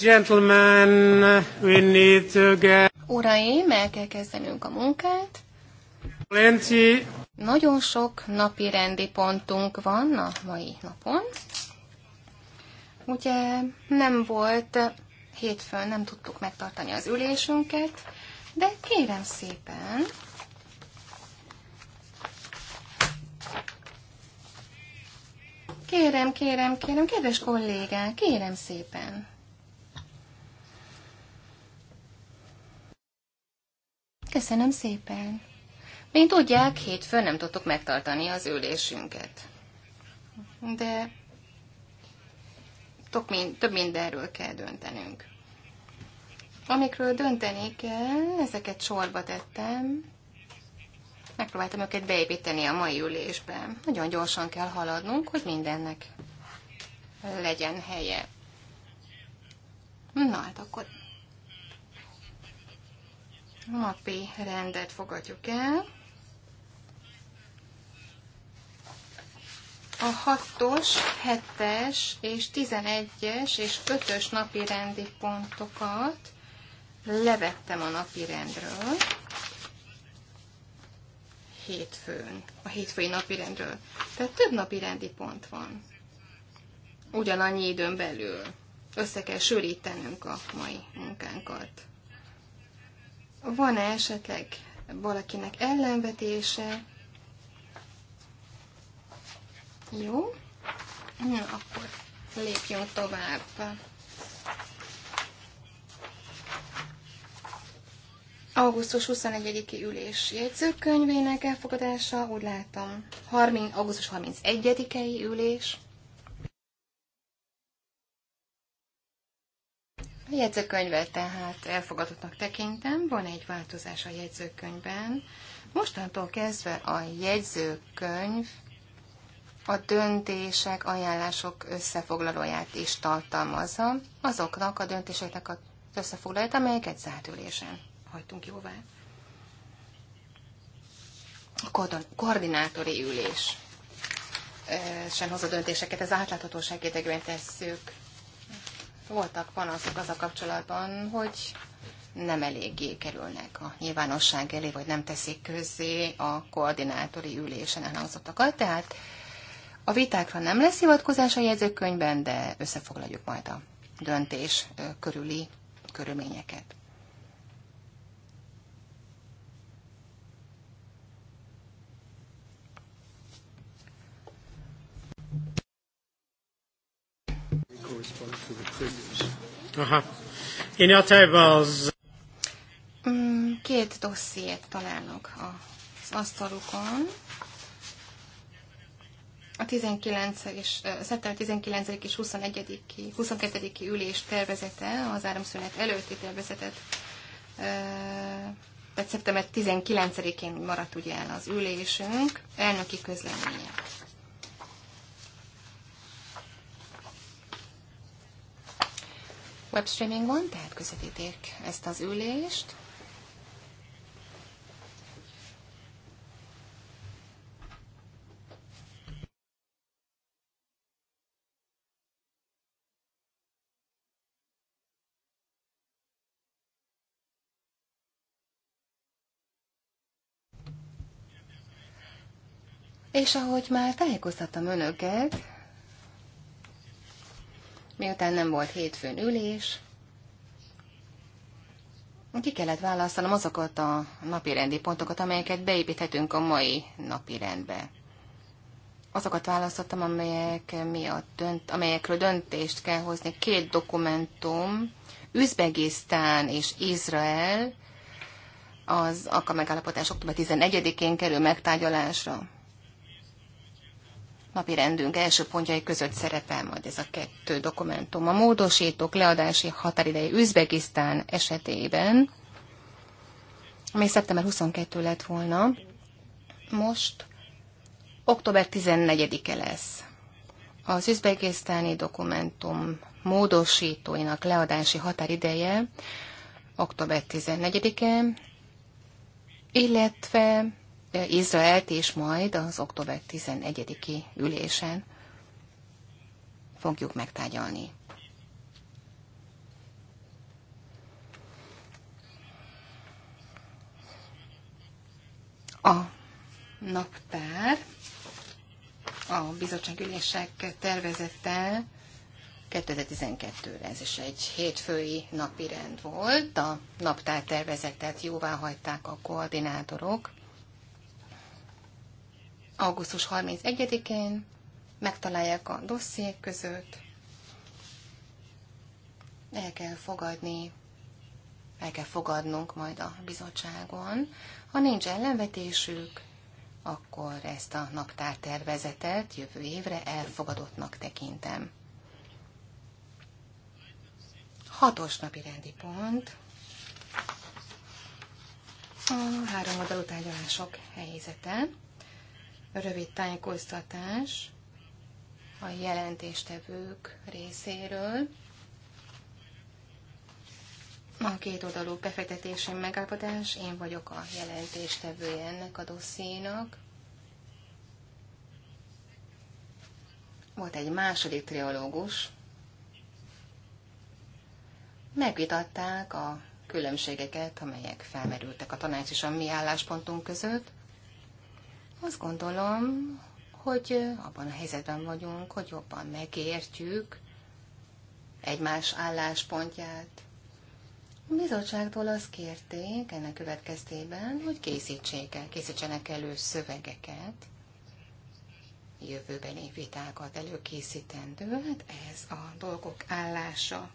Gentlemen, we need to get... Uraim, el kell kezdenünk a munkát. Plenty. Nagyon sok napi rendi pontunk van a mai napon. Ugye nem volt hétfőn, nem tudtuk megtartani az ülésünket, de kérem szépen, Kérem, kérem, kérem, kedves kollégák, kérem szépen. Köszönöm szépen. Mint tudják, hétfőn nem tudtuk megtartani az ülésünket. De több mindenről kell döntenünk. Amikről dönteni kell, ezeket sorba tettem. Megpróbáltam őket beépíteni a mai ülésbe. Nagyon gyorsan kell haladnunk, hogy mindennek legyen helye. Na hát akkor napi rendet fogadjuk el. A 6-os, 7-es és 11-es és 5-ös napi rendi pontokat levettem a napi rendről hétfőn, a hétfői napi rendről. Tehát több napi rendi pont van. Ugyanannyi időn belül össze kell sűrítenünk a mai munkánkat. Van-e esetleg valakinek ellenvetése? Jó, Na, akkor lépjünk tovább. Augusztus 21-i ülés jegyzőkönyvének elfogadása, úgy látom, 30, augusztus 31-i ülés. A jegyzőkönyvet tehát elfogadottnak tekintem, van egy változás a jegyzőkönyvben. Mostantól kezdve a jegyzőkönyv a döntések, ajánlások összefoglalóját is tartalmazza, azoknak a döntéseknek az összefoglalóját, amelyeket zárt ülésen hagytunk jóvá. A koordinátori ülés eh, sem hozza döntéseket, ez átláthatóság érdekében tesszük voltak panaszok az a kapcsolatban, hogy nem eléggé kerülnek a nyilvánosság elé, vagy nem teszik közzé a koordinátori ülésen elhangzottakat. Tehát a vitákra nem lesz hivatkozás a jegyzőkönyvben, de összefoglaljuk majd a döntés körüli körülményeket. corresponds to the previous. Aha. Any other mm, Két dossziét találnak az asztalukon. A 19. és, szeptember 19. és 21. 22. ülés tervezete, az áramszünet előtti tervezetet, tehát szeptember 19-én maradt ugye el az ülésünk, elnöki közleménye. webstreamingon, tehát közvetíték ezt az ülést. És ahogy már tájékoztattam önöket, miután nem volt hétfőn ülés, ki kellett választanom azokat a napirendi pontokat, amelyeket beépíthetünk a mai napirendbe. Azokat választottam, amelyek miatt dönt, amelyekről döntést kell hozni. Két dokumentum, Üzbegisztán és Izrael, az AKA október 11-én kerül megtárgyalásra napi rendünk első pontjai között szerepel majd ez a kettő dokumentum. A módosítók leadási határidei Üzbegisztán esetében, ami szeptember 22 lett volna, most október 14-e lesz. Az üzbegisztáni dokumentum módosítóinak leadási határideje október 14-e, illetve Izraelt, és majd az október 11-i ülésen fogjuk megtárgyalni. A naptár a bizottságülések tervezette 2012-re. Ez is egy hétfői napi rend volt. A naptár tervezetet jóvá hagyták a koordinátorok augusztus 31-én, megtalálják a dossziék között, el kell fogadni, el kell fogadnunk majd a bizottságon. Ha nincs ellenvetésük, akkor ezt a naptártervezetet jövő évre elfogadottnak tekintem. Hatos napi rendi pont. A három oldalú tárgyalások helyzete rövid tájékoztatás a jelentéstevők részéről. A két oldalú befektetési megállapodás, én vagyok a jelentéstevője ennek a dossziénak. Volt egy második triológus. Megvitatták a különbségeket, amelyek felmerültek a tanács és a mi álláspontunk között. Azt gondolom, hogy abban a helyzetben vagyunk, hogy jobban megértjük egymás álláspontját. A bizottságtól azt kérték ennek következtében, hogy készítsék el, készítsenek elő szövegeket, jövőbeni vitákat előkészítendő, hát ez a dolgok állása.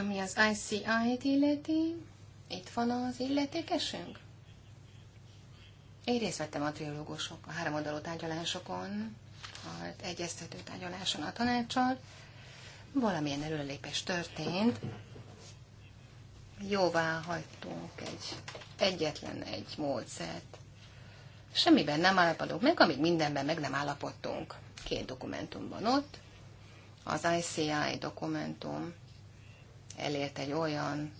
Ami az ICI-t illeti, itt van az illetékesünk? Én részt vettem a triológusok, a oldalú tárgyalásokon, az egyeztető tárgyaláson a tanácssal. Valamilyen előrelépés történt. Jóvá hagytunk egy, egyetlen egy módszert. Semmiben nem állapodunk meg, amíg mindenben meg nem állapodtunk. Két dokumentum van ott. Az ICI dokumentum elért egy olyan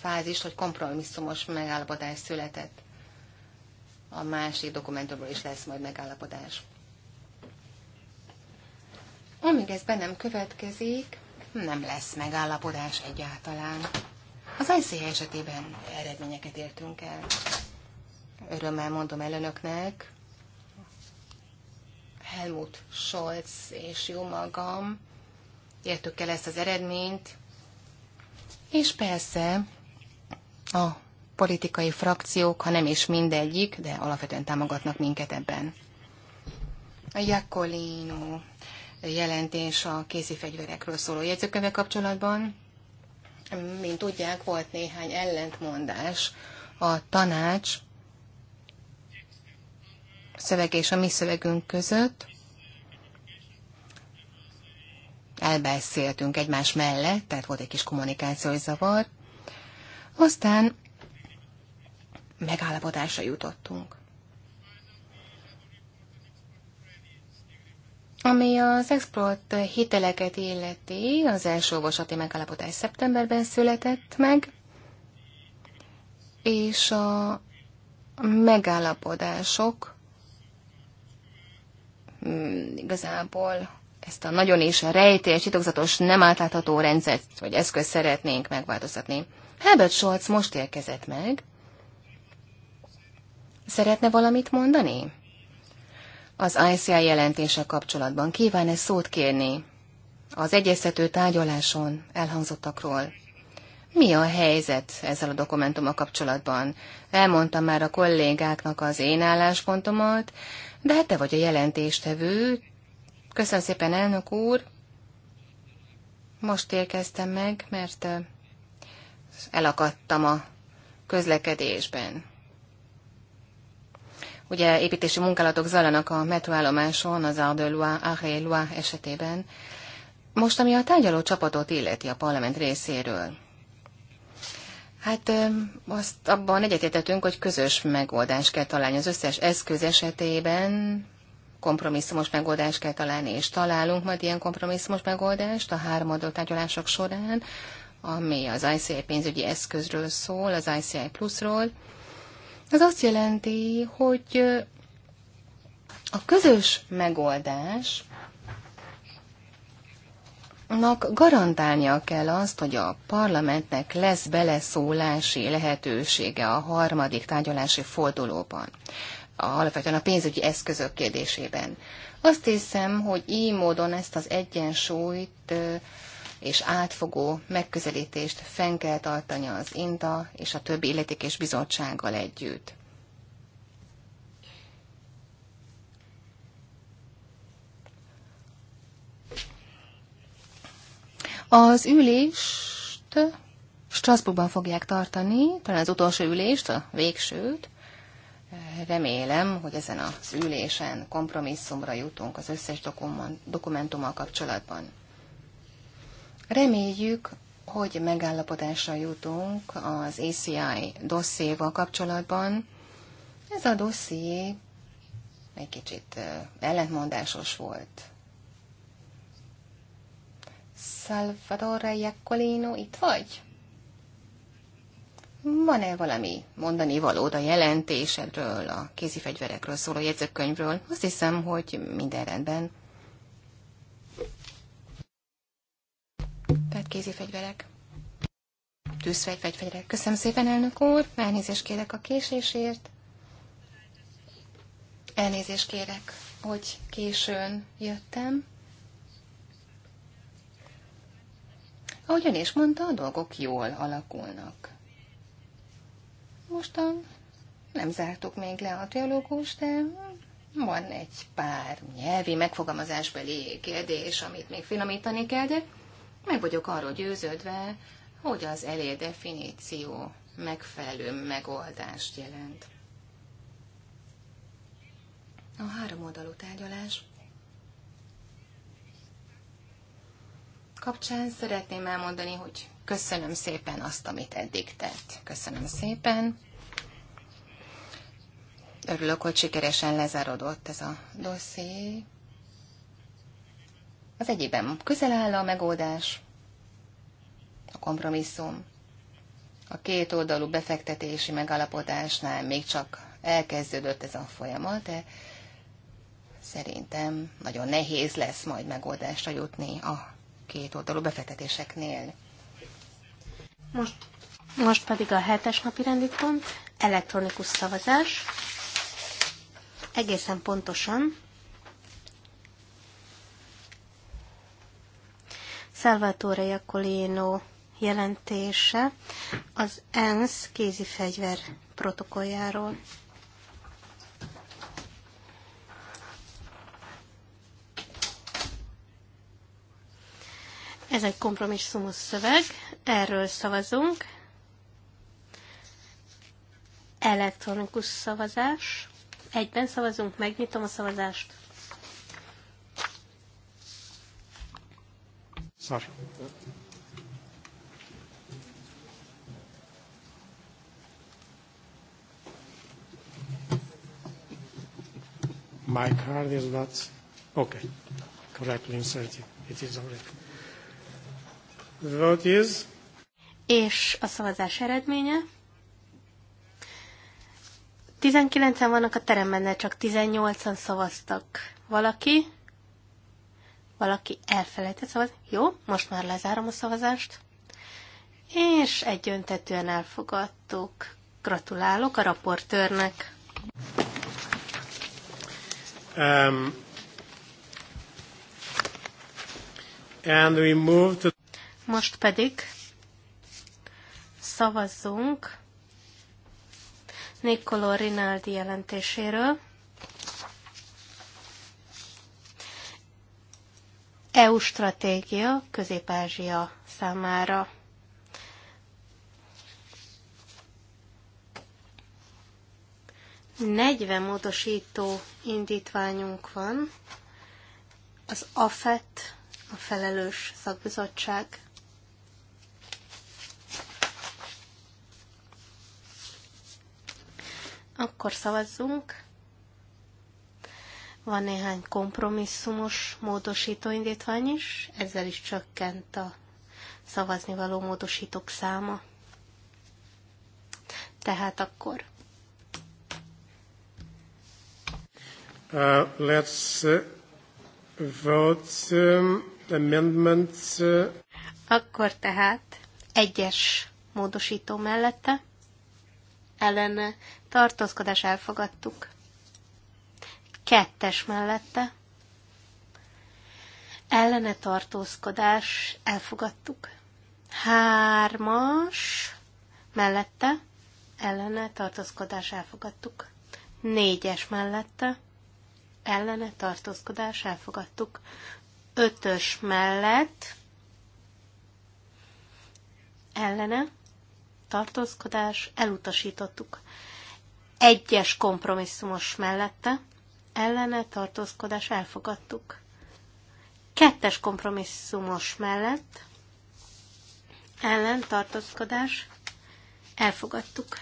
fázis, hogy kompromisszumos megállapodás született. A másik dokumentumból is lesz majd megállapodás. Amíg ez bennem következik, nem lesz megállapodás egyáltalán. Az ICH esetében eredményeket értünk el. Örömmel mondom el önöknek, Helmut Scholz és jó magam értük el ezt az eredményt, és persze a politikai frakciók, ha nem is mindegyik, de alapvetően támogatnak minket ebben. A Jakolino jelentés a kézi fegyverekről szóló jegyzőkönyve kapcsolatban. Mint tudják, volt néhány ellentmondás. A tanács szöveg és a mi szövegünk között elbeszéltünk egymás mellett, tehát volt egy kis kommunikációs zavar. Aztán megállapodásra jutottunk. Ami az export hiteleket illeti, az első olvasati megállapodás szeptemberben született meg, és a megállapodások mm, igazából ezt a nagyon és rejtélyes, titokzatos, nem átlátható rendszert, vagy eszközt szeretnénk megváltoztatni. Herbert Scholz most érkezett meg. Szeretne valamit mondani? Az ICI jelentése kapcsolatban kíván ezt szót kérni? Az egyeztető tárgyaláson elhangzottakról. Mi a helyzet ezzel a dokumentum a kapcsolatban? Elmondtam már a kollégáknak az én álláspontomat, de hát te vagy a jelentéstevő, Köszönöm szépen, elnök úr. Most érkeztem meg, mert elakadtam a közlekedésben. Ugye építési munkálatok zajlanak a metroállomáson, az Ardelois, Arrelois esetében. Most, ami a tárgyaló csapatot illeti a parlament részéről. Hát azt abban egyetértettünk, hogy közös megoldást kell találni az összes eszköz esetében, kompromisszumos megoldást kell találni, és találunk majd ilyen kompromisszumos megoldást a háromadó tárgyalások során, ami az ICI pénzügyi eszközről szól, az ICI pluszról. Ez azt jelenti, hogy a közös megoldás garantálnia kell azt, hogy a parlamentnek lesz beleszólási lehetősége a harmadik tárgyalási fordulóban alapvetően a pénzügyi eszközök kérdésében. Azt hiszem, hogy így módon ezt az egyensúlyt és átfogó megközelítést fenn kell tartani az INTA és a többi illetékes bizottsággal együtt. Az ülést Strasbourgban fogják tartani, talán az utolsó ülést, a végsőt, Remélem, hogy ezen az ülésen kompromisszumra jutunk az összes dokumentummal kapcsolatban. Reméljük, hogy megállapodásra jutunk az ACI dosszéval kapcsolatban. Ez a dosszié egy kicsit ellentmondásos volt. Salvador Iacolino, itt vagy? Van-e valami mondani valód a jelentésedről, a kézifegyverekről szóló jegyzőkönyvről? Azt hiszem, hogy minden rendben. Tehát kézifegyverek. Tűzfegyverek. Köszönöm szépen, elnök úr. Elnézést kérek a késésért. Elnézést kérek, hogy későn jöttem. Ahogy ön is mondta, a dolgok jól alakulnak. Mostan nem zártuk még le a teológus, de van egy pár nyelvi megfogalmazásbeli kérdés, amit még finomítani kell, de meg vagyok arról győződve, hogy az elé definíció megfelelő megoldást jelent. A oldalú tárgyalás kapcsán szeretném elmondani, hogy Köszönöm szépen azt, amit eddig tett. Köszönöm szépen. Örülök, hogy sikeresen lezárodott ez a dosszé. Az egyében közel áll a megoldás, a kompromisszum. A két oldalú befektetési megalapodásnál még csak elkezdődött ez a folyamat, de szerintem nagyon nehéz lesz majd megoldásra jutni a két oldalú befektetéseknél. Most, most pedig a hetes napi rendi pont, elektronikus szavazás. Egészen pontosan Salvatore Iacolino jelentése az ENSZ kézi protokolljáról. Ez egy kompromisszumos szöveg, erről szavazunk. Elektronikus szavazás. Egyben szavazunk, megnyitom a szavazást. Sorry. My card is not okay. Correctly inserted. It is already. The vote is. És a szavazás eredménye? 19-en vannak a teremben, de csak 18-an szavaztak. Valaki? Valaki elfelejtett szavazni? Jó, most már lezárom a szavazást. És egyöntetően elfogadtuk. Gratulálok a raportőrnek. Um, and we move to most pedig szavazzunk Niccolò Rinaldi jelentéséről. EU stratégia Közép-Ázsia számára. Negyven módosító indítványunk van. Az AFET, a felelős szakbizottság Akkor szavazzunk. Van néhány kompromisszumos módosító indítvány is, ezzel is csökkent a szavazni való módosítók száma. Tehát akkor. Uh, let's uh, vote um, amendments. Uh, akkor tehát egyes módosító mellette ellene tartózkodás elfogadtuk. Kettes mellette, ellene tartózkodás elfogadtuk. Hármas mellette, ellene tartózkodás elfogadtuk. Négyes mellette, ellene tartózkodás elfogadtuk. Ötös mellett, ellene tartózkodás elutasítottuk. Egyes kompromisszumos mellette ellene tartózkodás elfogadtuk. Kettes kompromisszumos mellett ellen tartózkodás elfogadtuk.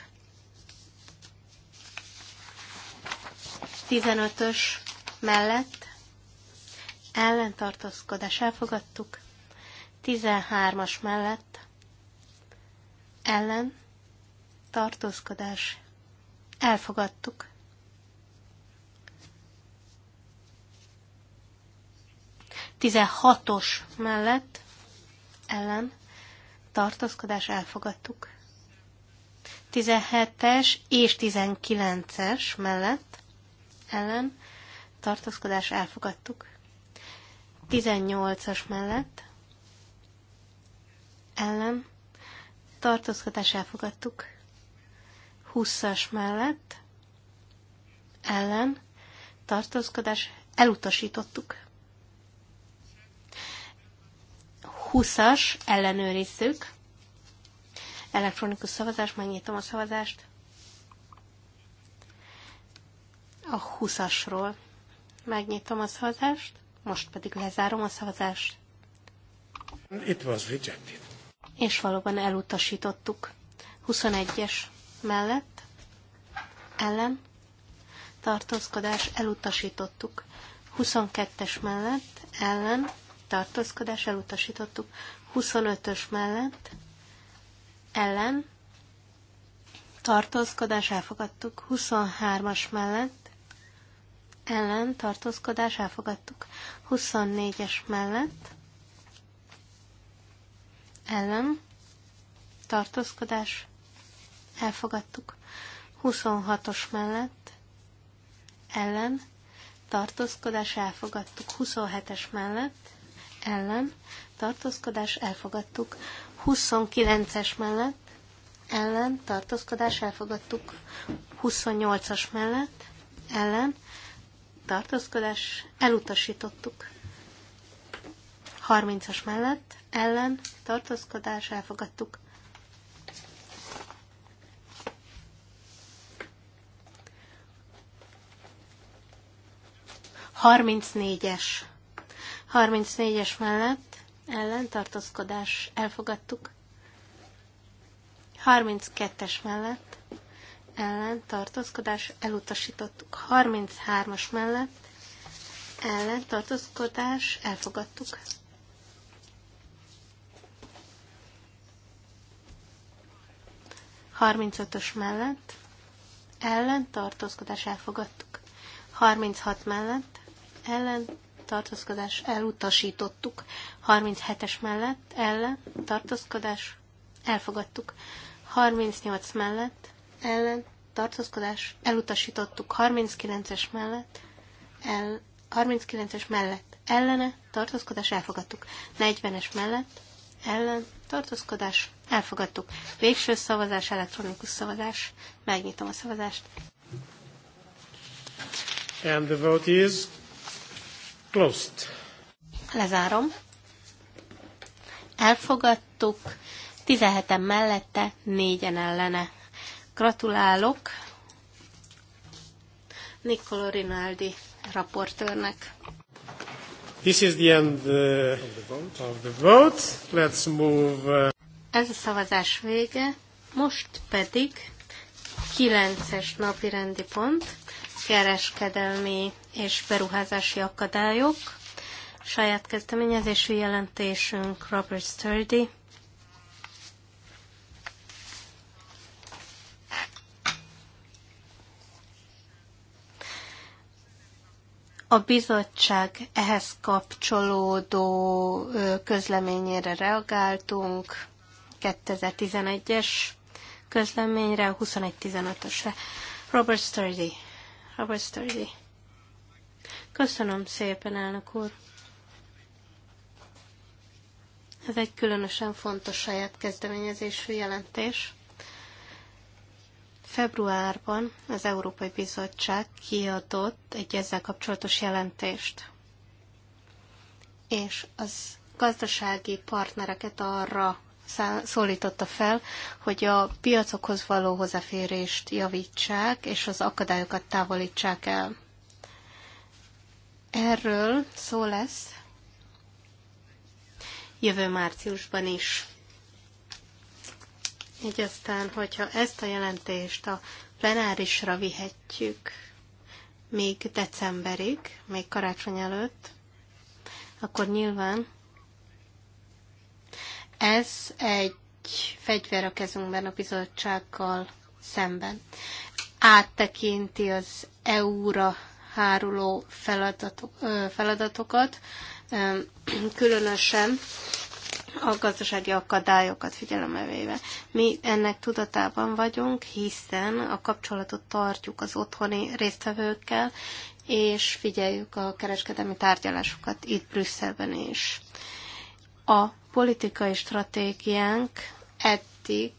15-ös mellett ellentartózkodás elfogadtuk, 13-as mellett ellen tartózkodás Elfogadtuk. Tizenhatos mellett ellen tartózkodás elfogadtuk. 17-es és 19-es mellett ellen tartózkodás elfogadtuk. 18-as mellett ellen tartózkodás elfogadtuk. 20-as mellett ellen tartózkodás elutasítottuk. 20-as ellenőrizzük. Elektronikus szavazás, megnyitom a szavazást. A 20-asról megnyitom a szavazást, most pedig lezárom a szavazást. It was rejected. És valóban elutasítottuk. 21-es mellett ellen tartózkodás elutasítottuk. 22-es mellett ellen tartózkodás elutasítottuk. 25-ös mellett ellen tartózkodás elfogadtuk. 23-as mellett ellen tartózkodás elfogadtuk. 24-es mellett ellen tartózkodás elfogadtuk. 26-os mellett ellen, tartózkodás elfogadtuk. 27-es mellett ellen, tartózkodás elfogadtuk. 29-es mellett ellen, tartózkodás elfogadtuk. 28-as mellett ellen, tartózkodás elutasítottuk. 30-as mellett ellen, tartózkodás elfogadtuk. 34-es. 34-es mellett ellen tartózkodás elfogadtuk. 32-es mellett ellen tartózkodás elutasítottuk. 33-as mellett ellen tartózkodás elfogadtuk. 35-ös mellett ellen tartózkodás elfogadtuk. 36 mellett ellen tartózkodás elutasítottuk. 37-es mellett ellen tartózkodás elfogadtuk. 38 mellett ellen tartózkodás elutasítottuk. 39-es mellett el, 39-es mellett ellene tartózkodás elfogadtuk. 40-es mellett ellen tartózkodás elfogadtuk. Végső szavazás elektronikus szavazás. Megnyitom a szavazást. And the vote is Closed. Lezárom. Elfogadtuk. 17 mellette, négyen ellene. Gratulálok Niccolo Rinaldi raportőrnek. This is the end uh, of the vote. Let's move. Uh... Ez a szavazás vége. Most pedig 9-es napi rendi pont kereskedelmi és beruházási akadályok. Saját kezdeményezésű jelentésünk Robert Sturdy. A bizottság ehhez kapcsolódó közleményére reagáltunk, 2011-es közleményre, 21-15-ösre. Robert Sturdy. A Sturdy. Köszönöm szépen, elnök úr. Ez egy különösen fontos saját kezdeményezésű jelentés. Februárban az Európai Bizottság kiadott egy ezzel kapcsolatos jelentést, és az gazdasági partnereket arra szólította fel, hogy a piacokhoz való hozzáférést javítsák, és az akadályokat távolítsák el. Erről szó lesz jövő márciusban is. Így aztán, hogyha ezt a jelentést a plenárisra vihetjük még decemberig, még karácsony előtt, akkor nyilván ez egy fegyver a kezünkben a bizottsággal szemben. Áttekinti az EU-ra háruló feladatok, feladatokat, különösen a gazdasági akadályokat figyelembe véve. Mi ennek tudatában vagyunk, hiszen a kapcsolatot tartjuk az otthoni résztvevőkkel, és figyeljük a kereskedelmi tárgyalásokat itt Brüsszelben is. A politikai stratégiánk eddig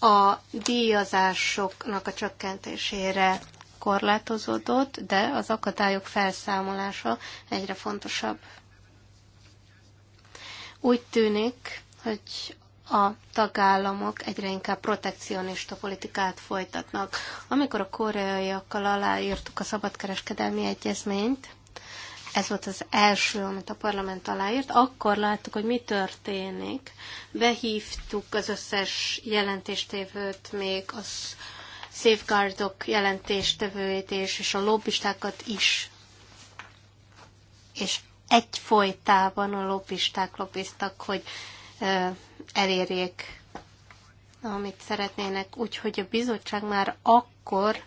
a díjazásoknak a csökkentésére korlátozódott, de az akadályok felszámolása egyre fontosabb. Úgy tűnik, hogy a tagállamok egyre inkább protekcionista politikát folytatnak. Amikor a koreaiakkal aláírtuk a szabadkereskedelmi egyezményt, ez volt az első, amit a parlament aláírt, akkor láttuk, hogy mi történik. Behívtuk az összes jelentéstevőt, még az safeguardok -ok jelentéstevőjét és, és a lobbistákat is. És egyfolytában a lobbisták lobbiztak, hogy ö, elérjék, amit szeretnének. Úgyhogy a bizottság már akkor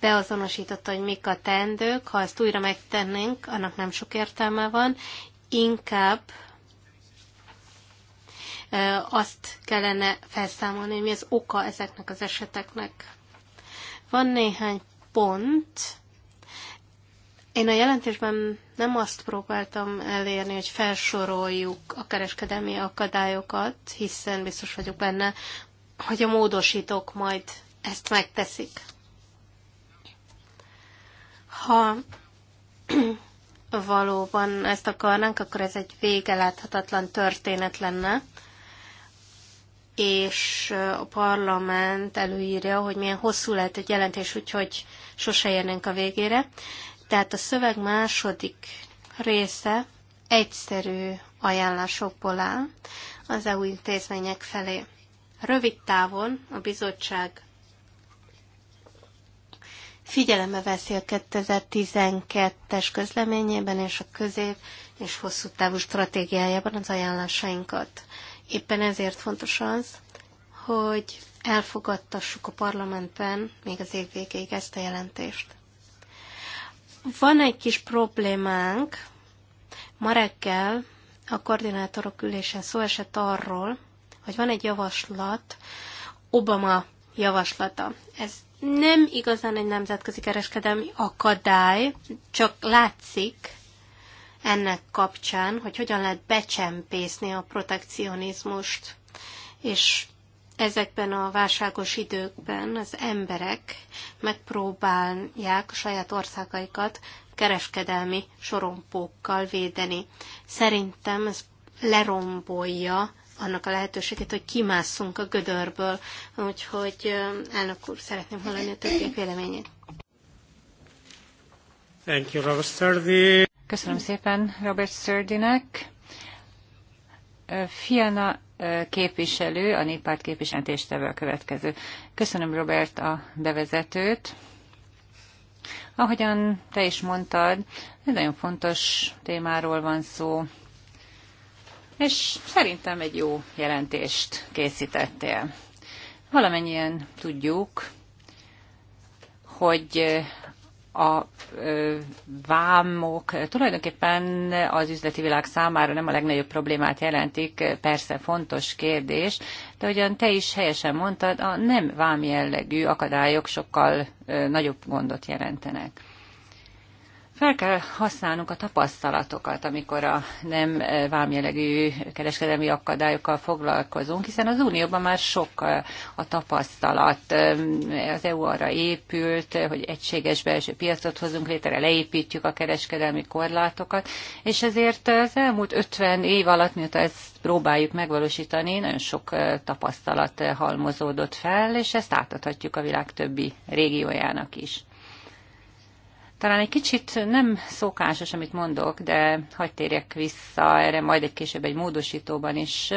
beazonosította, hogy mik a teendők, ha ezt újra megtennénk, annak nem sok értelme van, inkább azt kellene felszámolni, hogy mi az oka ezeknek az eseteknek. Van néhány pont. Én a jelentésben nem azt próbáltam elérni, hogy felsoroljuk a kereskedelmi akadályokat, hiszen biztos vagyok benne, hogy a módosítók majd ezt megteszik. Ha valóban ezt akarnánk, akkor ez egy vége láthatatlan történet lenne, és a parlament előírja, hogy milyen hosszú lehet egy jelentés, úgyhogy sose érnénk a végére. Tehát a szöveg második része egyszerű ajánlásokból áll az EU intézmények felé. Rövid távon a bizottság figyelembe veszi a 2012-es közleményében és a közép és hosszú távú stratégiájában az ajánlásainkat. Éppen ezért fontos az, hogy elfogadtassuk a parlamentben még az év végéig ezt a jelentést. Van egy kis problémánk. Ma reggel a koordinátorok ülésen szó esett arról, hogy van egy javaslat, Obama javaslata. Ez nem igazán egy nemzetközi kereskedelmi akadály, csak látszik ennek kapcsán, hogy hogyan lehet becsempészni a protekcionizmust, és ezekben a válságos időkben az emberek megpróbálják a saját országaikat kereskedelmi sorompókkal védeni. Szerintem ez lerombolja annak a lehetőségét, hogy kimásszunk a gödörből. Úgyhogy elnök úr, szeretném hallani a többiek véleményét. Thank you, Robert Sturdy. Köszönöm szépen Robert Sturdynek. Fiana képviselő, a néppárt képviselentéstevő a következő. Köszönöm Robert a bevezetőt. Ahogyan te is mondtad, egy nagyon fontos témáról van szó, és szerintem egy jó jelentést készítettél. Valamennyien tudjuk, hogy a vámok tulajdonképpen az üzleti világ számára nem a legnagyobb problémát jelentik, persze fontos kérdés, de ugyan te is helyesen mondtad, a nem vám jellegű akadályok sokkal nagyobb gondot jelentenek. Fel kell használnunk a tapasztalatokat, amikor a nem eh, vámjelegű kereskedelmi akadályokkal foglalkozunk, hiszen az Unióban már sok eh, a tapasztalat. Eh, az EU arra épült, hogy egységes belső piacot hozunk létre, leépítjük a kereskedelmi korlátokat, és ezért az elmúlt 50 év alatt, mióta ezt próbáljuk megvalósítani, nagyon sok tapasztalat halmozódott fel, és ezt átadhatjuk a világ többi régiójának is. Talán egy kicsit nem szokásos, amit mondok, de hagyd térjek vissza erre majd egy később egy módosítóban is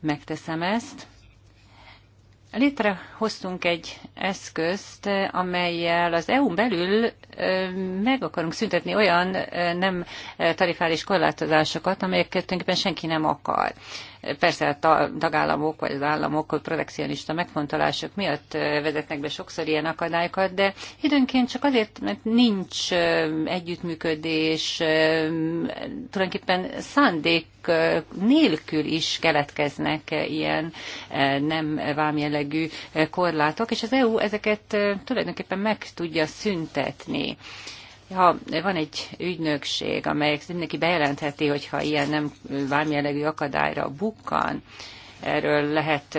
megteszem ezt. Létrehoztunk egy eszközt, amelyel az EU-n belül meg akarunk szüntetni olyan nem tarifális korlátozásokat, amelyeket tulajdonképpen senki nem akar. Persze a tagállamok vagy az államok protekcionista megfontolások miatt vezetnek be sokszor ilyen akadályokat, de időnként csak azért, mert nincs együttműködés, tulajdonképpen szándék nélkül is keletkeznek ilyen nem vámjellegű korlátok, és az EU ezeket tulajdonképpen meg tudja szüntetni ha van egy ügynökség, amely mindenki bejelentheti, hogyha ilyen nem vámjellegű akadályra bukkan, erről lehet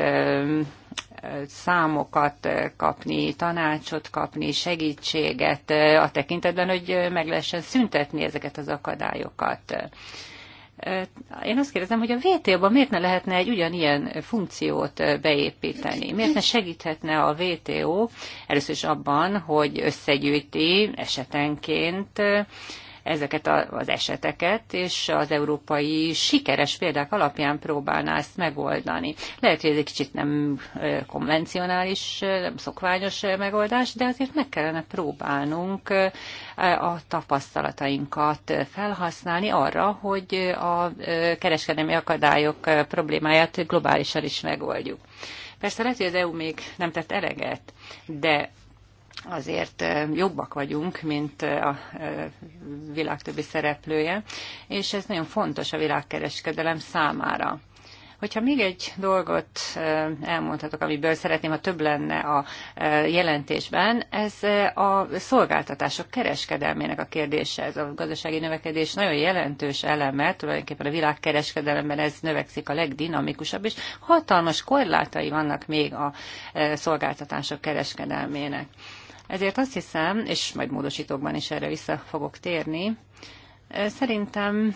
számokat kapni, tanácsot kapni, segítséget a tekintetben, hogy meg lehessen szüntetni ezeket az akadályokat. Én azt kérdezem, hogy a VTO-ban miért ne lehetne egy ugyanilyen funkciót beépíteni? Miért ne segíthetne a VTO először is abban, hogy összegyűjti esetenként ezeket az eseteket, és az európai sikeres példák alapján próbálná ezt megoldani. Lehet, hogy ez egy kicsit nem konvencionális, nem szokványos megoldás, de azért meg kellene próbálnunk a tapasztalatainkat felhasználni arra, hogy a kereskedelmi akadályok problémáját globálisan is megoldjuk. Persze lehet, hogy az EU még nem tett eleget, de azért jobbak vagyunk, mint a világ többi szereplője, és ez nagyon fontos a világkereskedelem számára. Hogyha még egy dolgot elmondhatok, amiből szeretném, ha több lenne a jelentésben, ez a szolgáltatások kereskedelmének a kérdése. Ez a gazdasági növekedés nagyon jelentős eleme, tulajdonképpen a világkereskedelemben ez növekszik a legdinamikusabb, és hatalmas korlátai vannak még a szolgáltatások kereskedelmének. Ezért azt hiszem, és majd módosítókban is erre vissza fogok térni, szerintem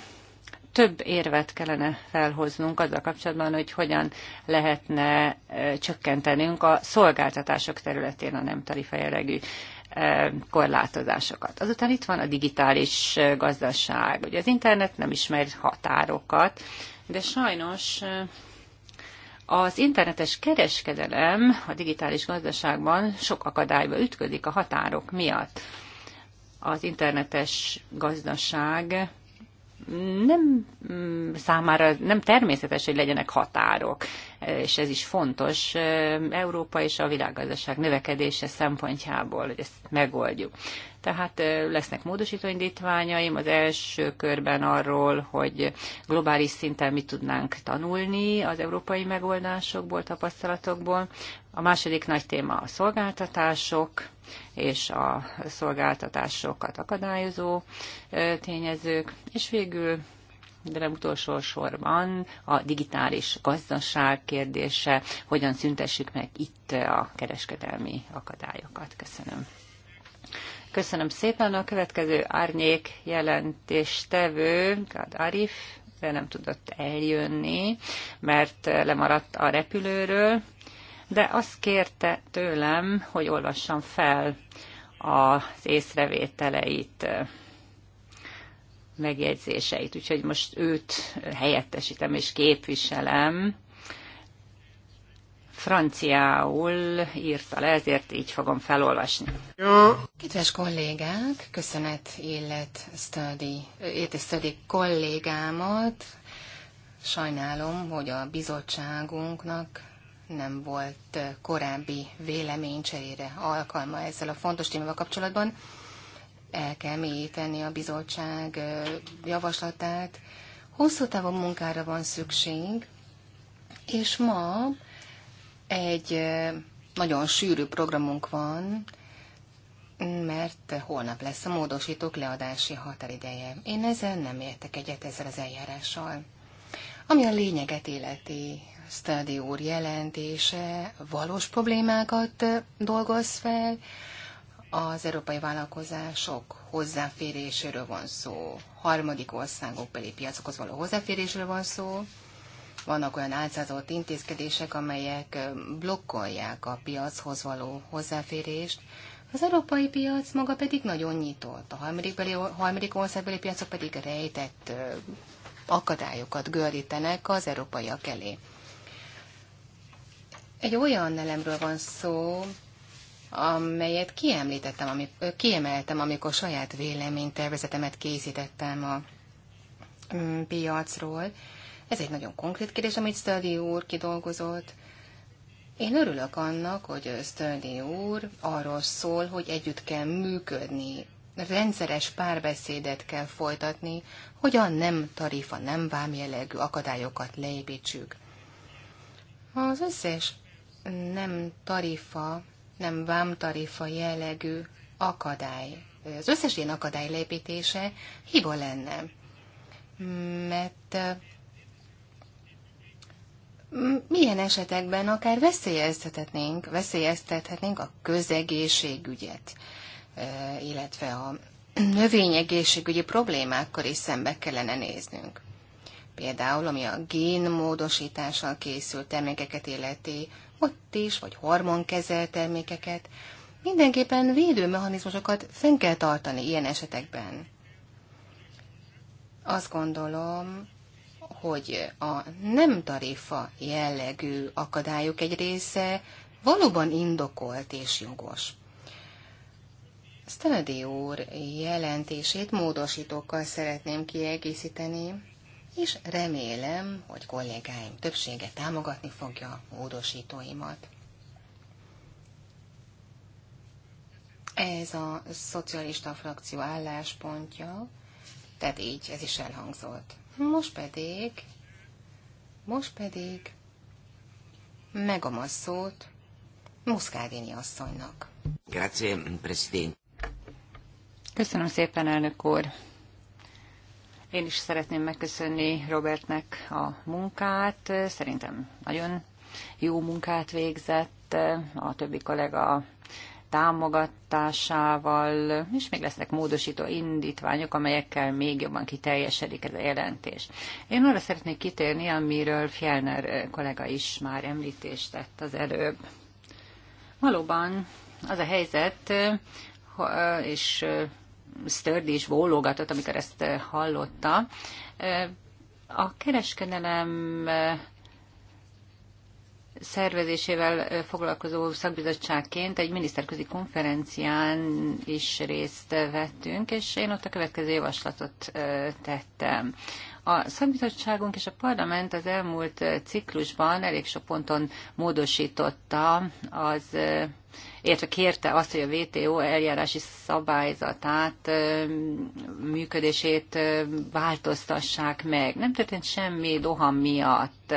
több érvet kellene felhoznunk azzal kapcsolatban, hogy hogyan lehetne csökkentenünk a szolgáltatások területén a nem tarifajelegű korlátozásokat. Azután itt van a digitális gazdaság. Ugye az internet nem ismer határokat, de sajnos az internetes kereskedelem a digitális gazdaságban sok akadályba ütközik a határok miatt. Az internetes gazdaság nem mm, számára nem természetes, hogy legyenek határok, és ez is fontos e, Európa és a világgazdaság növekedése szempontjából, hogy ezt megoldjuk. Tehát lesznek módosítóindítványaim az első körben arról, hogy globális szinten mit tudnánk tanulni az európai megoldásokból, tapasztalatokból. A második nagy téma a szolgáltatások és a szolgáltatásokat akadályozó tényezők, és végül de nem utolsó sorban a digitális gazdaság kérdése, hogyan szüntessük meg itt a kereskedelmi akadályokat. Köszönöm. Köszönöm szépen. A következő árnyék jelentéstevő, Gad Arif, de nem tudott eljönni, mert lemaradt a repülőről, de azt kérte tőlem, hogy olvassam fel az észrevételeit, megjegyzéseit, úgyhogy most őt helyettesítem és képviselem franciául írta le, ezért így fogom felolvasni. Kedves kollégák, köszönet illet study, illet study kollégámat. Sajnálom, hogy a bizottságunknak nem volt korábbi véleménycserére alkalma ezzel a fontos témával kapcsolatban. El kell mélyíteni a bizottság javaslatát. Hosszú távú munkára van szükség, és ma egy nagyon sűrű programunk van, mert holnap lesz a módosítók leadási határideje. Én ezzel nem értek egyet ezzel az eljárással. Ami a lényeget életi Stadi úr jelentése valós problémákat dolgoz fel, az európai vállalkozások hozzáféréséről van szó, harmadik országok belé piacokhoz való hozzáféréséről van szó, vannak olyan álcázott intézkedések, amelyek blokkolják a piachoz való hozzáférést, az európai piac maga pedig nagyon nyitott, a harmadik, beli, országbeli piacok pedig rejtett akadályokat gördítenek az európaiak elé. Egy olyan elemről van szó, amelyet kiemlítettem, amik, kiemeltem, amikor saját véleménytervezetemet készítettem a mm, piacról. Ez egy nagyon konkrét kérdés, amit Stöldi úr kidolgozott. Én örülök annak, hogy Stöldi úr arról szól, hogy együtt kell működni, rendszeres párbeszédet kell folytatni, hogy a nem tarifa, nem vámjellegű akadályokat leépítsük. Az összes nem tarifa, nem vámtarifa jellegű akadály, az összes ilyen akadály leépítése hiba lenne, mert milyen esetekben akár veszélyeztethetnénk, veszélyeztethetnénk a közegészségügyet, illetve a növényegészségügyi problémákkal is szembe kellene néznünk. Például, ami a génmódosítással készült termékeket illeti, ott is, vagy hormonkezelt termékeket, mindenképpen védőmechanizmusokat fenn kell tartani ilyen esetekben. Azt gondolom, hogy a nem tarifa jellegű akadályok egy része valóban indokolt és jogos. Sztenedi úr jelentését módosítókkal szeretném kiegészíteni, és remélem, hogy kollégáim többsége támogatni fogja a módosítóimat. Ez a szocialista frakció álláspontja, tehát így ez is elhangzott. Most pedig, most pedig megadom a szót Muszkádéni asszonynak. Grazie, Köszönöm szépen, elnök úr. Én is szeretném megköszönni Robertnek a munkát. Szerintem nagyon jó munkát végzett. A többi kollega támogatásával, és még lesznek módosító indítványok, amelyekkel még jobban kiteljesedik ez a jelentés. Én arra szeretnék kitérni, amiről Fjellner kollega is már említést tett az előbb. Valóban az a helyzet, és Sturdy is bólogatott, amikor ezt hallotta, a kereskedelem szervezésével foglalkozó szakbizottságként egy miniszterközi konferencián is részt vettünk, és én ott a következő javaslatot tettem. A szakbizottságunk és a parlament az elmúlt ciklusban elég sok ponton módosította az illetve kérte azt, hogy a VTO eljárási szabályzatát, működését változtassák meg. Nem történt semmi Doha miatt.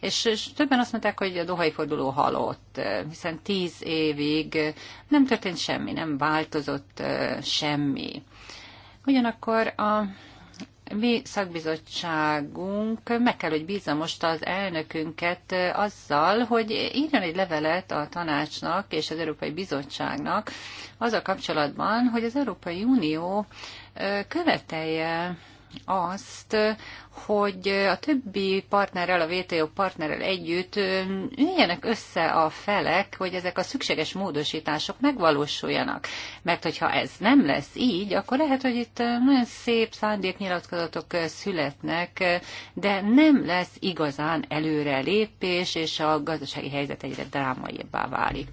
És, és többen azt mondták, hogy a Dohai forduló halott, hiszen tíz évig nem történt semmi, nem változott semmi. Ugyanakkor a mi szakbizottságunk meg kell, hogy bízza most az elnökünket azzal, hogy írjon egy levelet a tanácsnak és az Európai Bizottságnak az a kapcsolatban, hogy az Európai Unió követelje azt, hogy a többi partnerrel, a VTO partnerrel együtt üljenek össze a felek, hogy ezek a szükséges módosítások megvalósuljanak. Mert hogyha ez nem lesz így, akkor lehet, hogy itt nagyon szép szándéknyilatkozatok születnek, de nem lesz igazán előrelépés, és a gazdasági helyzet egyre drámaibbá válik.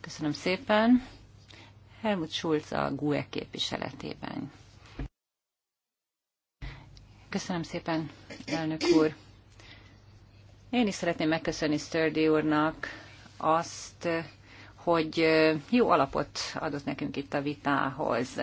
Köszönöm szépen. Helmut Schulz a GUE képviseletében. Köszönöm szépen, elnök úr. Én is szeretném megköszönni Sturdy úrnak azt, hogy jó alapot adott nekünk itt a vitához,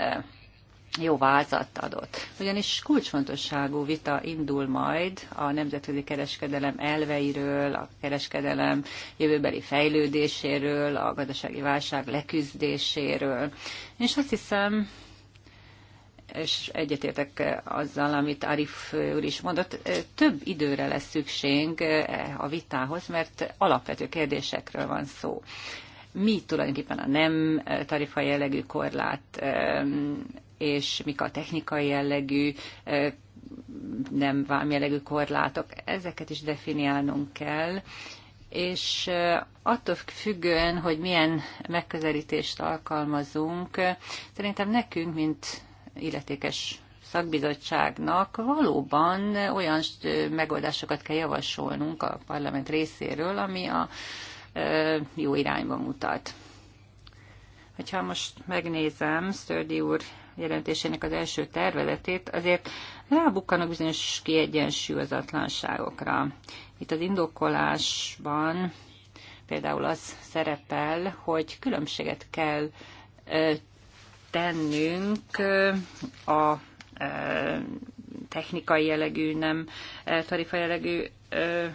jó vázat adott. Ugyanis kulcsfontosságú vita indul majd a nemzetközi kereskedelem elveiről, a kereskedelem jövőbeli fejlődéséről, a gazdasági válság leküzdéséről. És azt hiszem, és egyetértek azzal, amit Arif úr is mondott, több időre lesz szükség eh, a vitához, mert alapvető kérdésekről van szó. Mi tulajdonképpen a nem eh, tarifa jellegű korlát, eh, és mik a technikai jellegű nem jellegű korlátok, ezeket is definiálnunk kell, és attól függően, hogy milyen megközelítést alkalmazunk, szerintem nekünk, mint illetékes szakbizottságnak valóban olyan megoldásokat kell javasolnunk a parlament részéről, ami a jó irányba mutat. Hogyha most megnézem Sztördi úr jelentésének az első tervezetét, azért rábukkanak bizonyos kiegyensúlyozatlanságokra. Itt az indokolásban például az szerepel, hogy különbséget kell tennünk a technikai jellegű, nem tarifa jellegű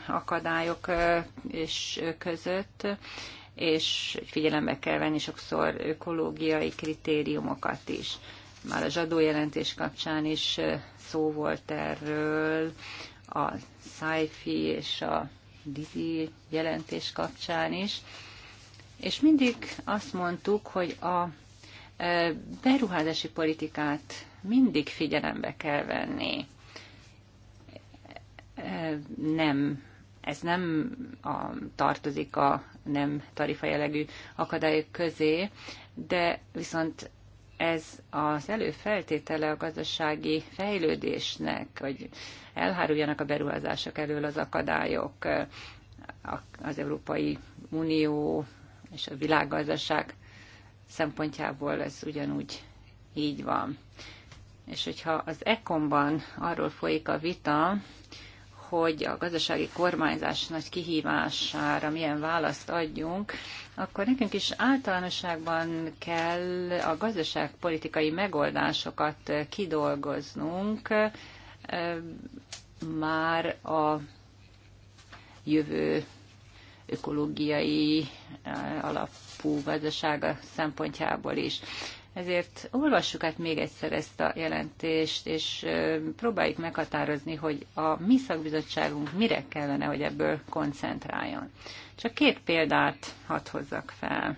akadályok és között, és figyelembe kell venni sokszor ökológiai kritériumokat is. Már a zsadójelentés jelentés kapcsán is szó volt erről, a SciFi és a Dizi jelentés kapcsán is, és mindig azt mondtuk, hogy a beruházási politikát mindig figyelembe kell venni. Nem, ez nem a, tartozik a nem tarifajelegű akadályok közé, de viszont ez az előfeltétele a gazdasági fejlődésnek, hogy elháruljanak a beruházások elől az akadályok, az Európai Unió és a világgazdaság szempontjából ez ugyanúgy így van. És hogyha az ekonban arról folyik a vita, hogy a gazdasági kormányzás nagy kihívására milyen választ adjunk, akkor nekünk is általánosságban kell a gazdaságpolitikai megoldásokat kidolgoznunk eh, már a jövő ökológiai eh, alapú gazdasága szempontjából is. Ezért olvassuk át még egyszer ezt a jelentést, és eh, próbáljuk meghatározni, hogy a mi szakbizottságunk mire kellene, hogy ebből koncentráljon. Csak két példát hadd hozzak fel.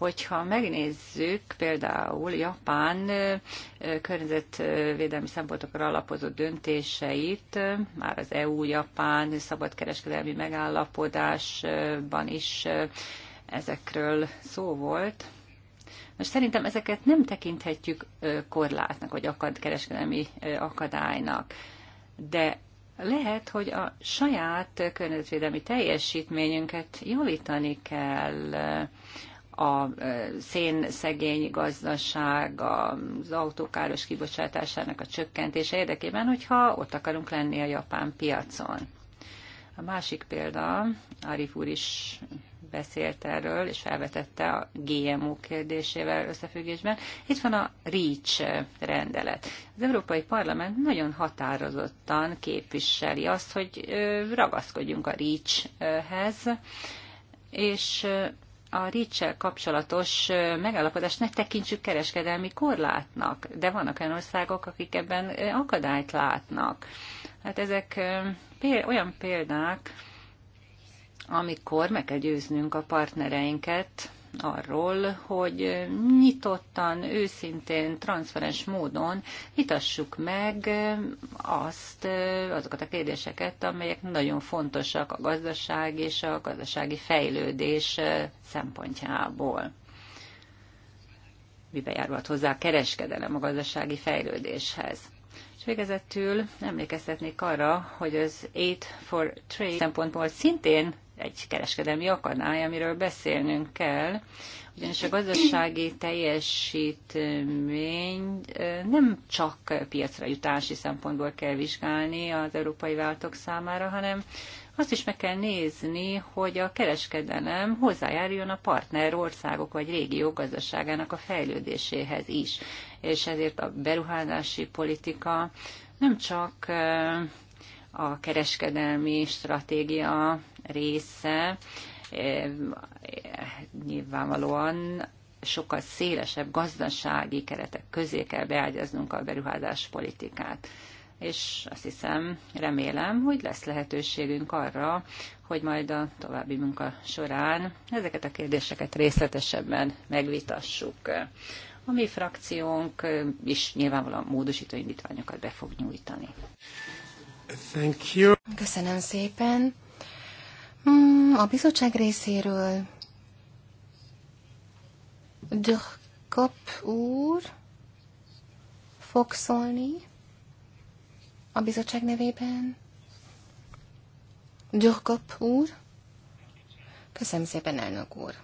Hogyha megnézzük például Japán környezetvédelmi szempontokra alapozott döntéseit, már az EU-Japán szabadkereskedelmi megállapodásban is ezekről szó volt, most szerintem ezeket nem tekinthetjük korlátnak, vagy akad, kereskedelmi akadálynak, de lehet, hogy a saját környezetvédelmi teljesítményünket javítani kell a szénszegény gazdaság, az autókáros kibocsátásának a csökkentése érdekében, hogyha ott akarunk lenni a japán piacon. A másik példa, Arif úr is beszélt erről, és felvetette a GMO kérdésével összefüggésben. Itt van a REACH rendelet. Az Európai Parlament nagyon határozottan képviseli azt, hogy ragaszkodjunk a REACH-hez, és a reach kapcsolatos megállapodást ne tekintsük kereskedelmi korlátnak, de vannak olyan országok, akik ebben akadályt látnak. Hát ezek olyan példák, amikor meg kell győznünk a partnereinket, arról, hogy nyitottan, őszintén, transzferens módon vitassuk meg azt, azokat a kérdéseket, amelyek nagyon fontosak a gazdaság és a gazdasági fejlődés szempontjából Miben járulhat hozzá a kereskedelem a gazdasági fejlődéshez. És végezetül emlékeztetnék arra, hogy az 8 for Trade szempontból szintén egy kereskedelmi akadály, amiről beszélnünk kell, ugyanis a gazdasági teljesítmény nem csak piacra jutási szempontból kell vizsgálni az európai váltok számára, hanem azt is meg kell nézni, hogy a kereskedelem hozzájáruljon a partner országok vagy régió gazdaságának a fejlődéséhez is. És ezért a beruházási politika nem csak a kereskedelmi stratégia része e, nyilvánvalóan sokkal szélesebb gazdasági keretek közé kell beágyaznunk a beruházás politikát. És azt hiszem, remélem, hogy lesz lehetőségünk arra, hogy majd a további munka során ezeket a kérdéseket részletesebben megvitassuk. A mi frakciónk is nyilvánvalóan módosító indítványokat be fog nyújtani. Thank you. Köszönöm szépen. Mm, a bizottság részéről Dörkop úr fog szólni a bizottság nevében. Dörkop úr. Köszönöm szépen, elnök úr.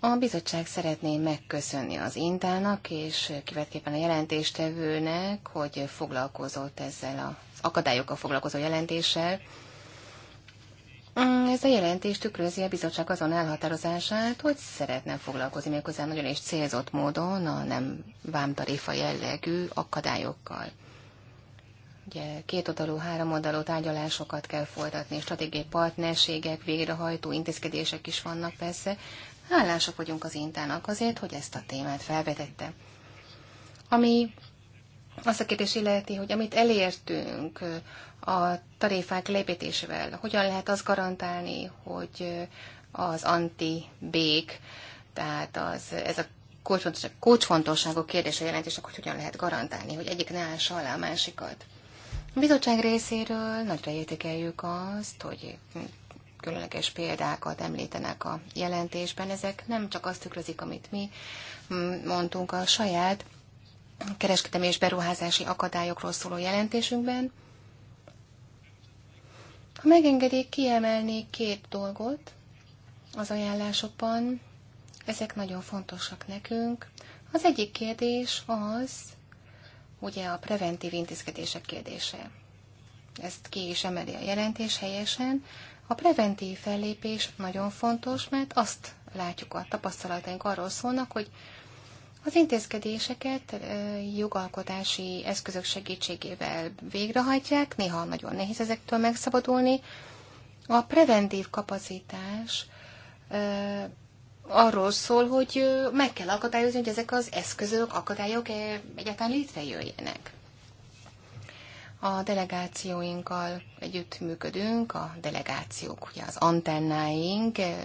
A bizottság szeretné megköszönni az Intának és kivetképpen a jelentéstevőnek, hogy foglalkozott ezzel az akadályokkal foglalkozó jelentéssel. Mm, ez a jelentés tükrözi a bizottság azon elhatározását, hogy szeretne foglalkozni méghozzá nagyon és célzott módon a nem vámtarifa jellegű akadályokkal. Ugye két oldalú, három oldalú tárgyalásokat kell folytatni, stratégiai partnerségek, végrehajtó intézkedések is vannak persze, Hálásak vagyunk az Intának azért, hogy ezt a témát felvetette. Ami azt a kérdés illeti, hogy amit elértünk a tarifák lépítésével, hogyan lehet azt garantálni, hogy az anti-bék, tehát az, ez a kulcsfontosságú a jelentésnek, hogy hogyan lehet garantálni, hogy egyik ne ássa alá a másikat. A bizottság részéről nagyra értékeljük azt, hogy különleges példákat említenek a jelentésben. Ezek nem csak azt tükrözik, amit mi mondtunk a saját kereskedelmi és beruházási akadályokról szóló jelentésünkben. Ha megengedik, kiemelnék két dolgot az ajánlásokban. Ezek nagyon fontosak nekünk. Az egyik kérdés az, ugye a preventív intézkedések kérdése. Ezt ki is emeli a jelentés helyesen. A preventív fellépés nagyon fontos, mert azt látjuk, a tapasztalataink arról szólnak, hogy az intézkedéseket jogalkotási eszközök segítségével végrehajtják, néha nagyon nehéz ezektől megszabadulni. A preventív kapacitás arról szól, hogy meg kell akadályozni, hogy ezek az eszközök, akadályok egyáltalán létrejöjjenek. A delegációinkkal együtt működünk, a delegációk, ugye az antennáink, eh,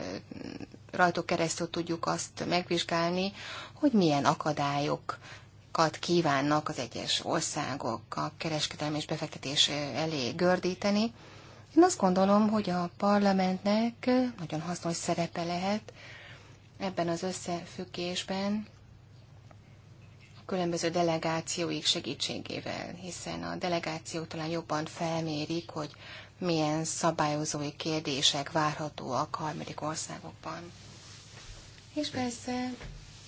rajtuk keresztül tudjuk azt megvizsgálni, hogy milyen akadályokat kívánnak az egyes országok a kereskedelmi és befektetés eh, elé gördíteni. Én azt gondolom, hogy a parlamentnek eh, nagyon hasznos szerepe lehet ebben az összefüggésben, különböző delegációik segítségével, hiszen a delegáció talán jobban felmérik, hogy milyen szabályozói kérdések várhatóak a harmadik országokban. És persze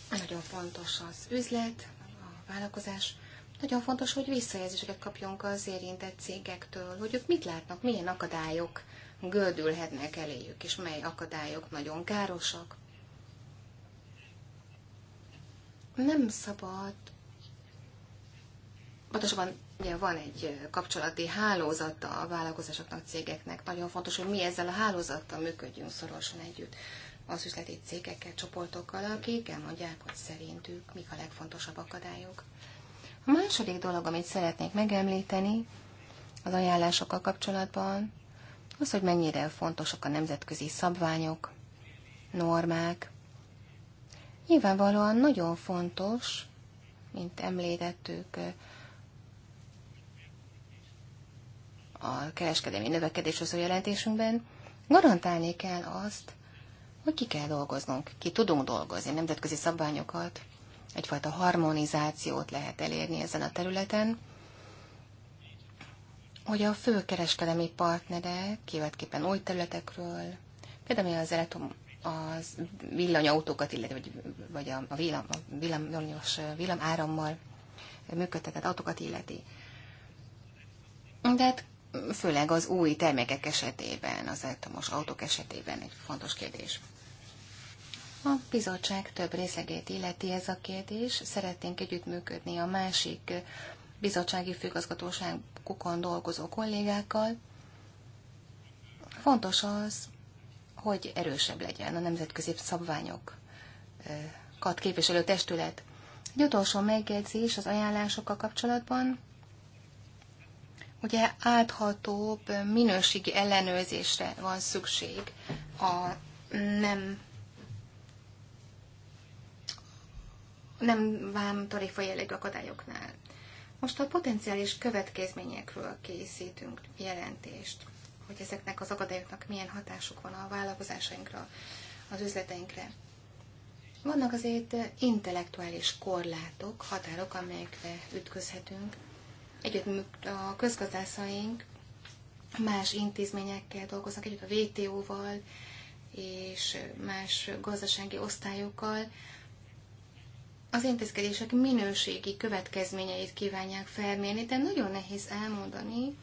nagyon fontos az üzlet, a vállalkozás. Nagyon fontos, hogy visszajelzéseket kapjunk az érintett cégektől, hogy ők mit látnak, milyen akadályok gördülhetnek eléjük, és mely akadályok nagyon károsak. Nem szabad pontosabban ugye van egy kapcsolati hálózata a vállalkozásoknak, cégeknek. Nagyon fontos, hogy mi ezzel a hálózattal működjünk szorosan együtt az üzleti cégekkel, csoportokkal, akik elmondják, hogy szerintük mik a legfontosabb akadályok. A második dolog, amit szeretnék megemlíteni az ajánlásokkal kapcsolatban, az, hogy mennyire fontosak a nemzetközi szabványok, normák. Nyilvánvalóan nagyon fontos, mint említettük, a kereskedelmi növekedéshoz a jelentésünkben, garantálni kell azt, hogy ki kell dolgoznunk, ki tudunk dolgozni nemzetközi szabványokat, egyfajta harmonizációt lehet elérni ezen a területen, hogy a fő kereskedelmi partnerek, kivetképpen új területekről, például az elektrom, az villanyautókat, illetve vagy, vagy a, a, villam, villamárammal működtetett autókat illeti. De hát főleg az új termékek esetében, az elektromos autók esetében egy fontos kérdés. A bizottság több részlegét illeti ez a kérdés. Szeretnénk együttműködni a másik bizottsági főgazgatóságokon dolgozó kollégákkal. Fontos az, hogy erősebb legyen a nemzetközi szabványokat képviselő testület. Egy utolsó megjegyzés az ajánlásokkal kapcsolatban ugye áthatóbb minőségi ellenőrzésre van szükség a nem nem vám tarifa jellegű akadályoknál. Most a potenciális következményekről készítünk jelentést, hogy ezeknek az akadályoknak milyen hatásuk van a vállalkozásainkra, az üzleteinkre. Vannak azért intellektuális korlátok, határok, amelyekre ütközhetünk, együtt a közgazdászaink más intézményekkel dolgoznak együtt, a vto val és más gazdasági osztályokkal. Az intézkedések minőségi következményeit kívánják felmérni, de nagyon nehéz elmondani,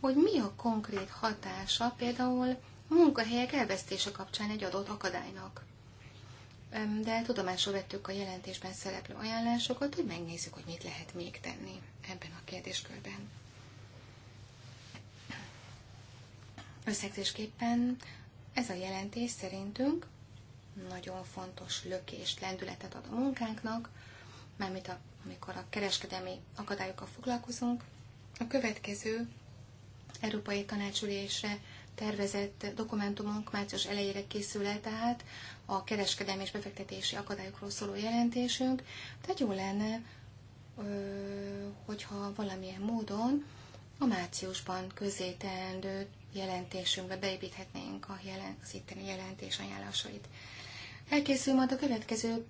hogy mi a konkrét hatása például munkahelyek elvesztése kapcsán egy adott akadálynak de tudomásul vettük a jelentésben szereplő ajánlásokat, hogy megnézzük, hogy mit lehet még tenni ebben a kérdéskörben. Összegzésképpen ez a jelentés szerintünk nagyon fontos lökést, lendületet ad a munkánknak, mert amikor a kereskedelmi akadályokkal foglalkozunk. A következő Európai Tanácsülésre tervezett dokumentumunk március elejére készül el, tehát a kereskedelmi és befektetési akadályokról szóló jelentésünk, tehát jó lenne, hogyha valamilyen módon a márciusban közzéteendő jelentésünkbe beépíthetnénk a jelen, az itteni jelentés ajánlásait. Elkészül majd a következő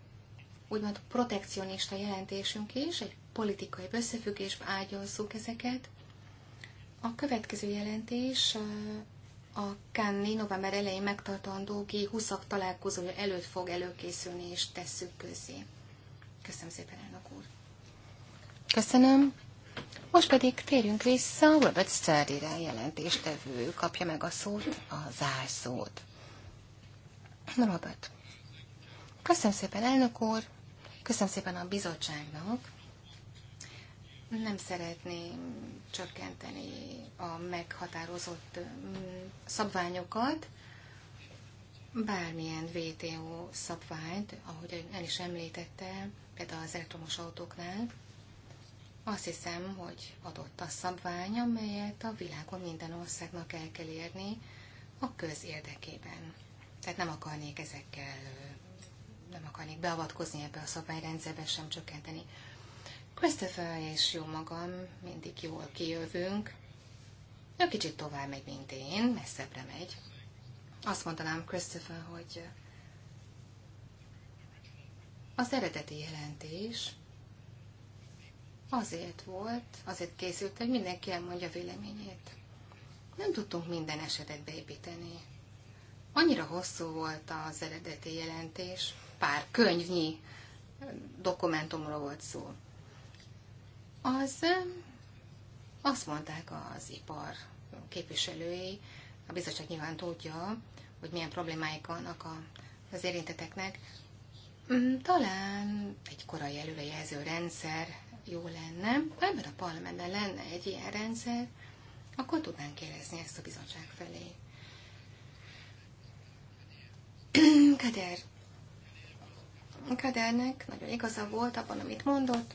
úgymond protekcionista jelentésünk is, egy politikai összefüggésbe ágyalszuk ezeket. A következő jelentés a Kenny november elején megtartandó g 20 találkozója előtt fog előkészülni, és tesszük közé. Köszönöm szépen, elnök úr. Köszönöm. Most pedig térjünk vissza, Robert Sturdy-re jelentéstevő kapja meg a szót, a zárszót. Robert. Köszönöm szépen, elnök úr. Köszönöm szépen a bizottságnak nem szeretném csökkenteni a meghatározott mm, szabványokat, bármilyen VTO szabványt, ahogy el is említette, például az elektromos autóknál, azt hiszem, hogy adott a szabvány, amelyet a világon minden országnak el kell érni a köz érdekében. Tehát nem akarnék ezekkel, nem akarnék beavatkozni ebbe a szabványrendszerbe, sem csökkenteni. Christopher és jó magam, mindig jól kijövünk. Ő kicsit tovább megy, mint én, messzebbre megy. Azt mondanám Christopher, hogy az eredeti jelentés azért volt, azért készült, hogy mindenki elmondja véleményét. Nem tudtunk minden esetet beépíteni. Annyira hosszú volt az eredeti jelentés, pár könyvnyi dokumentumról volt szó az azt mondták az ipar képviselői, a bizottság nyilván tudja, hogy milyen problémáik vannak az érinteteknek, mm, talán egy korai előrejelző rendszer jó lenne, ha ebben a parlamentben lenne egy ilyen rendszer, akkor tudnánk kérdezni ezt a bizottság felé. Kader. Kadernek nagyon igaza volt abban, amit mondott.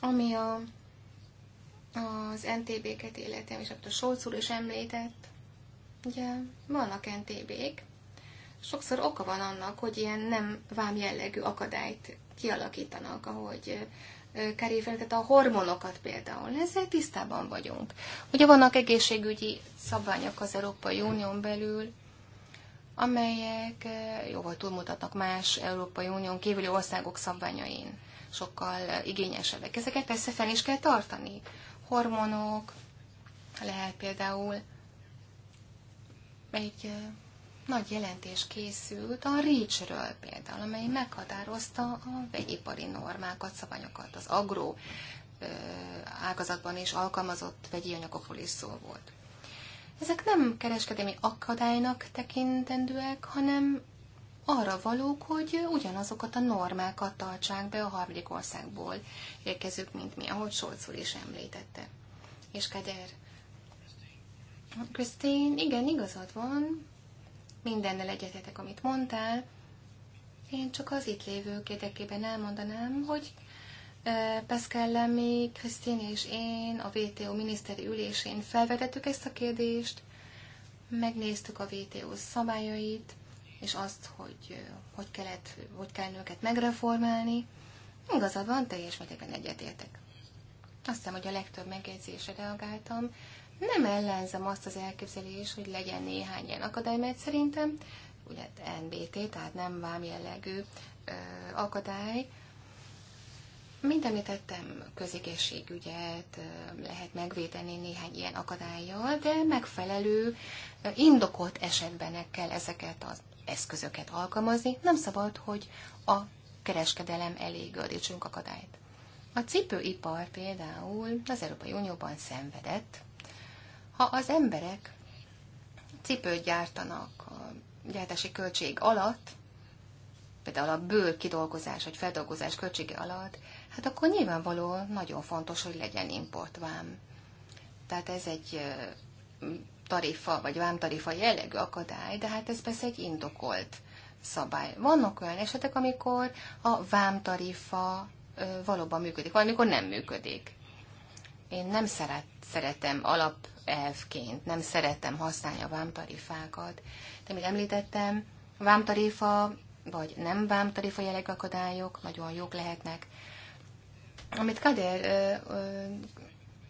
Ami a, az NTB-ket illeti, és a Solc úr is említett, ugye vannak NTB-k, sokszor oka van annak, hogy ilyen nem vám jellegű akadályt kialakítanak, ahogy tehát a hormonokat például. Ezzel tisztában vagyunk. Ugye vannak egészségügyi szabványok az Európai Unión belül, amelyek jóval túlmutatnak más Európai Unión kívüli országok szabványain sokkal igényesebbek. Ezeket persze fel is kell tartani. Hormonok, lehet például egy nagy jelentés készült a REACH-ről például, amely meghatározta a vegyipari normákat, szabanyokat az agró ágazatban is alkalmazott vegyi anyagokról is szó volt. Ezek nem kereskedelmi akadálynak tekintendőek, hanem arra valók, hogy ugyanazokat a normákat tartsák be a harmadik országból érkezők, mint mi, ahogy Solc úr is említette. És Kader, Krisztin, igen, igazad van, mindennel egyetetek, amit mondtál, én csak az itt lévők érdekében elmondanám, hogy Pascal Lemmy, Krisztin és én a WTO miniszteri ülésén felvetettük ezt a kérdést, megnéztük a WTO szabályait, és azt, hogy hogy, kellett, hogy kell nőket megreformálni, igazad van, teljes mértékben egyetértek. Azt hiszem, hogy a legtöbb megjegyzésre reagáltam. Nem ellenzem azt az elképzelés, hogy legyen néhány ilyen akadály, mert szerintem ugye NBT, tehát nem vám jellegű ö, akadály, mint említettem, közegészségügyet lehet megvédeni néhány ilyen akadályjal, de megfelelő, indokolt esetben kell ezeket az eszközöket alkalmazni, nem szabad, hogy a kereskedelem elé gördítsünk akadályt. A cipőipar például az Európai Unióban szenvedett. Ha az emberek cipőt gyártanak a gyártási költség alatt, például a bőr kidolgozás vagy feldolgozás költsége alatt, hát akkor nyilvánvaló nagyon fontos, hogy legyen importvám. Tehát ez egy tarifa vagy vámtarifa jellegű akadály, de hát ez persze egy indokolt szabály. Vannak olyan esetek, amikor a vámtarifa valóban működik, valamikor nem működik. Én nem szeret, szeretem alapelvként, nem szeretem használni a vámtarifákat. De mi említettem, vámtarifa vagy nem vámtarifa jellegű akadályok nagyon jók lehetnek. Amit Kader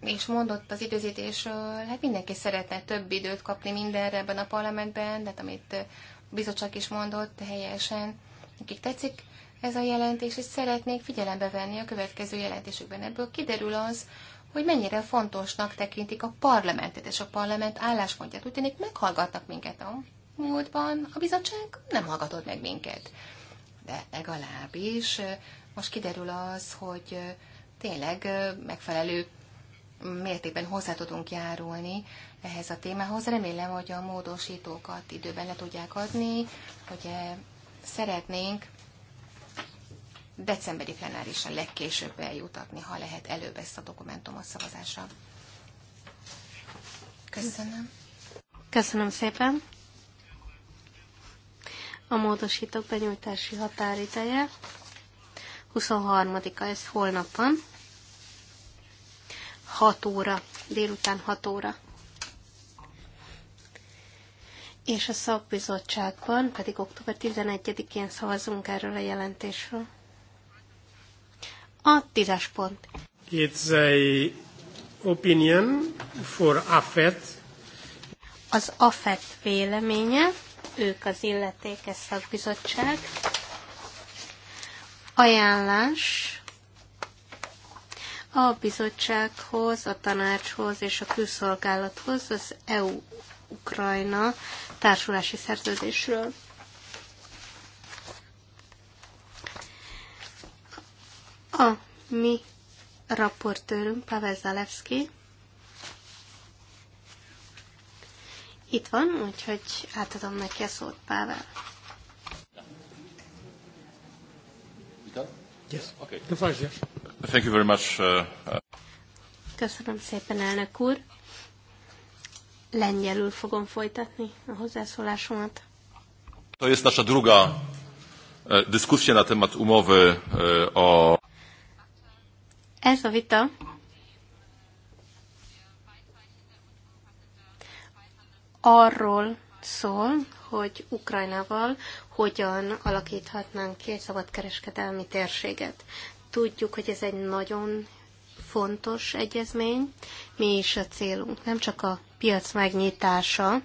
és mondott az időzítésről, hát mindenki szeretne több időt kapni mindenre ebben a parlamentben, tehát amit a bizottság is mondott helyesen, nekik tetszik ez a jelentés, és szeretnék figyelembe venni a következő jelentésükben. Ebből kiderül az, hogy mennyire fontosnak tekintik a parlamentet és a parlament álláspontját. Úgy meghallgatnak minket a múltban, a bizottság nem hallgatott meg minket. De legalábbis most kiderül az, hogy tényleg megfelelő mértékben hozzá tudunk járulni ehhez a témához. Remélem, hogy a módosítókat időben le tudják adni, hogy szeretnénk decemberi plenárisan legkésőbb eljutatni, ha lehet előbb ezt a dokumentumot szavazásra. Köszönöm. Köszönöm szépen. A módosítók benyújtási határideje 23-a, ez holnap van. 6 óra, délután 6 óra. És a szakbizottságban pedig október 11-én szavazunk erről a jelentésről. A tízes pont. It's a opinion for AFET. Az AFET véleménye, ők az illetékes szakbizottság, ajánlás a bizottsághoz, a tanácshoz és a külszolgálathoz az EU-Ukrajna társulási szerződésről. A mi raportőrünk Pavel Zalewski itt van, úgyhogy átadom neki a szót, Pavel. Thank you very much. Uh, uh, Köszönöm szépen, elnök úr. Lengyelül fogom folytatni a hozzászólásomat. To jest nasza druga e, dyskusja na temat umowy e, o... Ez a vita arról szól, hogy Ukrajnával hogyan alakíthatnánk ki egy szabadkereskedelmi térséget. Tudjuk, hogy ez egy nagyon fontos egyezmény. Mi is a célunk? Nem csak a piac megnyitása,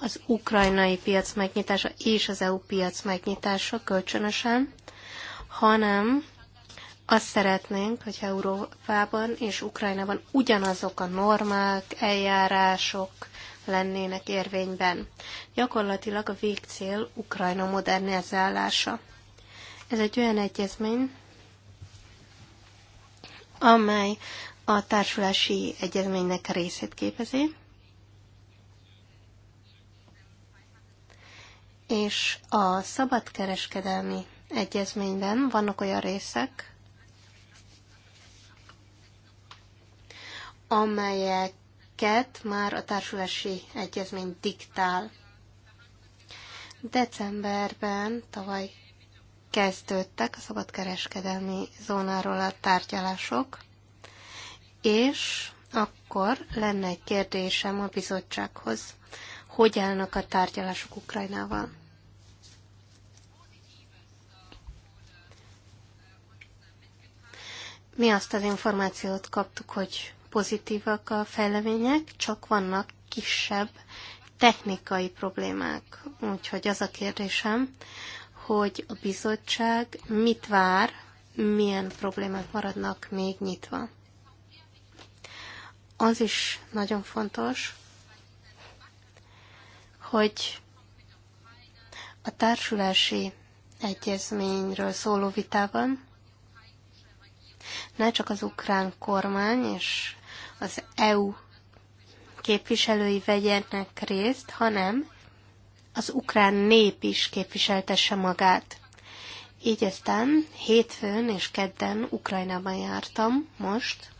az ukrajnai piac megnyitása és az EU piac megnyitása kölcsönösen, hanem azt szeretnénk, hogy Európában és Ukrajnában ugyanazok a normák, eljárások, lennének érvényben. Gyakorlatilag a végcél Ukrajna modernizálása. Ez egy olyan egyezmény, amely a társulási egyezménynek részét képezi, és a szabadkereskedelmi egyezményben vannak olyan részek, amelyek amiket már a társulási egyezmény diktál. Decemberben tavaly kezdődtek a szabadkereskedelmi zónáról a tárgyalások, és akkor lenne egy kérdésem a bizottsághoz. Hogy állnak a tárgyalások Ukrajnával? Mi azt az információt kaptuk, hogy pozitívak a fejlemények, csak vannak kisebb technikai problémák. Úgyhogy az a kérdésem, hogy a bizottság mit vár, milyen problémák maradnak még nyitva. Az is nagyon fontos, hogy a társulási egyezményről szóló vitában ne csak az ukrán kormány és az EU képviselői vegyenek részt, hanem az ukrán nép is képviseltesse magát. Így aztán hétfőn és kedden Ukrajnában jártam most,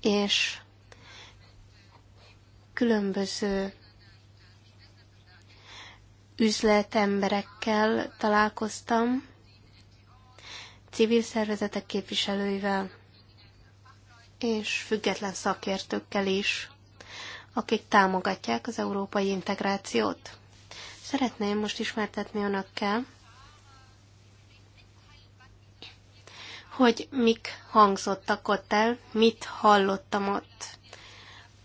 és különböző üzletemberekkel találkoztam, civil szervezetek képviselőivel, és független szakértőkkel is, akik támogatják az európai integrációt. Szeretném most ismertetni önökkel, hogy mik hangzottak ott el, mit hallottam ott.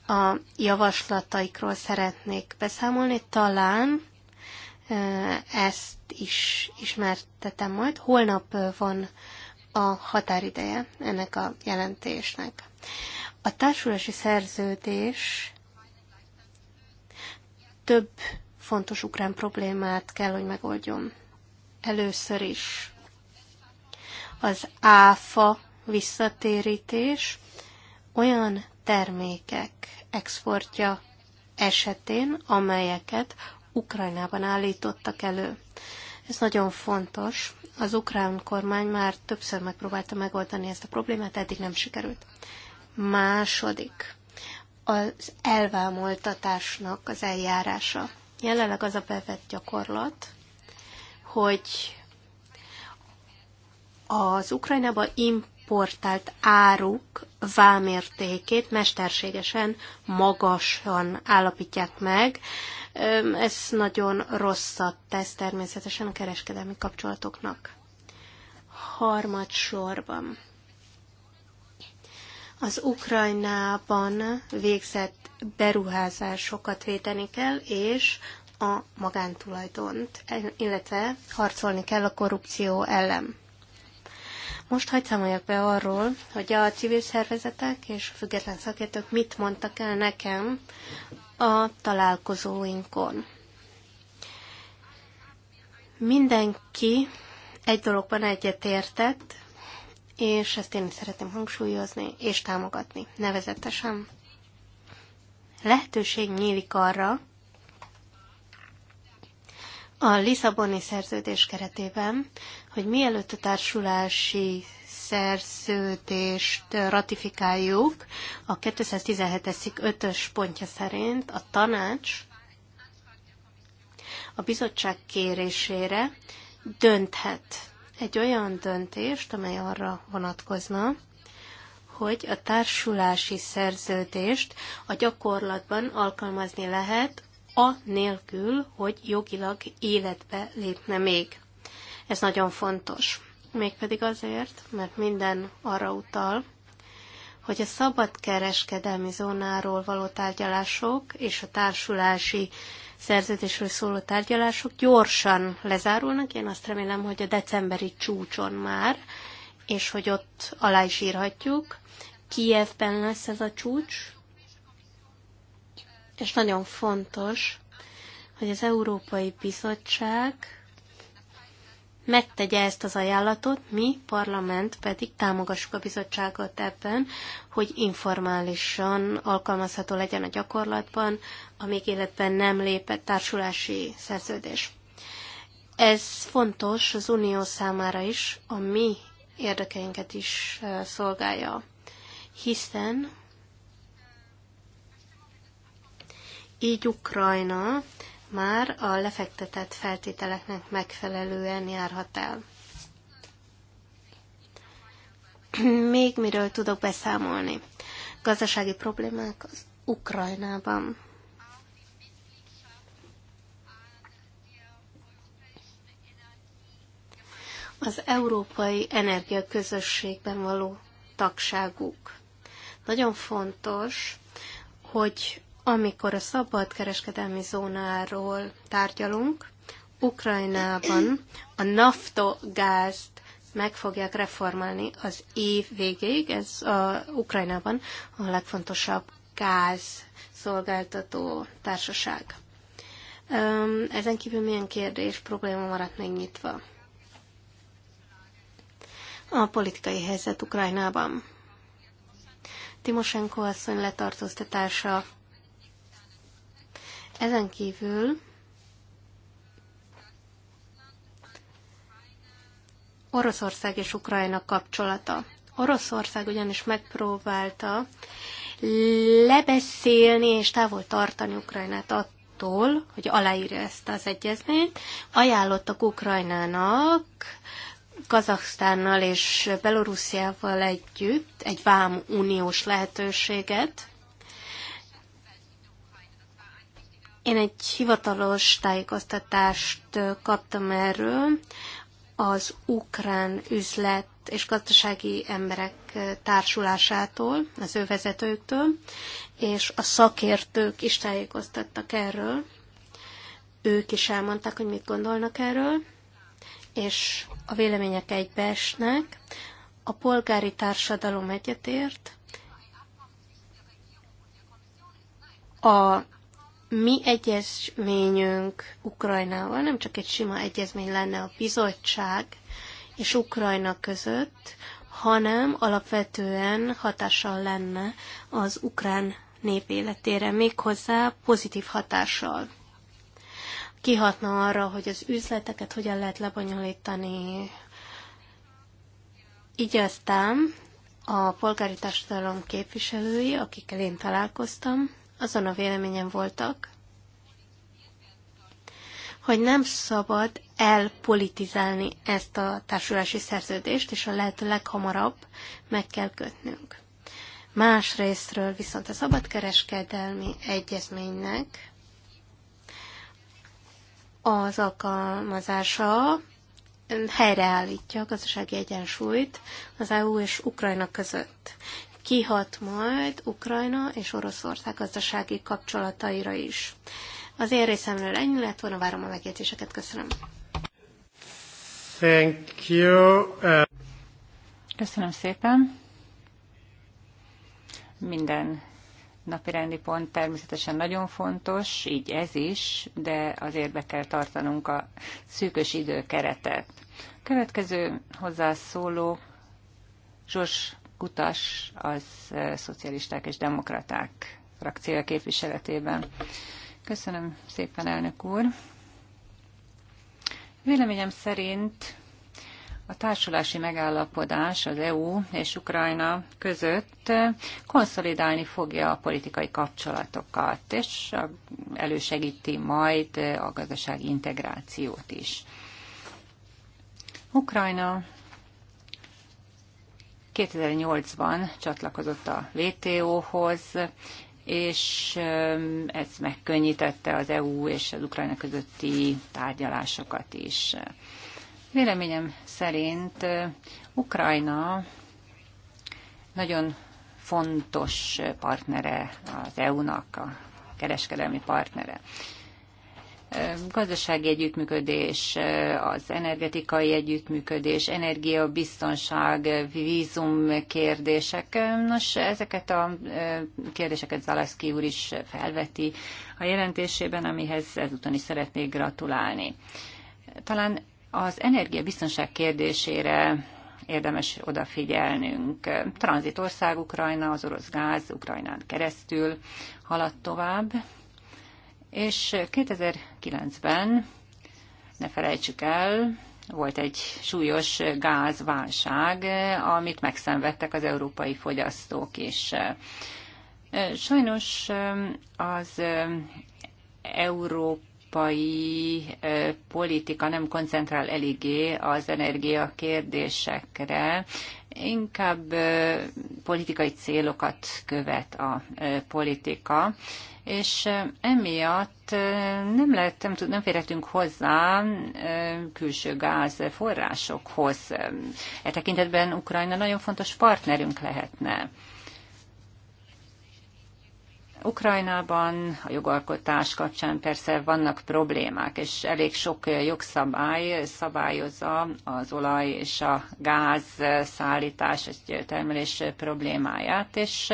A javaslataikról szeretnék beszámolni, talán ezt is ismertetem majd. Holnap van a határideje ennek a jelentésnek. A társulási szerződés több fontos ukrán problémát kell, hogy megoldjon. Először is az áfa visszatérítés olyan termékek exportja esetén, amelyeket Ukrajnában állítottak elő. Ez nagyon fontos. Az ukrán kormány már többször megpróbálta megoldani ezt a problémát, eddig nem sikerült. Második, az elvámoltatásnak az eljárása. Jelenleg az a bevett gyakorlat, hogy az Ukrajnába importált áruk vámértékét mesterségesen magasan állapítják meg, ez nagyon rosszat tesz természetesen a kereskedelmi kapcsolatoknak. Harmad sorban. Az Ukrajnában végzett beruházásokat véteni kell, és a magántulajdont, illetve harcolni kell a korrupció ellen. Most hagyd számoljak be arról, hogy a civil szervezetek és a független szakértők mit mondtak el nekem a találkozóinkon. Mindenki egy dologban egyetértett, és ezt én szeretném hangsúlyozni és támogatni, nevezetesen. Lehetőség nyílik arra, a Lisszaboni szerződés keretében, hogy mielőtt a társulási szerződést ratifikáljuk, a 217-es 5-ös pontja szerint a tanács a bizottság kérésére dönthet egy olyan döntést, amely arra vonatkozna, hogy a társulási szerződést a gyakorlatban alkalmazni lehet, a nélkül, hogy jogilag életbe lépne még. Ez nagyon fontos mégpedig azért, mert minden arra utal, hogy a szabad kereskedelmi zónáról való tárgyalások és a társulási szerződésről szóló tárgyalások gyorsan lezárulnak. Én azt remélem, hogy a decemberi csúcson már, és hogy ott alá is írhatjuk. Kijevben lesz ez a csúcs, és nagyon fontos, hogy az Európai Bizottság megtegye ezt az ajánlatot, mi parlament pedig támogassuk a bizottságot ebben, hogy informálisan alkalmazható legyen a gyakorlatban, amíg életben nem lépett társulási szerződés. Ez fontos az Unió számára is, a mi érdekeinket is szolgálja, hiszen így Ukrajna már a lefektetett feltételeknek megfelelően járhat el. Még miről tudok beszámolni? Gazdasági problémák az Ukrajnában. Az Európai Energiaközösségben való tagságuk. Nagyon fontos, hogy amikor a kereskedelmi zónáról tárgyalunk, Ukrajnában a naftogázt meg fogják reformálni az év végéig. Ez a Ukrajnában a legfontosabb gáz szolgáltató társaság. Ezen kívül milyen kérdés, probléma maradt még nyitva? A politikai helyzet Ukrajnában. Timoshenko asszony letartóztatása ezen kívül Oroszország és Ukrajna kapcsolata. Oroszország ugyanis megpróbálta lebeszélni és távol tartani Ukrajnát attól, hogy aláírja ezt az egyezményt. Ajánlottak Ukrajnának Kazaksztánnal és Belorussziával együtt egy vám uniós lehetőséget, Én egy hivatalos tájékoztatást kaptam erről az ukrán üzlet és gazdasági emberek társulásától, az ő vezetőktől, és a szakértők is tájékoztattak erről. Ők is elmondták, hogy mit gondolnak erről, és a vélemények egybeesnek. A polgári társadalom egyetért, a mi egyezményünk Ukrajnával nem csak egy sima egyezmény lenne a bizottság és Ukrajna között, hanem alapvetően hatással lenne az ukrán nép életére, méghozzá pozitív hatással. Kihatna arra, hogy az üzleteket hogyan lehet lebonyolítani. Így aztán a polgári társadalom képviselői, akikkel én találkoztam, azon a véleményen voltak, hogy nem szabad elpolitizálni ezt a társulási szerződést, és a lehető leghamarabb meg kell kötnünk. Más részről viszont a szabadkereskedelmi egyezménynek az alkalmazása helyreállítja a gazdasági egyensúlyt az EU és Ukrajna között kihat majd Ukrajna és Oroszország gazdasági kapcsolataira is. Az én részemről ennyi lett volna, várom a megjegyzéseket, köszönöm. Thank you. Uh, köszönöm szépen. Minden napirendi pont természetesen nagyon fontos, így ez is, de azért be kell tartanunk a szűkös időkeretet. Következő hozzászóló Zsors Kutas az szocialisták és demokraták frakciója képviseletében. Köszönöm szépen, elnök úr. Véleményem szerint a társulási megállapodás az EU és Ukrajna között konszolidálni fogja a politikai kapcsolatokat, és elősegíti majd a gazdasági integrációt is. Ukrajna 2008-ban csatlakozott a WTO-hoz, és ez megkönnyítette az EU és az Ukrajna közötti tárgyalásokat is. Véleményem szerint Ukrajna nagyon fontos partnere az EU-nak, a kereskedelmi partnere gazdasági együttműködés, az energetikai együttműködés, energiabiztonság, vízum kérdések. Nos, ezeket a kérdéseket Zalaszki úr is felveti a jelentésében, amihez ezúton is szeretnék gratulálni. Talán az energiabiztonság kérdésére érdemes odafigyelnünk. Tranzitország Ukrajna, az orosz gáz Ukrajnán keresztül haladt tovább, és 2009-ben, ne felejtsük el, volt egy súlyos gázválság, amit megszenvedtek az európai fogyasztók is. Sajnos az európai politika nem koncentrál eléggé az energia kérdésekre, inkább politikai célokat követ a politika, és emiatt nem, lehet, nem, tud, nem férhetünk hozzá külső gáz forrásokhoz. E tekintetben Ukrajna nagyon fontos partnerünk lehetne. Ukrajnában a jogalkotás kapcsán persze vannak problémák, és elég sok jogszabály szabályozza az olaj és a gáz szállítás, egy termelés problémáját, és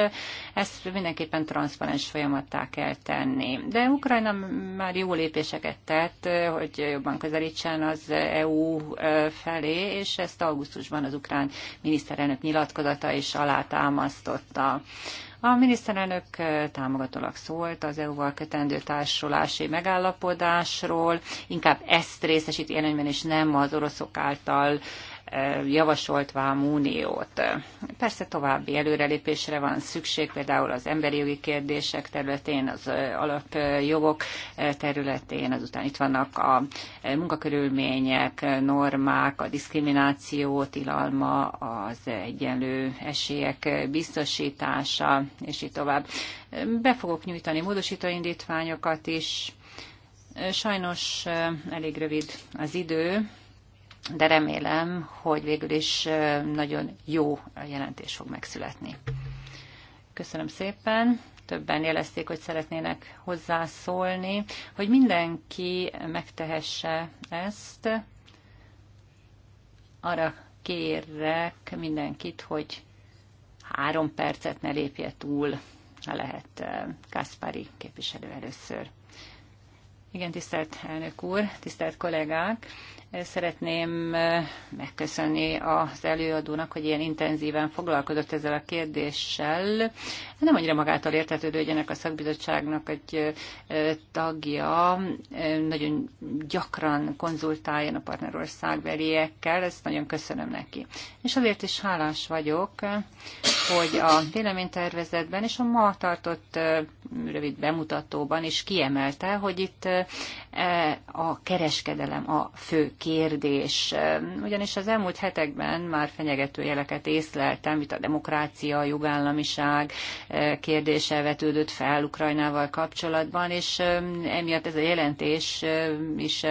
ezt mindenképpen transzparens folyamattá kell tenni. De Ukrajna már jó lépéseket tett, hogy jobban közelítsen az EU felé, és ezt augusztusban az ukrán miniszterelnök nyilatkozata is alátámasztotta. A miniszterelnök támogatólag szólt az EU-val kötendő társulási megállapodásról, inkább ezt részesíti előnyben, és nem az oroszok által javasolt vámuniót. Persze további előrelépésre van szükség, például az emberi jogi kérdések területén, az alapjogok területén, azután itt vannak a munkakörülmények, normák, a diszkrimináció tilalma, az egyenlő esélyek biztosítása, és így tovább. Be fogok nyújtani módosítóindítványokat is. Sajnos elég rövid az idő, de remélem, hogy végül is nagyon jó jelentés fog megszületni. Köszönöm szépen. Többen jelezték, hogy szeretnének hozzászólni, hogy mindenki megtehesse ezt. Arra kérek mindenkit, hogy három percet ne lépje túl, ha lehet Kaspari képviselő először. Igen, tisztelt elnök úr, tisztelt kollégák! Szeretném eh, megköszönni az előadónak, hogy ilyen intenzíven foglalkozott ezzel a kérdéssel. Nem annyira magától értetődő, hogy ennek a szakbizottságnak egy eh, tagja eh, nagyon gyakran konzultáljon a partnerországbeliekkel, ezt nagyon köszönöm neki. És azért is hálás vagyok, hogy a véleménytervezetben és a ma tartott rövid bemutatóban is kiemelte, hogy itt e, a kereskedelem a fő kérdés. Ugyanis az elmúlt hetekben már fenyegető jeleket észleltem, itt a demokrácia, a jogállamiság e, kérdése vetődött fel Ukrajnával kapcsolatban, és e, emiatt ez a jelentés is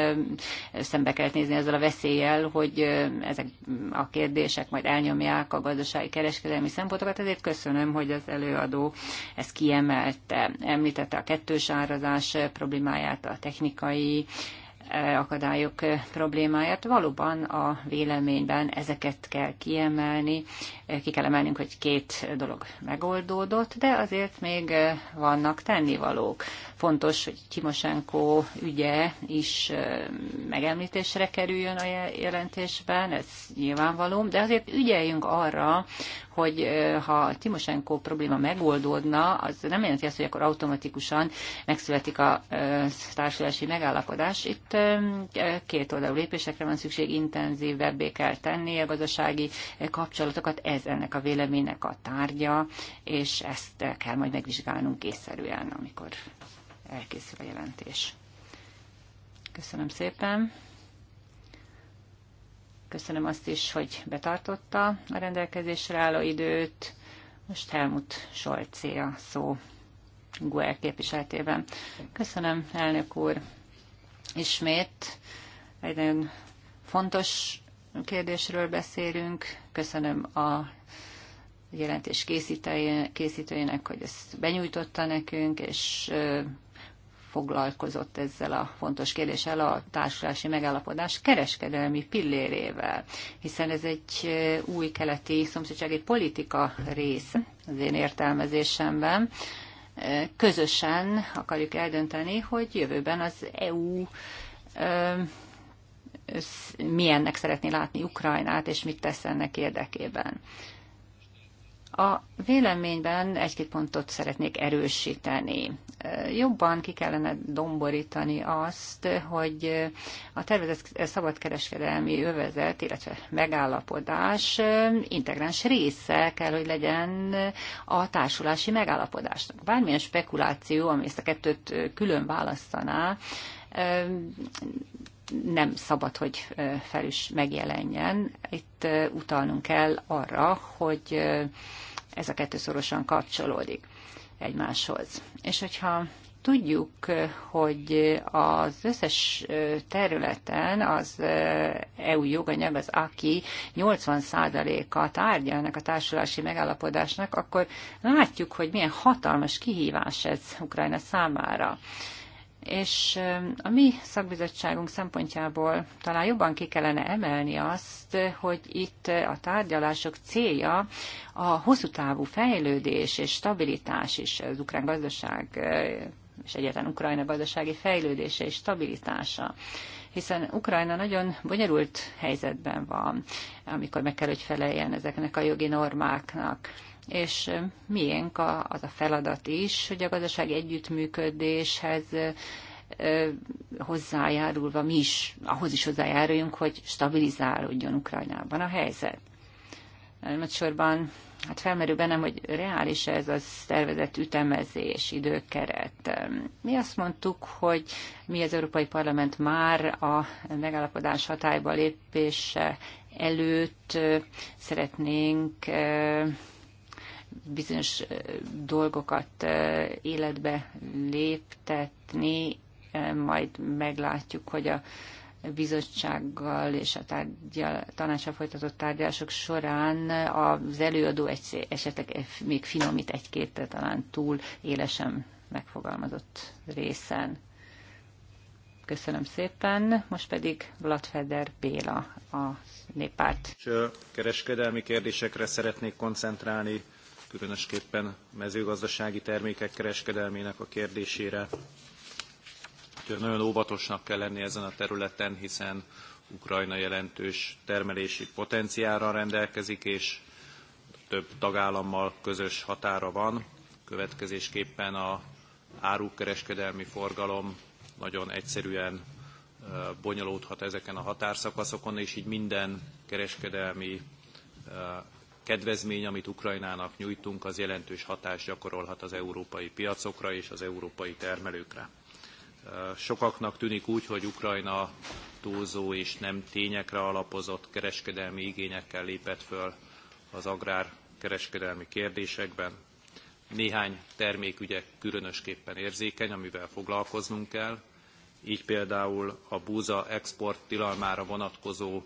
szembe kellett nézni ezzel a veszéllyel, hogy ezek a kérdések majd elnyomják a gazdasági kereskedelmi szempontokat, ezért köszönöm, hogy az előadó ezt kiemelte említette a kettős árazás problémáját, a technikai eh, akadályok eh, problémáját. Valóban a véleményben ezeket kell kiemelni. Eh, ki kell emelnünk, hogy két dolog megoldódott, de azért még vannak tennivalók. Fontos, hogy Timosenko ügye is megemlítésre kerüljön a jelentésben, ez nyilvánvaló, de azért ügyeljünk arra, hogy ha Timosenko probléma megoldódna, az nem jelenti azt, hogy akkor automatikusan megszületik a társulási megállapodás. Itt két oldalú lépésekre van szükség, intenzívebbé kell tenni a gazdasági kapcsolatokat, ez ennek a véleménynek a tárgya, és ezt kell majd megvizsgálnunk észszerűen, amikor elkészül a jelentés. Köszönöm szépen. Köszönöm azt is, hogy betartotta a rendelkezésre álló időt. Most Helmut Solcé a szó GUE képviseletében. Köszönöm, elnök úr. Ismét egy nagyon fontos kérdésről beszélünk. Köszönöm a jelentés készítőjének, hogy ezt benyújtotta nekünk, és foglalkozott ezzel a fontos kérdéssel, a társulási megállapodás kereskedelmi pillérével, hiszen ez egy új keleti szomszédsági politika része az én értelmezésemben. Közösen akarjuk eldönteni, hogy jövőben az EU milyennek szeretné látni Ukrajnát, és mit tesz ennek érdekében. A véleményben egy-két pontot szeretnék erősíteni. Jobban ki kellene domborítani azt, hogy a tervezett szabadkereskedelmi övezet, illetve megállapodás integráns része kell, hogy legyen a társulási megállapodásnak. Bármilyen spekuláció, ami ezt a kettőt külön választaná, nem szabad, hogy fel is megjelenjen. Itt utalnunk kell arra, hogy ez a kettő szorosan kapcsolódik egymáshoz. És hogyha tudjuk, hogy az összes területen az EU joganyag, az AKI 80%-a tárgya ennek a társulási megállapodásnak, akkor látjuk, hogy milyen hatalmas kihívás ez Ukrajna számára és a mi szakbizottságunk szempontjából talán jobban ki kellene emelni azt, hogy itt a tárgyalások célja a hosszú távú fejlődés és stabilitás is az ukrán gazdaság és egyetlen Ukrajna gazdasági fejlődése és stabilitása hiszen Ukrajna nagyon bonyolult helyzetben van, amikor meg kell, hogy feleljen ezeknek a jogi normáknak és miénk a, az a feladat is, hogy a gazdasági együttműködéshez hozzájárulva mi is ahhoz is hozzájáruljunk, hogy stabilizálódjon Ukrajnában a helyzet. Elmegysorban hát felmerül bennem, hogy reális ez az szervezett ütemezés, időkeret. Mi azt mondtuk, hogy mi az Európai Parlament már a megállapodás hatályba lépése előtt szeretnénk bizonyos dolgokat életbe léptetni, majd meglátjuk, hogy a bizottsággal és a tárgyal, tanácsra folytatott tárgyalások során az előadó egy, esetleg még finomít egy-két talán túl élesen megfogalmazott részen. Köszönöm szépen. Most pedig Vladfeder Béla, a néppárt. Kereskedelmi kérdésekre szeretnék koncentrálni, különösképpen mezőgazdasági termékek kereskedelmének a kérdésére Úgyhogy hát, nagyon óvatosnak kell lenni ezen a területen, hiszen Ukrajna jelentős termelési potenciálra rendelkezik, és több tagállammal közös határa van. Következésképpen a árukereskedelmi forgalom nagyon egyszerűen bonyolódhat ezeken a határszakaszokon, és így minden kereskedelmi kedvezmény, amit Ukrajnának nyújtunk, az jelentős hatást gyakorolhat az európai piacokra és az európai termelőkre. Sokaknak tűnik úgy, hogy Ukrajna túlzó és nem tényekre alapozott kereskedelmi igényekkel lépett föl az agrárkereskedelmi kérdésekben. Néhány termékügye különösképpen érzékeny, amivel foglalkoznunk kell, így például a búza export tilalmára vonatkozó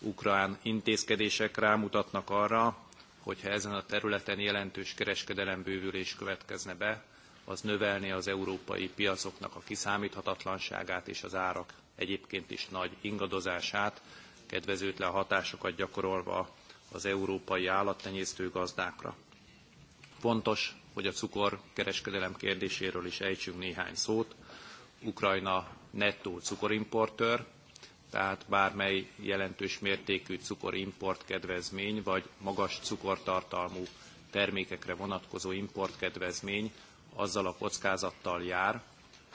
ukrán intézkedések rámutatnak arra, hogy ha ezen a területen jelentős kereskedelembővülés következne be, az növelni az európai piacoknak a kiszámíthatatlanságát és az árak egyébként is nagy ingadozását, kedvezőtlen hatásokat gyakorolva az európai állattenyésztő gazdákra. Fontos, hogy a cukorkereskedelem kérdéséről is ejtsünk néhány szót. Ukrajna nettó cukorimportőr, tehát bármely jelentős mértékű cukorimport kedvezmény, vagy magas cukortartalmú termékekre vonatkozó importkedvezmény azzal a kockázattal jár,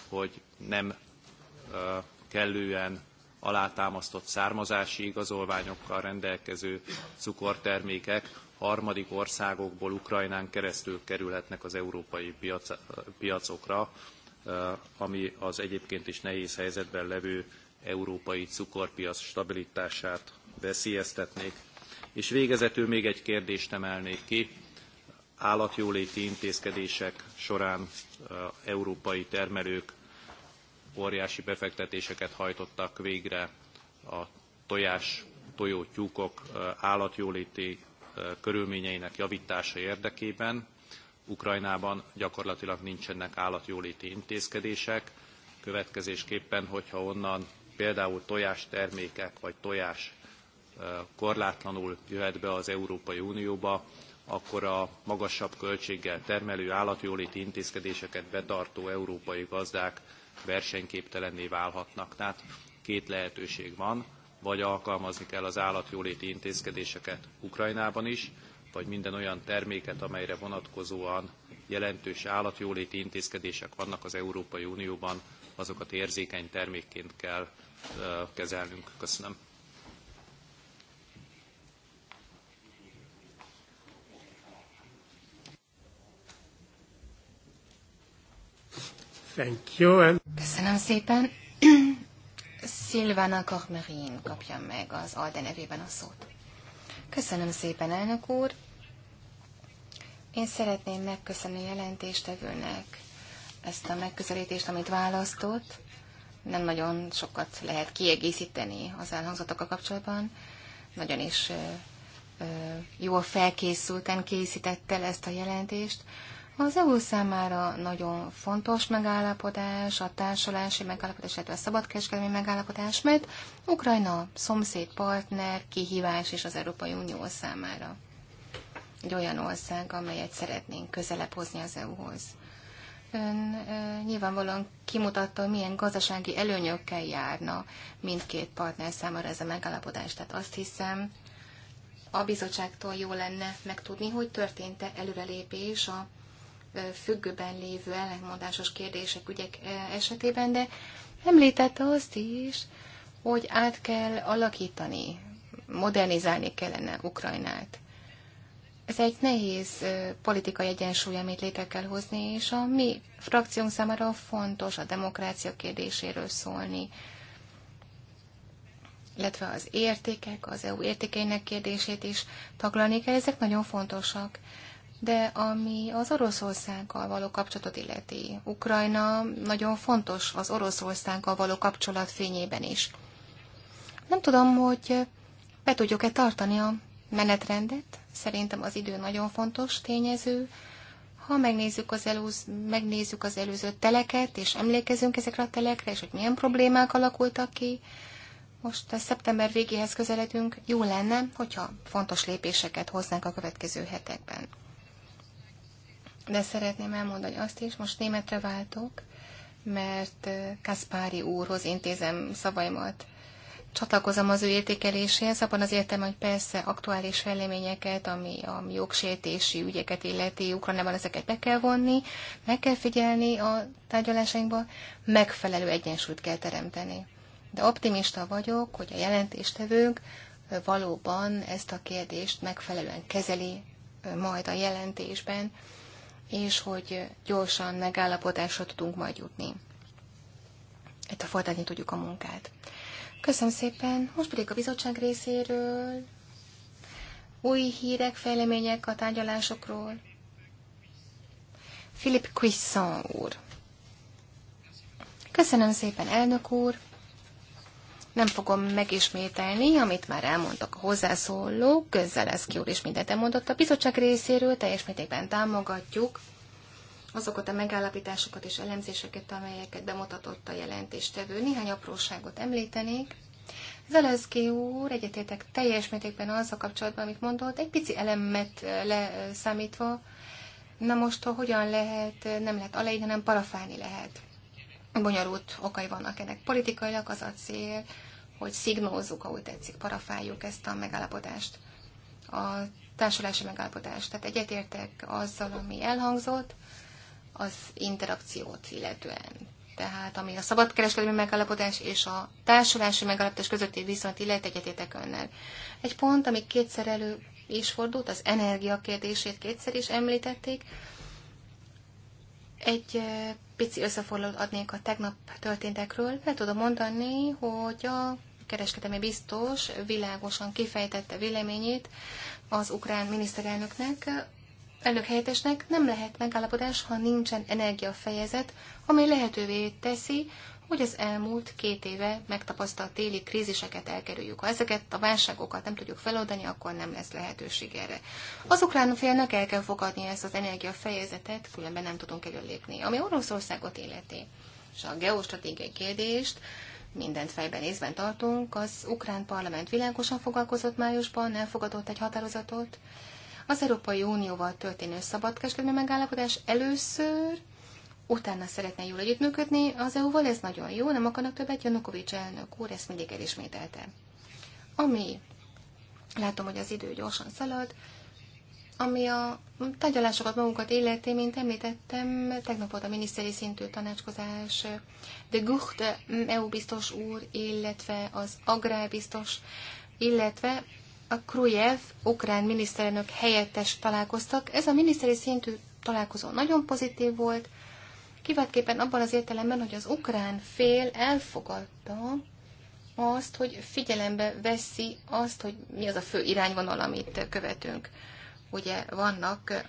hogy nem kellően alátámasztott származási igazolványokkal rendelkező cukortermékek harmadik országokból Ukrajnán keresztül kerülhetnek az európai piacokra, ami az egyébként is nehéz helyzetben levő európai cukorpiac stabilitását veszélyeztetnék. És végezetül még egy kérdést emelnék ki állatjóléti intézkedések során európai termelők óriási befektetéseket hajtottak végre a tojás, tojótyúkok állatjóléti körülményeinek javítása érdekében. Ukrajnában gyakorlatilag nincsenek állatjóléti intézkedések, következésképpen, hogyha onnan például tojástermékek vagy tojás korlátlanul jöhet be az Európai Unióba, akkor a magasabb költséggel termelő állatjóléti intézkedéseket betartó európai gazdák versenyképtelenné válhatnak. Tehát két lehetőség van, vagy alkalmazni kell az állatjóléti intézkedéseket Ukrajnában is, vagy minden olyan terméket, amelyre vonatkozóan jelentős állatjóléti intézkedések vannak az Európai Unióban, azokat érzékeny termékként kell kezelnünk. Köszönöm. Thank you. And... Köszönöm szépen. Silvana Kormerin kapja meg az Alde nevében a szót. Köszönöm szépen, elnök úr. Én szeretném megköszönni a jelentéstevőnek ezt a megközelítést, amit választott. Nem nagyon sokat lehet kiegészíteni az elhangzatokkal a kapcsolatban. Nagyon is jól felkészülten készítette ezt a jelentést. Az EU számára nagyon fontos megállapodás, a társulási megállapodás, illetve a szabadkereskedelmi megállapodás, mert Ukrajna szomszéd partner kihívás is az Európai Unió számára. Egy olyan ország, amelyet szeretnénk közelebb hozni az EU-hoz. Ön e, nyilvánvalóan kimutatta, milyen gazdasági előnyökkel járna mindkét partner számára ez a megállapodás. Tehát azt hiszem, a bizottságtól jó lenne megtudni, hogy történt-e előrelépés a függőben lévő ellentmondásos kérdések, ügyek esetében, de említette azt is, hogy át kell alakítani, modernizálni kellene Ukrajnát. Ez egy nehéz politikai egyensúly, amit létre kell hozni, és a mi frakciónk számára fontos a demokrácia kérdéséről szólni, illetve az értékek, az EU értékeinek kérdését is taglalni kell, ezek nagyon fontosak. De ami az Oroszországgal való kapcsolatot illeti, Ukrajna nagyon fontos az Oroszországgal való kapcsolat fényében is. Nem tudom, hogy be tudjuk-e tartani a menetrendet. Szerintem az idő nagyon fontos tényező. Ha megnézzük az, előz, megnézzük az előző teleket, és emlékezünk ezekre a telekre, és hogy milyen problémák alakultak ki, most a szeptember végéhez közeledünk, jó lenne, hogyha fontos lépéseket hoznánk a következő hetekben de szeretném elmondani azt is, most németre váltok, mert Kaspári úrhoz intézem szavaimat. Csatlakozom az ő értékeléséhez, abban az értem, hogy persze aktuális fejleményeket, ami a jogsértési ügyeket illeti, Ukrajnában ezeket be kell vonni, meg kell figyelni a tárgyalásainkba, megfelelő egyensúlyt kell teremteni. De optimista vagyok, hogy a jelentéstevők valóban ezt a kérdést megfelelően kezeli majd a jelentésben, és hogy gyorsan megállapodásra tudunk majd jutni. Itt a folytatni tudjuk a munkát. Köszönöm szépen. Most pedig a bizottság részéről új hírek, fejlemények a tárgyalásokról. Philip Quisson úr. Köszönöm szépen, elnök úr. Nem fogom megismételni, amit már elmondtak a hozzászólók, ki úr is mindent elmondott. A bizottság részéről teljes mértékben támogatjuk azokat a megállapításokat és elemzéseket, amelyeket bemutatott a jelentéstevő. Néhány apróságot említenék. Zeleszki úr egyetértek teljes mértékben a kapcsolatban, amit mondott, egy pici elemet leszámítva, na most, ha hogyan lehet, nem lehet alejni, hanem parafálni lehet bonyolult okai vannak ennek. Politikailag az a cél, hogy szignózzuk, ahogy tetszik, parafáljuk ezt a megállapodást, a társulási megállapodást. Tehát egyetértek azzal, ami elhangzott, az interakciót illetően. Tehát ami a szabadkereskedelmi megállapodás és a társulási megállapodás közötti viszont illet egyetértek önnel. Egy pont, ami kétszer elő is fordult, az energia kérdését kétszer is említették. Egy pici összefoglalót adnék a tegnap történtekről, el tudom mondani, hogy a kereskedelmi biztos világosan kifejtette véleményét az ukrán miniszterelnöknek, elnök helyettesnek nem lehet megállapodás, ha nincsen energiafejezet, amely lehetővé teszi, hogy az elmúlt két éve megtapasztalt téli kríziseket elkerüljük. Ha ezeket a válságokat nem tudjuk feloldani, akkor nem lesz lehetőség erre. Az ukrán félnek el kell fogadni ezt az energiafejezetet, különben nem tudunk előlépni. Ami Oroszországot életé és a geostratégiai kérdést, mindent fejben észben tartunk, az ukrán parlament világosan foglalkozott májusban, elfogadott egy határozatot, az Európai Unióval történő szabadkereskedelmi megállapodás először utána szeretne jól együttműködni az EU-val, ez nagyon jó, nem akarnak többet, Janukovics elnök úr ezt mindig elismételte. Ami, látom, hogy az idő gyorsan szalad, ami a tárgyalásokat magunkat illeti, mint említettem, tegnap volt a miniszteri szintű tanácskozás, de Gucht EU biztos úr, illetve az agrárbiztos, illetve a Krujev, ukrán miniszterelnök helyettes találkoztak. Ez a miniszteri szintű találkozó nagyon pozitív volt, kiváltképpen abban az értelemben, hogy az ukrán fél elfogadta azt, hogy figyelembe veszi azt, hogy mi az a fő irányvonal, amit követünk. Ugye vannak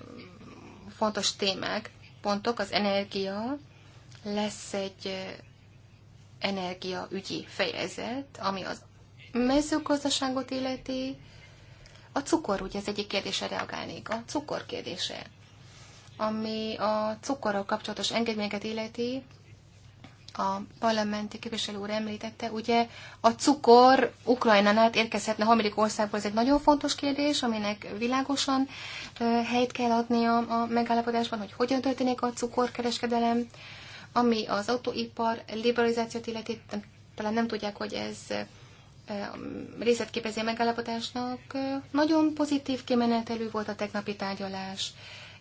fontos témák, pontok, az energia, lesz egy energiaügyi fejezet, ami az mezőgazdaságot illeti, a cukor, ugye ez egyik kérdése reagálnék, a cukor kérdése ami a cukorral kapcsolatos engedményeket illeti, a parlamenti képviselő úr említette, ugye a cukor Ukrajnán át érkezhetne harmadik országból, ez egy nagyon fontos kérdés, aminek világosan helyt kell adni a, a megállapodásban, hogy hogyan történik a cukorkereskedelem, ami az autóipar liberalizációt illeti, talán nem tudják, hogy ez részét a megállapodásnak. Nagyon pozitív kimenetelű volt a tegnapi tárgyalás.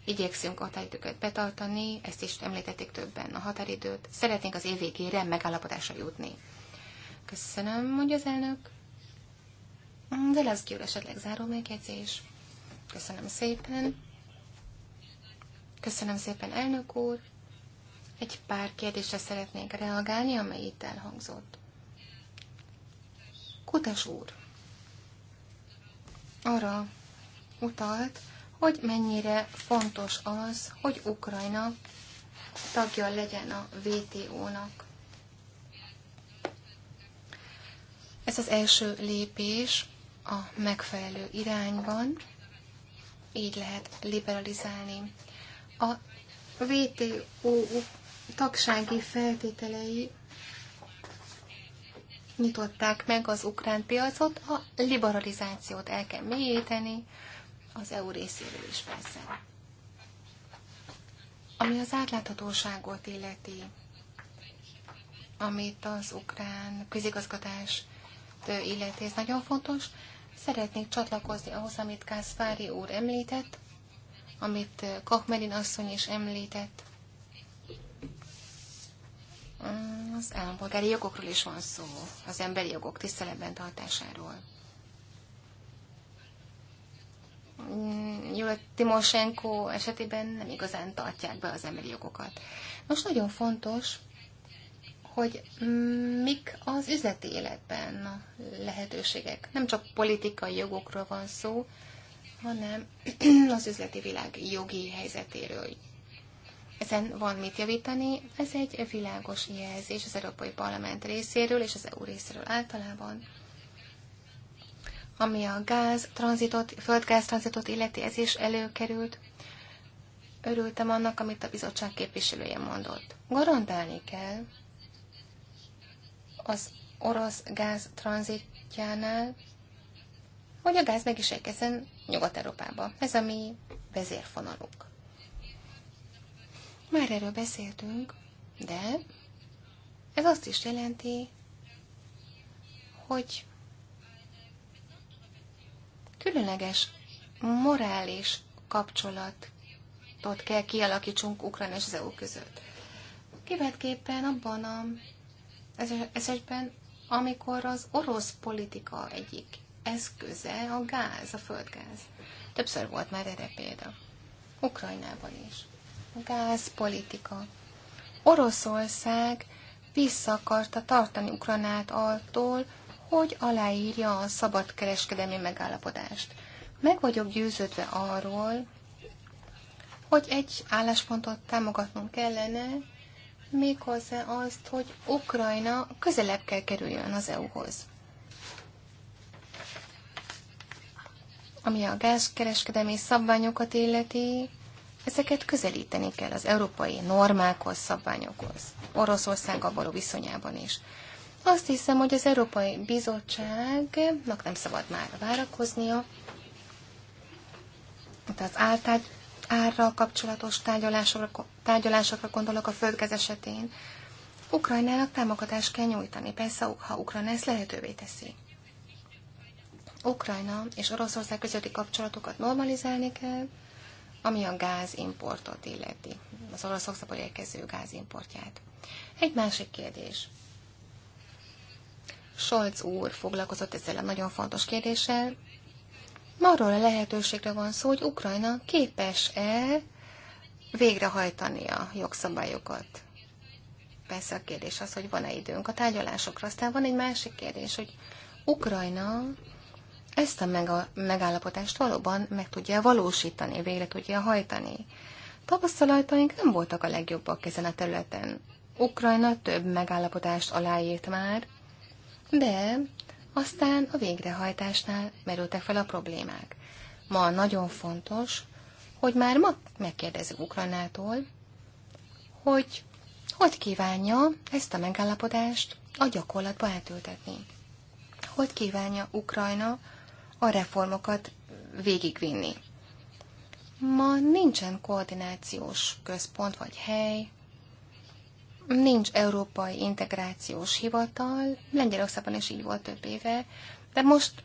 Igyekszünk a határidőket betartani, ezt is említették többen a határidőt. Szeretnénk az év végére megállapodásra jutni. Köszönöm, mondja az elnök. De lesz ki esetleg záró megjegyzés. Köszönöm szépen. Köszönöm szépen, elnök úr. Egy pár kérdésre szeretnék reagálni, amely itt elhangzott. Kutas úr arra utalt, hogy mennyire fontos az, hogy Ukrajna tagja legyen a VTO-nak. Ez az első lépés a megfelelő irányban, így lehet liberalizálni. A VTO tagsági feltételei nyitották meg az ukrán piacot, a liberalizációt el kell mélyíteni, az EU részéről is persze. Ami az átláthatóságot illeti, amit az ukrán közigazgatás illeti, ez nagyon fontos. Szeretnék csatlakozni ahhoz, amit Kászpári úr említett, amit Kachmerin asszony is említett. Az állampolgári jogokról is van szó, az emberi jogok tiszteletben tartásáról. Julia Timoshenko esetében nem igazán tartják be az emberi jogokat. Most nagyon fontos, hogy mik az üzleti életben a lehetőségek. Nem csak politikai jogokról van szó, hanem az üzleti világ jogi helyzetéről. Ezen van mit javítani, ez egy világos jelzés az Európai Parlament részéről és az EU részéről általában ami a gáz tranzitot, földgáz tranzitot illeti, ez is előkerült. Örültem annak, amit a bizottság képviselője mondott. Garantálni kell az orosz gáz tranzitjánál, hogy a gáz meg is érkezzen Nyugat-Európába. Ez a mi vezérfonalunk. Már erről beszéltünk, de ez azt is jelenti, hogy Különleges morális kapcsolatot kell kialakítsunk Ukrajna és az EU között. Kivetképpen abban a esetben, amikor az orosz politika egyik eszköze a gáz, a földgáz. Többször volt már erre példa. Ukrajnában is. A gázpolitika. Oroszország vissza akarta tartani Ukranát attól, hogy aláírja a kereskedelmi megállapodást. Meg vagyok győződve arról, hogy egy álláspontot támogatnunk kellene, méghozzá azt, hogy Ukrajna közelebb kell kerüljön az EU-hoz. Ami a gázkereskedelmi szabványokat illeti, ezeket közelíteni kell az európai normákhoz, szabványokhoz, Oroszországgal való viszonyában is. Azt hiszem, hogy az Európai Bizottságnak nem szabad már várakoznia. Tehát az áltárgy árral kapcsolatos tárgyalásokra, tárgyalásokra gondolok a földgáz esetén. Ukrajnának támogatást kell nyújtani, persze, ha Ukrajna ezt lehetővé teszi. Ukrajna és Oroszország közötti kapcsolatokat normalizálni kell, ami a gázimportot illeti, az oroszok szabad érkező gázimportját. Egy másik kérdés. Scholz úr foglalkozott ezzel a nagyon fontos kérdéssel. Arról a lehetőségre van szó, hogy Ukrajna képes-e végrehajtani a jogszabályokat. Persze a kérdés az, hogy van-e időnk a tárgyalásokra. Aztán van egy másik kérdés, hogy Ukrajna ezt a megállapotást valóban meg tudja valósítani, végre tudja hajtani. Tapasztalataink nem voltak a legjobbak ezen a területen. Ukrajna több megállapotást aláírt már, de aztán a végrehajtásnál merültek fel a problémák. Ma nagyon fontos, hogy már ma megkérdezzük Ukrajnától, hogy hogy kívánja ezt a megállapodást a gyakorlatba átültetni. Hogy kívánja Ukrajna a reformokat végigvinni. Ma nincsen koordinációs központ vagy hely, Nincs európai integrációs hivatal, Lengyelországban is így volt több éve, de most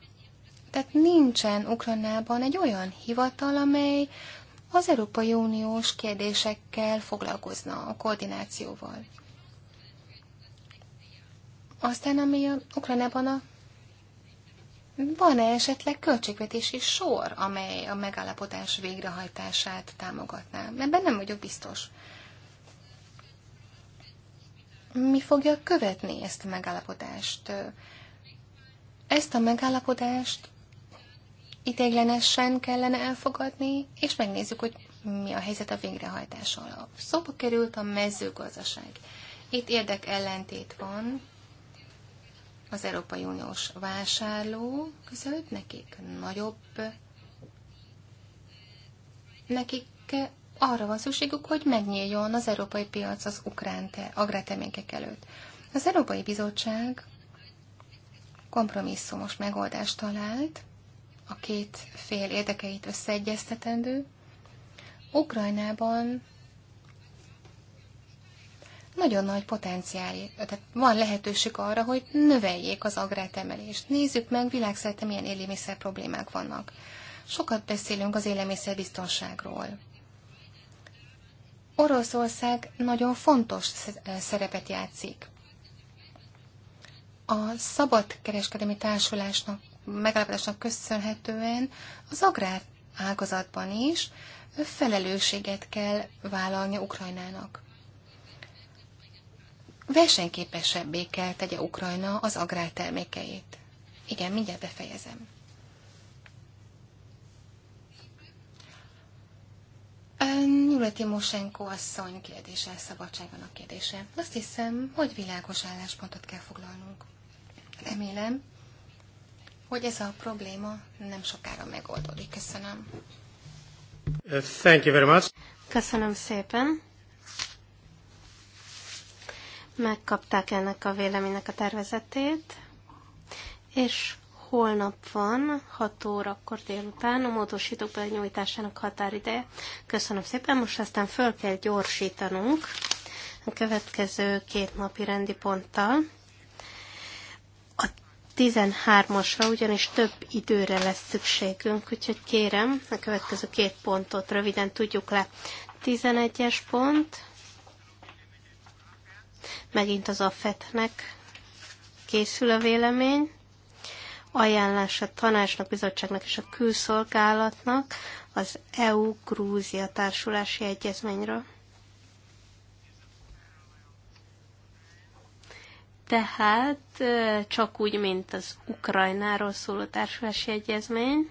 tehát nincsen Ukrajnában egy olyan hivatal, amely az Európai Uniós kérdésekkel foglalkozna, a koordinációval. Aztán, ami a Ukrajnában a van-e esetleg költségvetési sor, amely a megállapodás végrehajtását támogatná? Ebben nem vagyok biztos mi fogja követni ezt a megállapodást. Ezt a megállapodást ideiglenesen kellene elfogadni, és megnézzük, hogy mi a helyzet a alap. Szóba került a mezőgazdaság. Itt érdek ellentét van az Európai Uniós vásárló között, nekik nagyobb, nekik arra van szükségük, hogy megnyíljon az európai piac az ukrán te, előtt. Az Európai Bizottság kompromisszumos megoldást talált, a két fél érdekeit összeegyeztetendő. Ukrajnában nagyon nagy potenciál, tehát van lehetőség arra, hogy növeljék az agrártermelést. Nézzük meg világszerte milyen élelmiszer problémák vannak. Sokat beszélünk az élelmiszerbiztonságról. Oroszország nagyon fontos szerepet játszik. A szabad kereskedelmi társulásnak, megállapodásnak köszönhetően az agrár ágazatban is felelősséget kell vállalnia Ukrajnának. Versenyképesebbé kell tegye Ukrajna az agrártermékeit. Igen, mindjárt befejezem. Nyúle Timosenko asszony kérdése, szabadságának kérdése. Azt hiszem, hogy világos álláspontot kell foglalnunk. Remélem, hogy ez a probléma nem sokára megoldódik. Köszönöm. Uh, thank you very much. Köszönöm szépen. Megkapták ennek a véleménynek a tervezetét, és holnap van, 6 órakor délután, a módosítók benyújtásának határideje. Köszönöm szépen, most aztán föl kell gyorsítanunk a következő két napi rendi ponttal. A 13-asra ugyanis több időre lesz szükségünk, úgyhogy kérem, a következő két pontot röviden tudjuk le. 11-es pont, megint az AFET-nek készül a vélemény ajánlása tanácsnak, bizottságnak és a külszolgálatnak az EU-Grúzia társulási egyezményről. Tehát csak úgy, mint az Ukrajnáról szóló társulási egyezmény,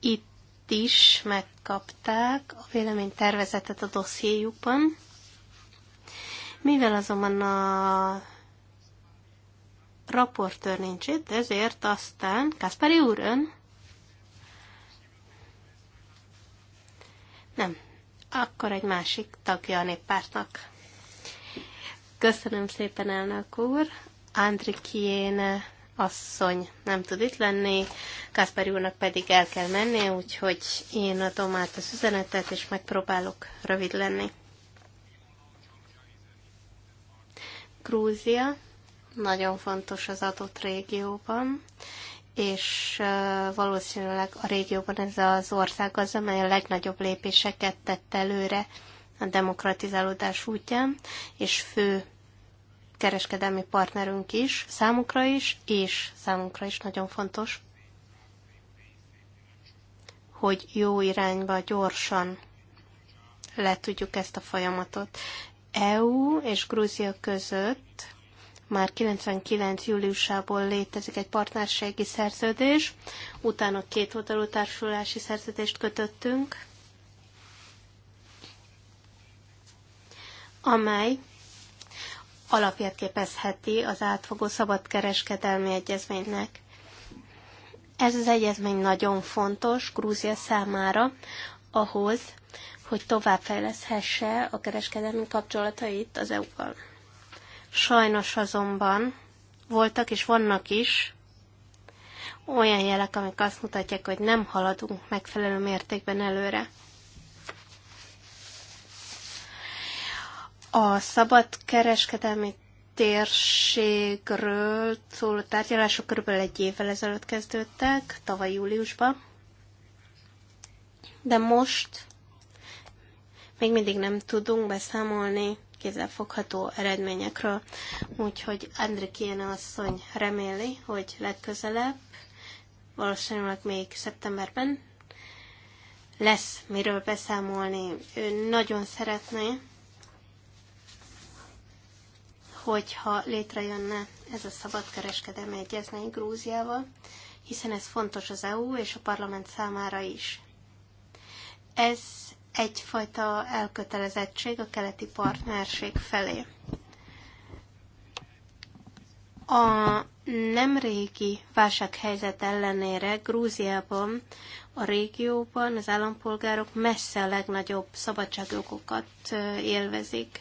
itt is megkapták a véleménytervezetet a dossziéjukban. Mivel azonban a raportőr nincs itt, ezért aztán Kaspari úr ön? Nem. Akkor egy másik tagja a néppártnak. Köszönöm szépen, elnök úr. Andrikiéne asszony nem tud itt lenni, Kászpár úrnak pedig el kell menni, úgyhogy én adom át az üzenetet, és megpróbálok rövid lenni. Grúzia nagyon fontos az adott régióban, és valószínűleg a régióban ez az ország az, amely a legnagyobb lépéseket tett előre a demokratizálódás útján, és fő kereskedelmi partnerünk is, számukra is, és számunkra is nagyon fontos, hogy jó irányba gyorsan le tudjuk ezt a folyamatot. EU és Grúzia között már 99. júliusából létezik egy partnerségi szerződés, utána két oldalú társulási szerződést kötöttünk, amely alapját képezheti az átfogó szabadkereskedelmi egyezménynek. Ez az egyezmény nagyon fontos Grúzia számára ahhoz, hogy továbbfejleszhesse a kereskedelmi kapcsolatait az EU-val. Sajnos azonban voltak és vannak is olyan jelek, amik azt mutatják, hogy nem haladunk megfelelő mértékben előre. A szabad kereskedelmi térségről szóló tárgyalások körülbelül egy évvel ezelőtt kezdődtek, tavaly júliusban. De most még mindig nem tudunk beszámolni kézzelfogható eredményekről. Úgyhogy Andrikiene asszony reméli, hogy legközelebb, valószínűleg még szeptemberben lesz miről beszámolni. Ő nagyon szeretné, hogyha létrejönne ez a szabadkereskedelmi egyezmény Grúziával, hiszen ez fontos az EU és a parlament számára is. Ez egyfajta elkötelezettség a keleti partnerség felé. A nemrégi válsághelyzet ellenére Grúziában, a régióban az állampolgárok messze a legnagyobb szabadságjogokat élvezik,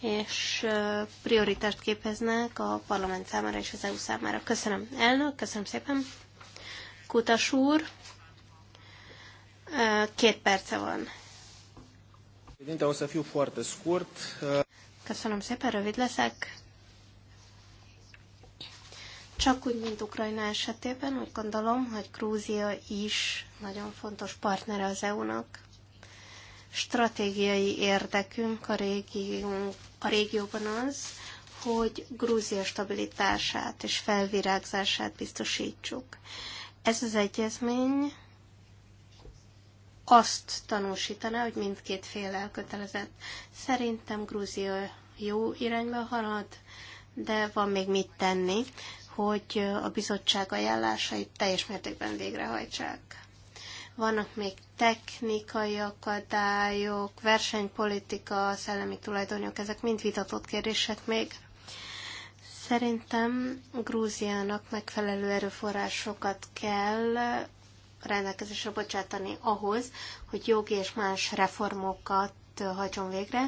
és prioritást képeznek a parlament számára és az EU számára. Köszönöm, elnök, köszönöm szépen. Kutas úr, két perce van. Președinte, o să fiu foarte scurt. Köszönöm szépen, rövid leszek. Csak úgy, mint Ukrajna esetében, úgy gondolom, hogy Grúzia is nagyon fontos partnere az EU-nak. Stratégiai érdekünk a, régió, a régióban az, hogy Grúzia stabilitását és felvirágzását biztosítsuk. Ez az egyezmény azt tanúsítaná, hogy mindkét fél elkötelezett. Szerintem Grúzia jó irányba halad, de van még mit tenni, hogy a bizottság ajánlásait teljes mértékben végrehajtsák. Vannak még technikai akadályok, versenypolitika, szellemi tulajdonjog, ezek mind vitatott kérdések még. Szerintem Grúziának megfelelő erőforrásokat kell rendelkezésre bocsátani ahhoz, hogy jogi és más reformokat hajtson végre,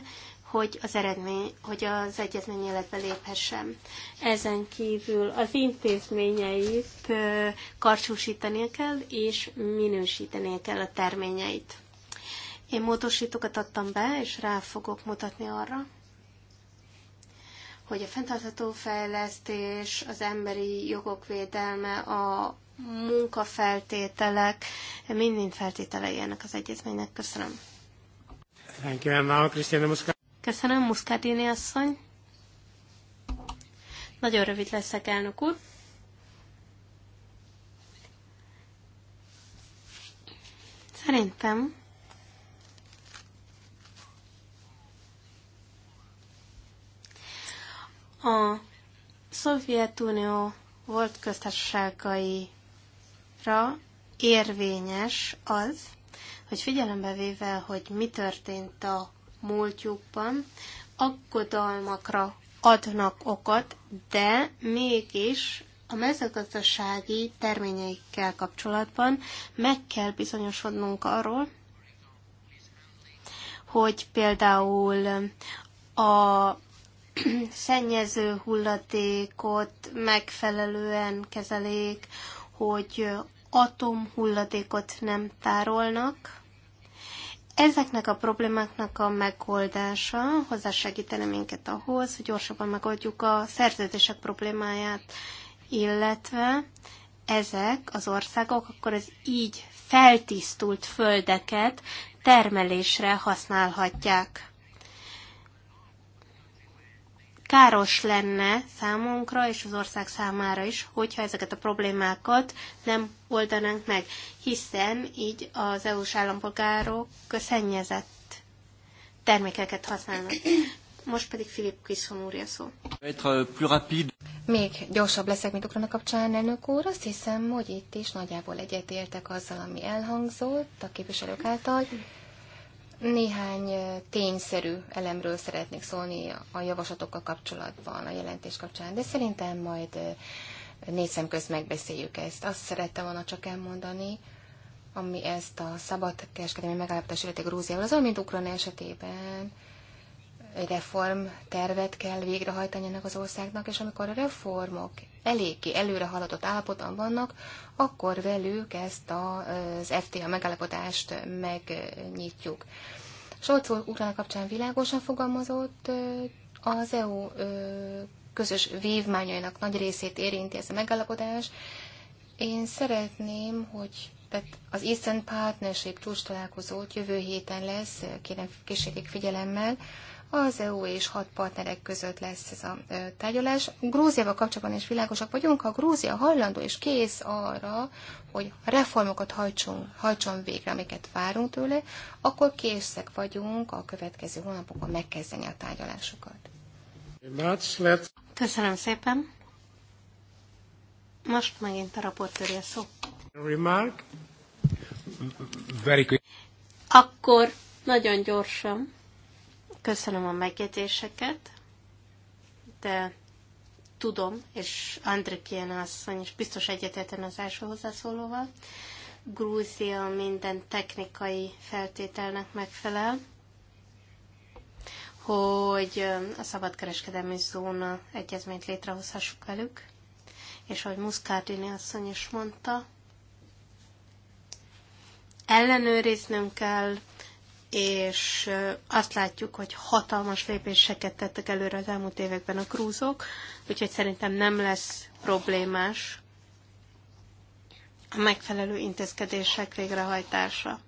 hogy az eredmény, hogy az egyezmény életbe léphessen. Ezen kívül az intézményeit karcsúsítani kell, és minősíteni kell a terményeit. Én módosítókat adtam be, és rá fogok mutatni arra, hogy a fenntartható fejlesztés, az emberi jogok védelme, a munkafeltételek, mind-mind feltételei ennek az egyezménynek. Köszönöm. Thank you, Emma. Köszönöm, Muszkádini asszony. Nagyon rövid leszek, elnök úr. Szerintem a Szovjetunió volt köztársaságai számunkra érvényes az, hogy figyelembe véve, hogy mi történt a múltjukban, aggodalmakra adnak okot, de mégis a mezőgazdasági terményeikkel kapcsolatban meg kell bizonyosodnunk arról, hogy például a szennyező hulladékot megfelelően kezelik, hogy atomhulladékot nem tárolnak. Ezeknek a problémáknak a megoldása hozzásegítene minket ahhoz, hogy gyorsabban megoldjuk a szerződések problémáját, illetve ezek az országok akkor az így feltisztult földeket termelésre használhatják káros lenne számunkra és az ország számára is, hogyha ezeket a problémákat nem oldanánk meg, hiszen így az EU-s állampolgárok szennyezett termékeket használnak. Most pedig Filip Kisson úrja szó. Még gyorsabb leszek, mint Ukrana kapcsán, elnök úr. Azt hiszem, hogy itt is nagyjából egyetértek azzal, ami elhangzott a képviselők által. Néhány tényszerű elemről szeretnék szólni a javaslatokkal kapcsolatban, a jelentés kapcsán, de szerintem majd négy szem közt megbeszéljük ezt. Azt szerettem volna csak elmondani, ami ezt a szabad kereskedelmi megállapodást illeti Grúziával, az mint Ukrajna esetében, reformtervet kell végrehajtani ennek az országnak, és amikor a reformok eléggé előre haladott állapotban vannak, akkor velük ezt az FTA megállapodást megnyitjuk. Solcó utána kapcsán világosan fogalmazott, az EU közös vívmányainak nagy részét érinti ez a megállapodás. Én szeretném, hogy tehát az Eastern Partnership csúcs találkozót jövő héten lesz, kérem kísérjék figyelemmel, az EU és hat partnerek között lesz ez a tárgyalás. Grúziával kapcsolatban is világosak vagyunk, ha Grúzia hajlandó és kész arra, hogy reformokat hajtson, hajtson végre, amiket várunk tőle, akkor készek vagyunk a következő hónapokban megkezdeni a tárgyalásokat. Köszönöm szépen. Most megint a raportőrje szó. Remark. Very good. Akkor nagyon gyorsan Köszönöm a megjegyzéseket, de tudom, és Kiena asszony is biztos egyetetlen az első hozzászólóval, Grúzia minden technikai feltételnek megfelel, hogy a szabadkereskedelmi zóna egyezményt létrehozhassuk velük, és ahogy Muszkárdini asszony is mondta, ellenőriznünk kell, és azt látjuk, hogy hatalmas lépéseket tettek előre az elmúlt években a krúzok, úgyhogy szerintem nem lesz problémás a megfelelő intézkedések végrehajtása.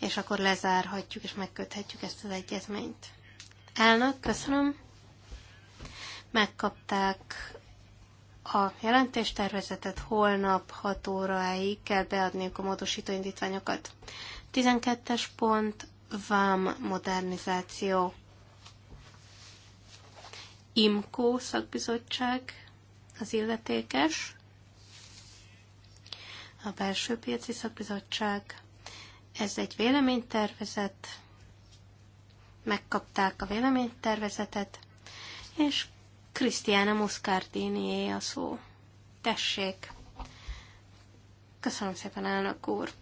És akkor lezárhatjuk és megköthetjük ezt az egyezményt. Elnök, köszönöm. Megkapták a jelentéstervezetet, holnap 6 óráig kell beadniuk a módosító indítványokat. 12-es pont, vám modernizáció. IMKO szakbizottság az illetékes, a belső piaci szakbizottság. Ez egy véleménytervezet, megkapták a véleménytervezetet, és Krisztiána Muscardinié a szó. Tessék! Köszönöm szépen, elnök úr!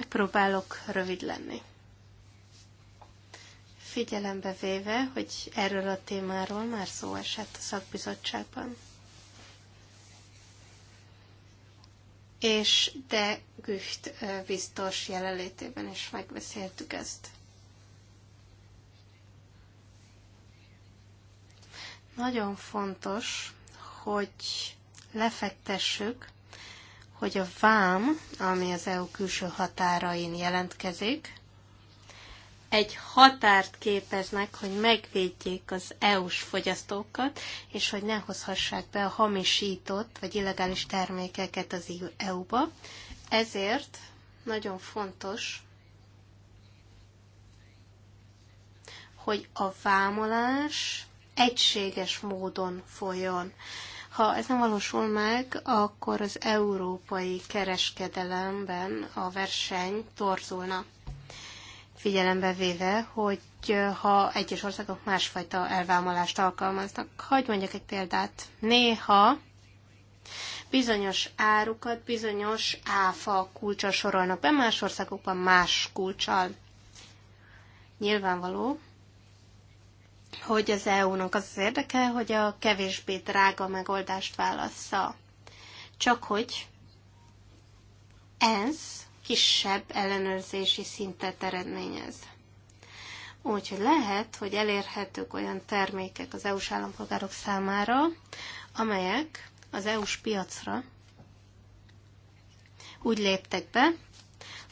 Megpróbálok rövid lenni. Figyelembe véve, hogy erről a témáról már szó esett a szakbizottságban. És de Gücht biztos jelenlétében is megbeszéltük ezt. Nagyon fontos, hogy lefektessük hogy a vám, ami az EU külső határain jelentkezik, egy határt képeznek, hogy megvédjék az EU-s fogyasztókat, és hogy ne hozhassák be a hamisított vagy illegális termékeket az EU-ba. Ezért nagyon fontos, hogy a vámolás egységes módon folyjon. Ha ez nem valósul meg, akkor az európai kereskedelemben a verseny torzulna. Figyelembe véve, hogy ha egyes országok másfajta elvámolást alkalmaznak. Hagy mondjak egy példát. Néha bizonyos árukat bizonyos áfa kulcsal sorolnak be, más országokban más kulcsal. Nyilvánvaló, hogy az EU-nak az az érdeke, hogy a kevésbé drága megoldást válassza. Csak hogy ez kisebb ellenőrzési szintet eredményez. Úgyhogy lehet, hogy elérhetők olyan termékek az EU-s állampolgárok számára, amelyek az EU-s piacra úgy léptek be,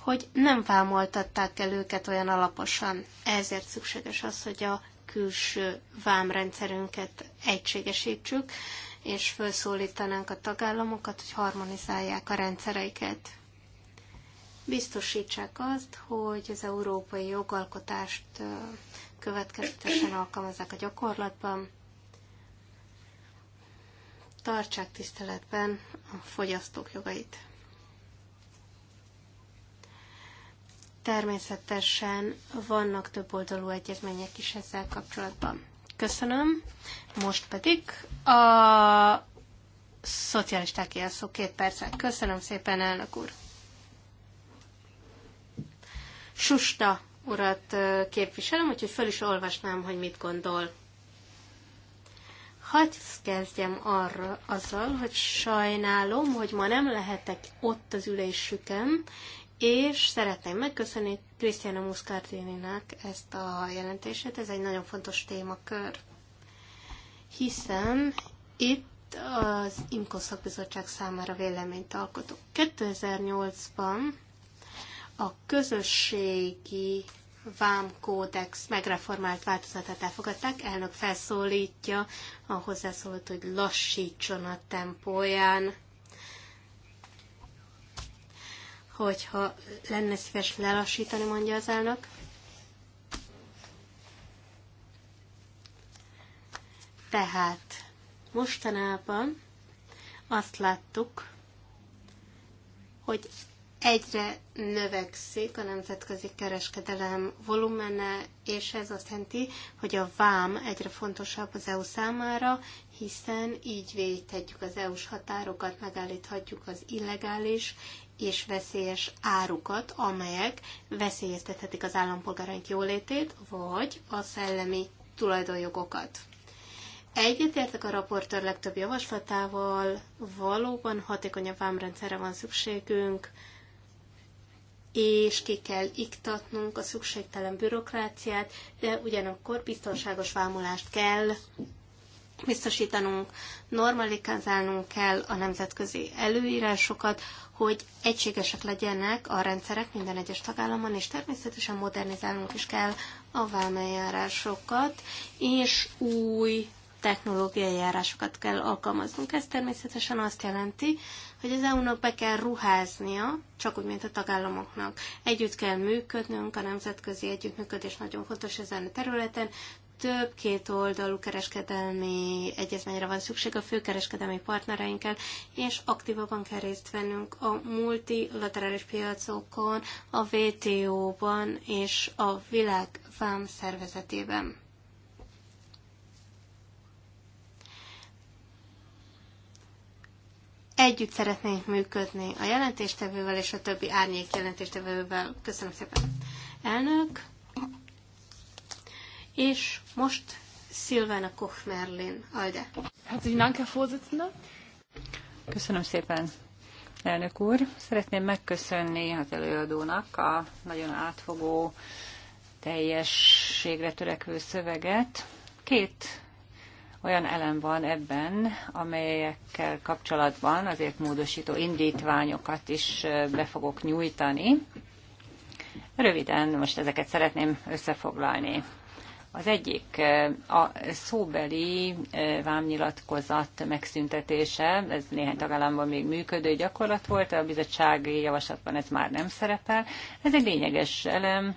hogy nem vámoltatták el őket olyan alaposan. Ezért szükséges az, hogy a külső vámrendszerünket egységesítsük, és felszólítanánk a tagállamokat, hogy harmonizálják a rendszereiket. Biztosítsák azt, hogy az európai jogalkotást következetesen alkalmazzák a gyakorlatban, tartsák tiszteletben a fogyasztók jogait. Természetesen vannak több oldalú egyezmények is ezzel kapcsolatban. Köszönöm. Most pedig a szocialisták jelszó két percet. Köszönöm szépen, elnök úr. Susta urat képviselem, úgyhogy föl is olvasnám, hogy mit gondol. Hagy kezdjem arra azzal, hogy sajnálom, hogy ma nem lehetek ott az ülésüken, és szeretném megköszönni Krisztiana muscardini ezt a jelentését, ez egy nagyon fontos témakör, hiszen itt az IMCO szakbizottság számára véleményt alkotok. 2008-ban a közösségi vámkódex megreformált változatát elfogadták. Elnök felszólítja a hozzászólót, hogy lassítson a tempóján. hogyha lenne szíves lelassítani, mondja az elnök. Tehát mostanában azt láttuk, hogy egyre növekszik a nemzetközi kereskedelem volumene, és ez azt jelenti, hogy a vám egyre fontosabb az EU számára, hiszen így védhetjük az EU-s határokat, megállíthatjuk az illegális és veszélyes árukat, amelyek veszélyeztethetik az állampolgáraink jólétét, vagy a szellemi tulajdonjogokat. Egyetértek a raportőr legtöbb javaslatával, valóban hatékonyabb vámrendszerre van szükségünk, és ki kell iktatnunk a szükségtelen bürokráciát, de ugyanakkor biztonságos vámulást kell biztosítanunk, normalizálnunk kell a nemzetközi előírásokat, hogy egységesek legyenek a rendszerek minden egyes tagállamon, és természetesen modernizálnunk is kell a vámeljárásokat, és új technológiai járásokat kell alkalmaznunk. Ez természetesen azt jelenti, hogy az EU-nak be kell ruháznia, csak úgy, mint a tagállamoknak. Együtt kell működnünk, a nemzetközi együttműködés nagyon fontos ezen a területen, több két oldalú kereskedelmi egyezményre van szükség a főkereskedelmi partnereinkkel, és aktívabban kell részt vennünk a multilaterális piacokon, a WTO-ban és a világfám szervezetében. Együtt szeretnénk működni a jelentéstevővel és a többi árnyék jelentéstevővel. Köszönöm szépen. Elnök, és most Szilvána Koch-Merlin, Alde. Herzlichen Dank, Herr Vorsitzender. Köszönöm szépen, elnök úr. Szeretném megköszönni az előadónak a nagyon átfogó, teljességre törekvő szöveget. Két olyan elem van ebben, amelyekkel kapcsolatban azért módosító indítványokat is be fogok nyújtani. Röviden most ezeket szeretném összefoglalni. Az egyik a szóbeli vámnyilatkozat megszüntetése, ez néhány tagállamban még működő gyakorlat volt, a bizottsági javaslatban ez már nem szerepel. Ez egy lényeges elem,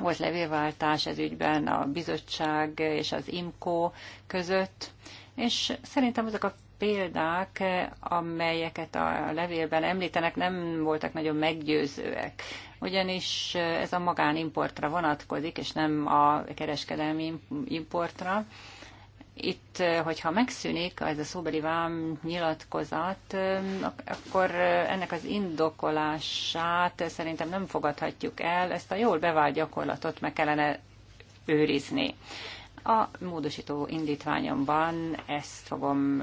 volt levélváltás ez ügyben a bizottság és az IMCO között, és szerintem azok a példák, amelyeket a levélben említenek, nem voltak nagyon meggyőzőek, ugyanis ez a magánimportra vonatkozik, és nem a kereskedelmi importra. Itt, hogyha megszűnik ez a szóbeli vám nyilatkozat, akkor ennek az indokolását szerintem nem fogadhatjuk el, ezt a jól bevált gyakorlatot meg kellene őrizni. A módosító indítványomban ezt fogom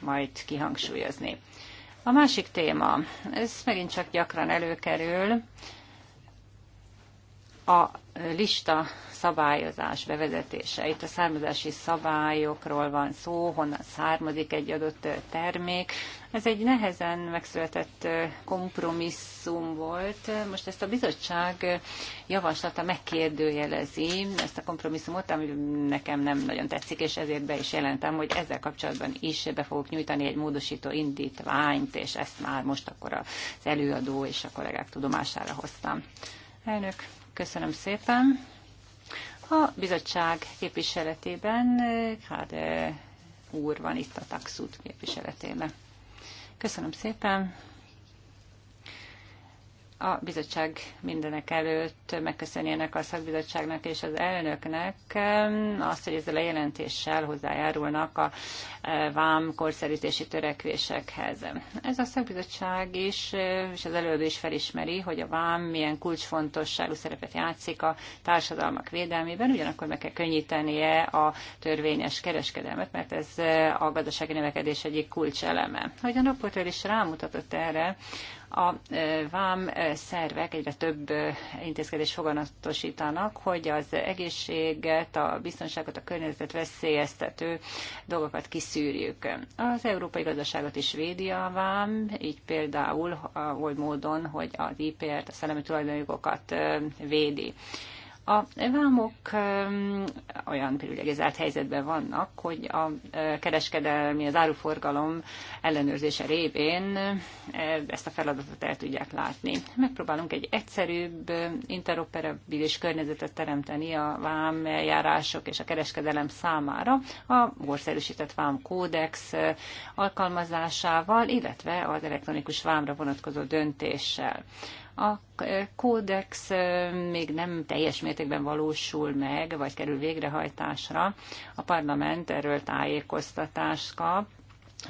majd kihangsúlyozni. A másik téma, ez megint csak gyakran előkerül, a lista szabályozás bevezetése. Itt a származási szabályokról van szó, honnan származik egy adott termék. Ez egy nehezen megszületett kompromisszum volt. Most ezt a bizottság javaslata megkérdőjelezi ezt a kompromisszumot, ami nekem nem nagyon tetszik, és ezért be is jelentem, hogy ezzel kapcsolatban is be fogok nyújtani egy módosító indítványt, és ezt már most akkor az előadó és a kollégák tudomására hoztam. Elnök, köszönöm szépen. A bizottság képviseletében Káde hát, úr van itt a taxút képviseletében. Köszönöm szépen a bizottság mindenek előtt megköszönni ennek a szakbizottságnak és az elnöknek azt, hogy ezzel a jelentéssel hozzájárulnak a e, vám korszerítési törekvésekhez. Ez a szakbizottság is, e, és az előadó is felismeri, hogy a vám milyen kulcsfontosságú szerepet játszik a társadalmak védelmében, ugyanakkor meg kell könnyítenie a törvényes kereskedelmet, mert ez e, a gazdasági növekedés egyik kulcseleme. Hogy a raportőr is rámutatott erre, a vám szervek egyre több intézkedés foganatosítanak, hogy az egészséget, a biztonságot, a környezetet veszélyeztető dolgokat kiszűrjük. Az európai gazdaságot is védi a vám, így például oly módon, hogy az IPR-t, a szellemi tulajdonjogokat védi. A vámok olyan privilegizált helyzetben vannak, hogy a kereskedelmi, az áruforgalom ellenőrzése révén ezt a feladatot el tudják látni. Megpróbálunk egy egyszerűbb, interoperabilis környezetet teremteni a vámjárások és a kereskedelem számára a borszerűsített vámkódex alkalmazásával, illetve az elektronikus vámra vonatkozó döntéssel a kódex még nem teljes mértékben valósul meg, vagy kerül végrehajtásra. A parlament erről tájékoztatást kap,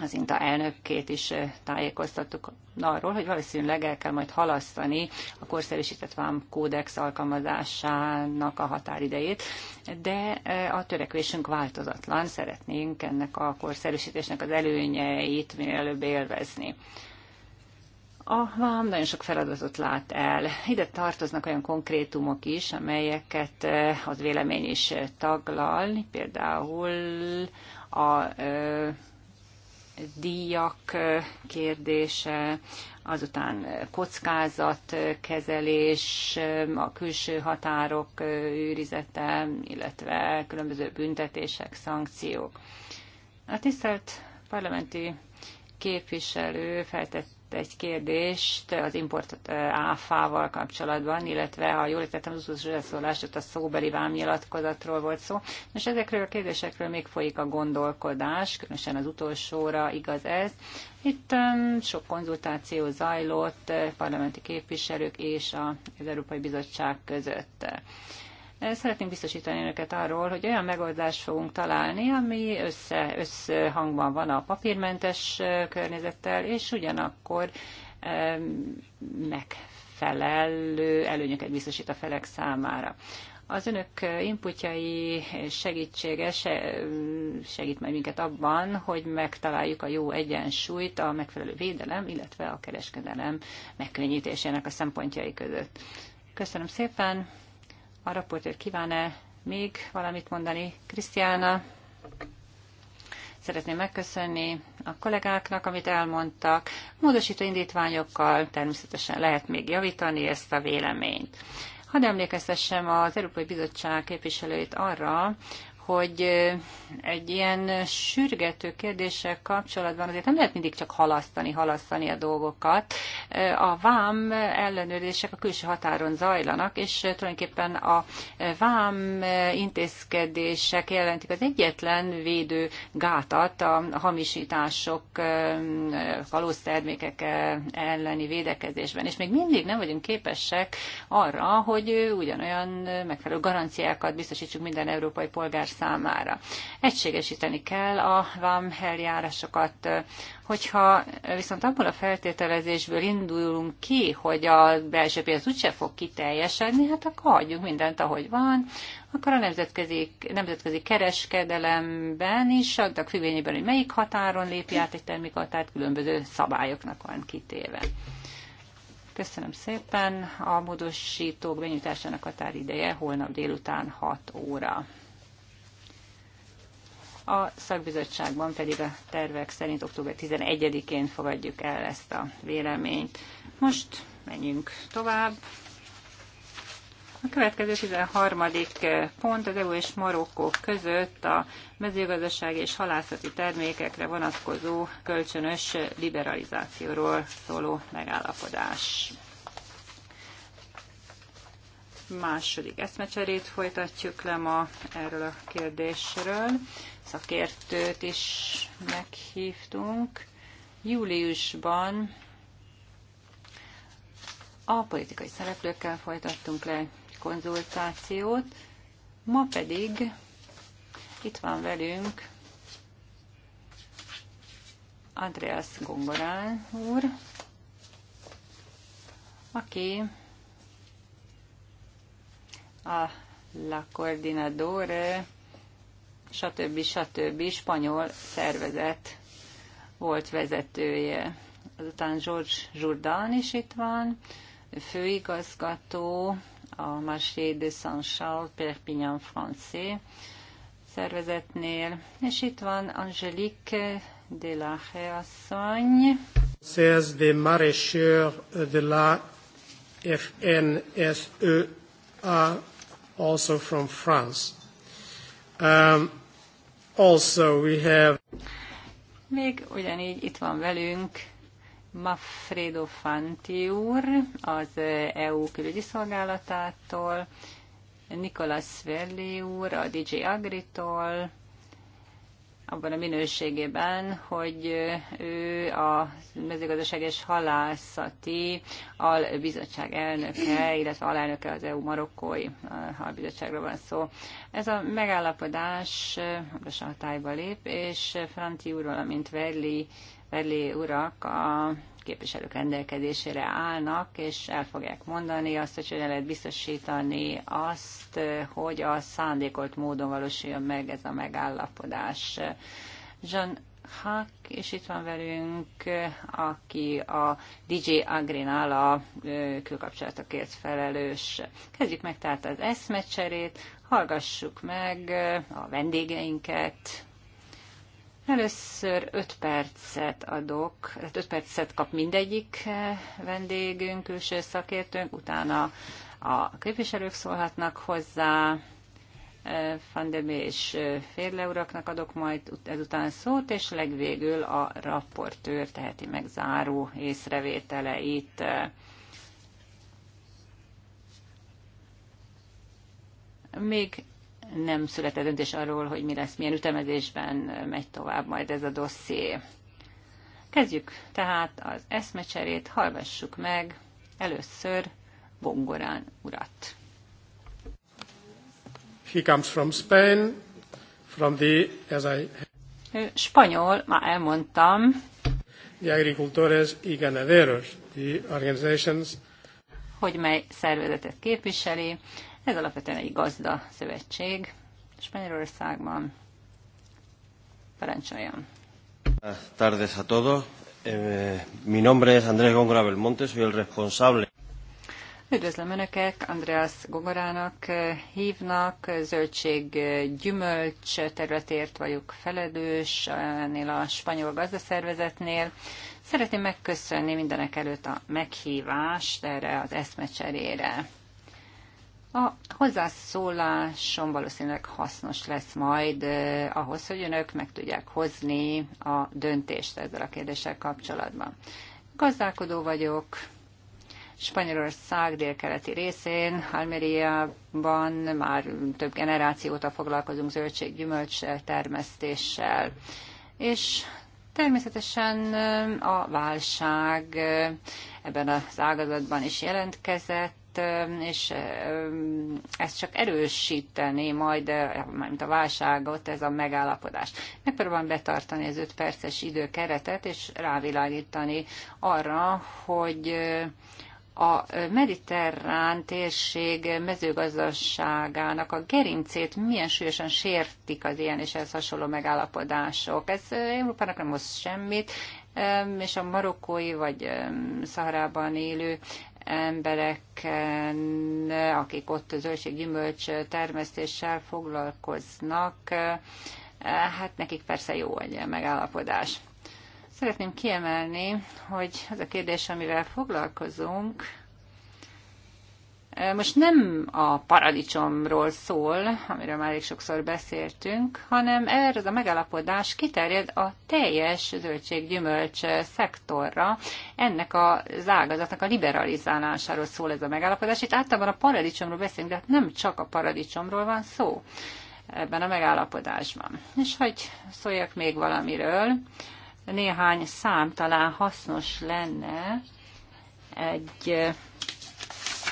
az INTA elnökkét is tájékoztattuk arról, hogy valószínűleg el kell majd halasztani a korszerűsített vám kódex alkalmazásának a határidejét, de a törekvésünk változatlan, szeretnénk ennek a korszerűsítésnek az előnyeit minél előbb élvezni a vám nagyon sok feladatot lát el. Ide tartoznak olyan konkrétumok is, amelyeket eh, az vélemény is eh, taglal, például a eh, díjak kérdése, azután kockázatkezelés, a külső határok őrizete, illetve különböző büntetések, szankciók. A tisztelt parlamenti képviselő feltett egy kérdést az import áfával kapcsolatban, illetve ha jól értettem az utolsó ott a szóbeli vámnyilatkozatról volt szó. Most ezekről a kérdésekről még folyik a gondolkodás, különösen az utolsóra igaz ez. Itt sok konzultáció zajlott parlamenti képviselők és az Európai Bizottság között. Szeretném biztosítani önöket arról, hogy olyan megoldást fogunk találni, ami össze, összhangban van a papírmentes környezettel, és ugyanakkor megfelelő előnyöket biztosít a felek számára. Az önök inputjai segítsége segít majd minket abban, hogy megtaláljuk a jó egyensúlyt a megfelelő védelem, illetve a kereskedelem megkönnyítésének a szempontjai között. Köszönöm szépen! A raportért kíván-e még valamit mondani? Krisztiána, szeretném megköszönni a kollégáknak, amit elmondtak. Módosító indítványokkal természetesen lehet még javítani ezt a véleményt. Hadd emlékeztessem az Európai Bizottság képviselőit arra, hogy egy ilyen sürgető kérdéssel kapcsolatban azért nem lehet mindig csak halasztani, halasztani a dolgokat. A vám ellenőrzések a külső határon zajlanak, és tulajdonképpen a vám intézkedések jelentik az egyetlen védő gátat a hamisítások, valós termékek elleni védekezésben. És még mindig nem vagyunk képesek arra, hogy ugyanolyan megfelelő garanciákat biztosítsuk minden európai polgár számára. Egységesíteni kell a VAM eljárásokat. Hogyha viszont abból a feltételezésből indulunk ki, hogy a belső piac úgyse fog kiteljesedni, hát akkor hagyjuk mindent, ahogy van, akkor a nemzetközi, nemzetközi kereskedelemben is, annak függvényében, hogy melyik határon lépj át egy termékhatárt, különböző szabályoknak van kitéve. Köszönöm szépen. A módosítók benyújtásának határideje holnap délután 6 óra a szakbizottságban pedig a tervek szerint október 11-én fogadjuk el ezt a véleményt. Most menjünk tovább. A következő 13. Eh, pont az EU és Marokkó között a mezőgazdasági és halászati termékekre vonatkozó kölcsönös liberalizációról szóló megállapodás második eszmecserét folytatjuk le ma erről a kérdésről. Szakértőt is meghívtunk. Júliusban a politikai szereplőkkel folytattunk le konzultációt, ma pedig itt van velünk Andreas Gongorán úr, aki a La Coordinadore, stb. stb. spanyol szervezet volt vezetője. Azután George Jourdan is itt van, főigazgató, a Marché de Saint-Charles Perpignan Francais szervezetnél, és itt van Angélique de la asszony. C'est de maraîchers de la FNSEA are also from France. Um, also we have még ugyanígy itt van velünk Maffredo Fanti úr az EU külügyi szolgálatától, Nicolas Verli úr a DJ Agritól, abban a minőségében, hogy ő a mezőgazdaság és halászati albizottság elnöke, illetve alelnöke az EU marokkói albizottságra van szó. Ez a megállapodás a hatályba lép, és Franti úr, valamint Verli Verli urak a képviselők rendelkezésére állnak, és el fogják mondani azt, hogy hogyan lehet biztosítani azt, hogy a szándékolt módon valósuljon meg ez a megállapodás. John Hack, és itt van velünk, aki a DJ Agrinál a külkapcsolatokért felelős. Kezdjük meg tehát az eszmecserét, hallgassuk meg a vendégeinket, Először 5 percet adok, 5 percet kap mindegyik eh, vendégünk, külső szakértőnk, utána a képviselők szólhatnak hozzá, Fandemé eh, és eh, Férle uraknak adok majd ezután szót, és legvégül a rapportőr teheti meg záró észrevételeit. Még nem született döntés arról, hogy mi lesz, milyen ütemezésben megy tovább majd ez a dosszié. Kezdjük tehát az eszmecserét, hallgassuk meg először Bongorán urat. He comes from Spain, from the, as I... Ő spanyol, már elmondtam. The agricultores y ganaderos, the organizations hogy mely szervezetet képviseli. Ez alapvetően egy gazda szövetség Spanyolországban. Parancsoljon! Tardes a todos. Eh, mi nombre es Andrés Góngora Belmonte, soy el responsable. Üdvözlöm Önöket, Andreas Gogorának hívnak, zöldség gyümölcs területért vagyok felelős ennél a spanyol gazdaszervezetnél. Szeretném megköszönni mindenek előtt a meghívást erre az eszmecserére. A hozzászólásom valószínűleg hasznos lesz majd eh, ahhoz, hogy önök meg tudják hozni a döntést ezzel a kérdéssel kapcsolatban. Gazdálkodó vagyok, Spanyolország délkeleti részén, Almeriában már több generációta foglalkozunk zöldség-gyümölcs termesztéssel. És természetesen a válság ebben az ágazatban is jelentkezett, és ez csak erősíteni majd, mint a válságot, ez a megállapodás. Megpróbálom betartani az 5 perces időkeretet, és rávilágítani arra, hogy a mediterrán térség mezőgazdaságának a gerincét milyen súlyosan sértik az ilyen és ehhez hasonló megállapodások. Ez Európának nem hoz semmit, és a marokkói vagy Szaharában élő embereken, akik ott zöldség-gyümölcs termesztéssel foglalkoznak, hát nekik persze jó egy ilyen megállapodás. Szeretném kiemelni, hogy az a kérdés, amivel foglalkozunk, most nem a paradicsomról szól, amiről már elég sokszor beszéltünk, hanem erre a megalapodás kiterjed a teljes zöldséggyümölcs szektorra. Ennek a ágazatnak a liberalizálásáról szól ez a megállapodás. Itt általában a paradicsomról beszélünk, de hát nem csak a paradicsomról van szó ebben a megállapodásban. És hogy szóljak még valamiről, néhány szám talán hasznos lenne egy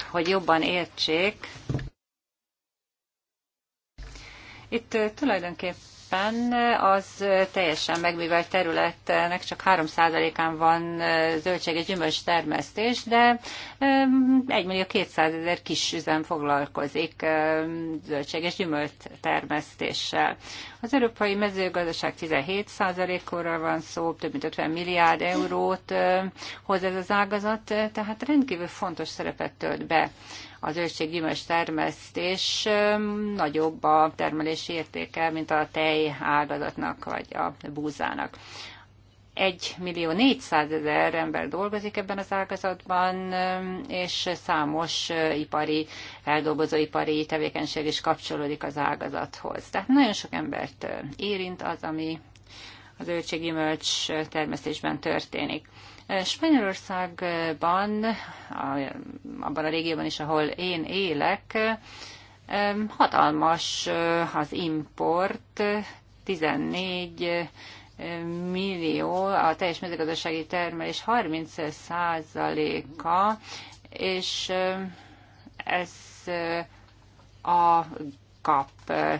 hogy jobban értsék. Itt tulajdonképpen éppen az teljesen megművelt területnek csak 3%-án van eh, zöldség és gyümölcs termesztés, de 1 eh, millió 200 ezer kis üzem foglalkozik eh, zöldség és gyümölcs termesztéssel. Az európai mezőgazdaság 17%-óra van szó, több mint 50 milliárd eurót hoz ez az ágazat, tehát rendkívül fontos szerepet tölt be az őségimes termesztés nagyobb a termelési értéke, mint a tej ágazatnak vagy a búzának. 1 millió 400 ezer ember dolgozik ebben az ágazatban, és számos ipari, feldolgozóipari tevékenység is kapcsolódik az ágazathoz. Tehát nagyon sok embert érint az, ami az zöldséggyümölcs termesztésben történik. Spanyolországban, abban a régióban is, ahol én élek, hatalmas az import, 14 millió, a teljes mezőgazdasági termelés 30 százaléka, és ez a kap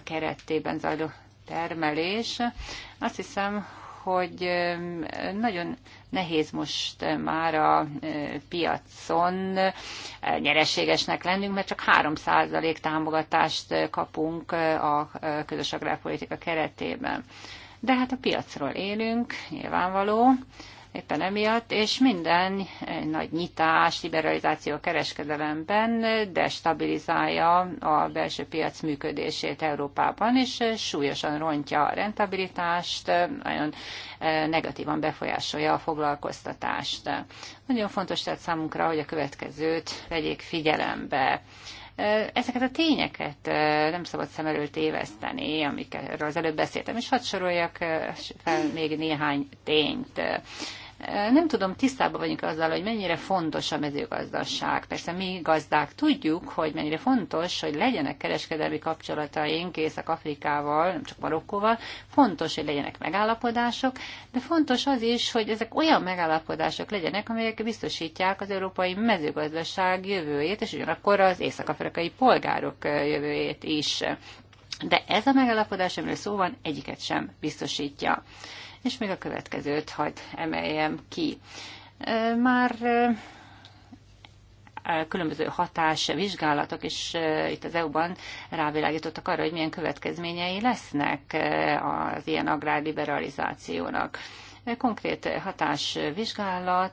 keretében zajló termelés. Azt hiszem, hogy nagyon Nehéz most eh, már a eh, piacon eh, nyereségesnek lennünk, mert csak 3% támogatást kapunk a közös agrárpolitika keretében. De hát a piacról élünk, nyilvánvaló, éppen emiatt, és minden nagy nyitás, liberalizáció a kereskedelemben destabilizálja a belső piac működését Európában, és súlyosan rontja a rentabilitást, nagyon eh, negatívan befolyásolja a foglalkoztatást. Nagyon fontos tehát számunkra, hogy a következőt vegyék figyelembe. Ezeket a tényeket nem szabad szem előtt éveszteni, amikről az előbb beszéltem, és hadd soroljak fel még néhány tényt. Nem tudom, tisztában vagyunk azzal, hogy mennyire fontos a mezőgazdaság. Persze mi gazdák tudjuk, hogy mennyire fontos, hogy legyenek kereskedelmi kapcsolataink Észak-Afrikával, nem csak Marokkóval. Fontos, hogy legyenek megállapodások, de fontos az is, hogy ezek olyan megállapodások legyenek, amelyek biztosítják az európai mezőgazdaság jövőjét, és ugyanakkor az észak-afrikai polgárok jövőjét is. De ez a megállapodás, amiről szó van, egyiket sem biztosítja. És még a következőt hagyd emeljem ki. Már különböző hatás, vizsgálatok is itt az EU-ban rávilágítottak arra, hogy milyen következményei lesznek az ilyen agrárliberalizációnak. Konkrét hatásvizsgálat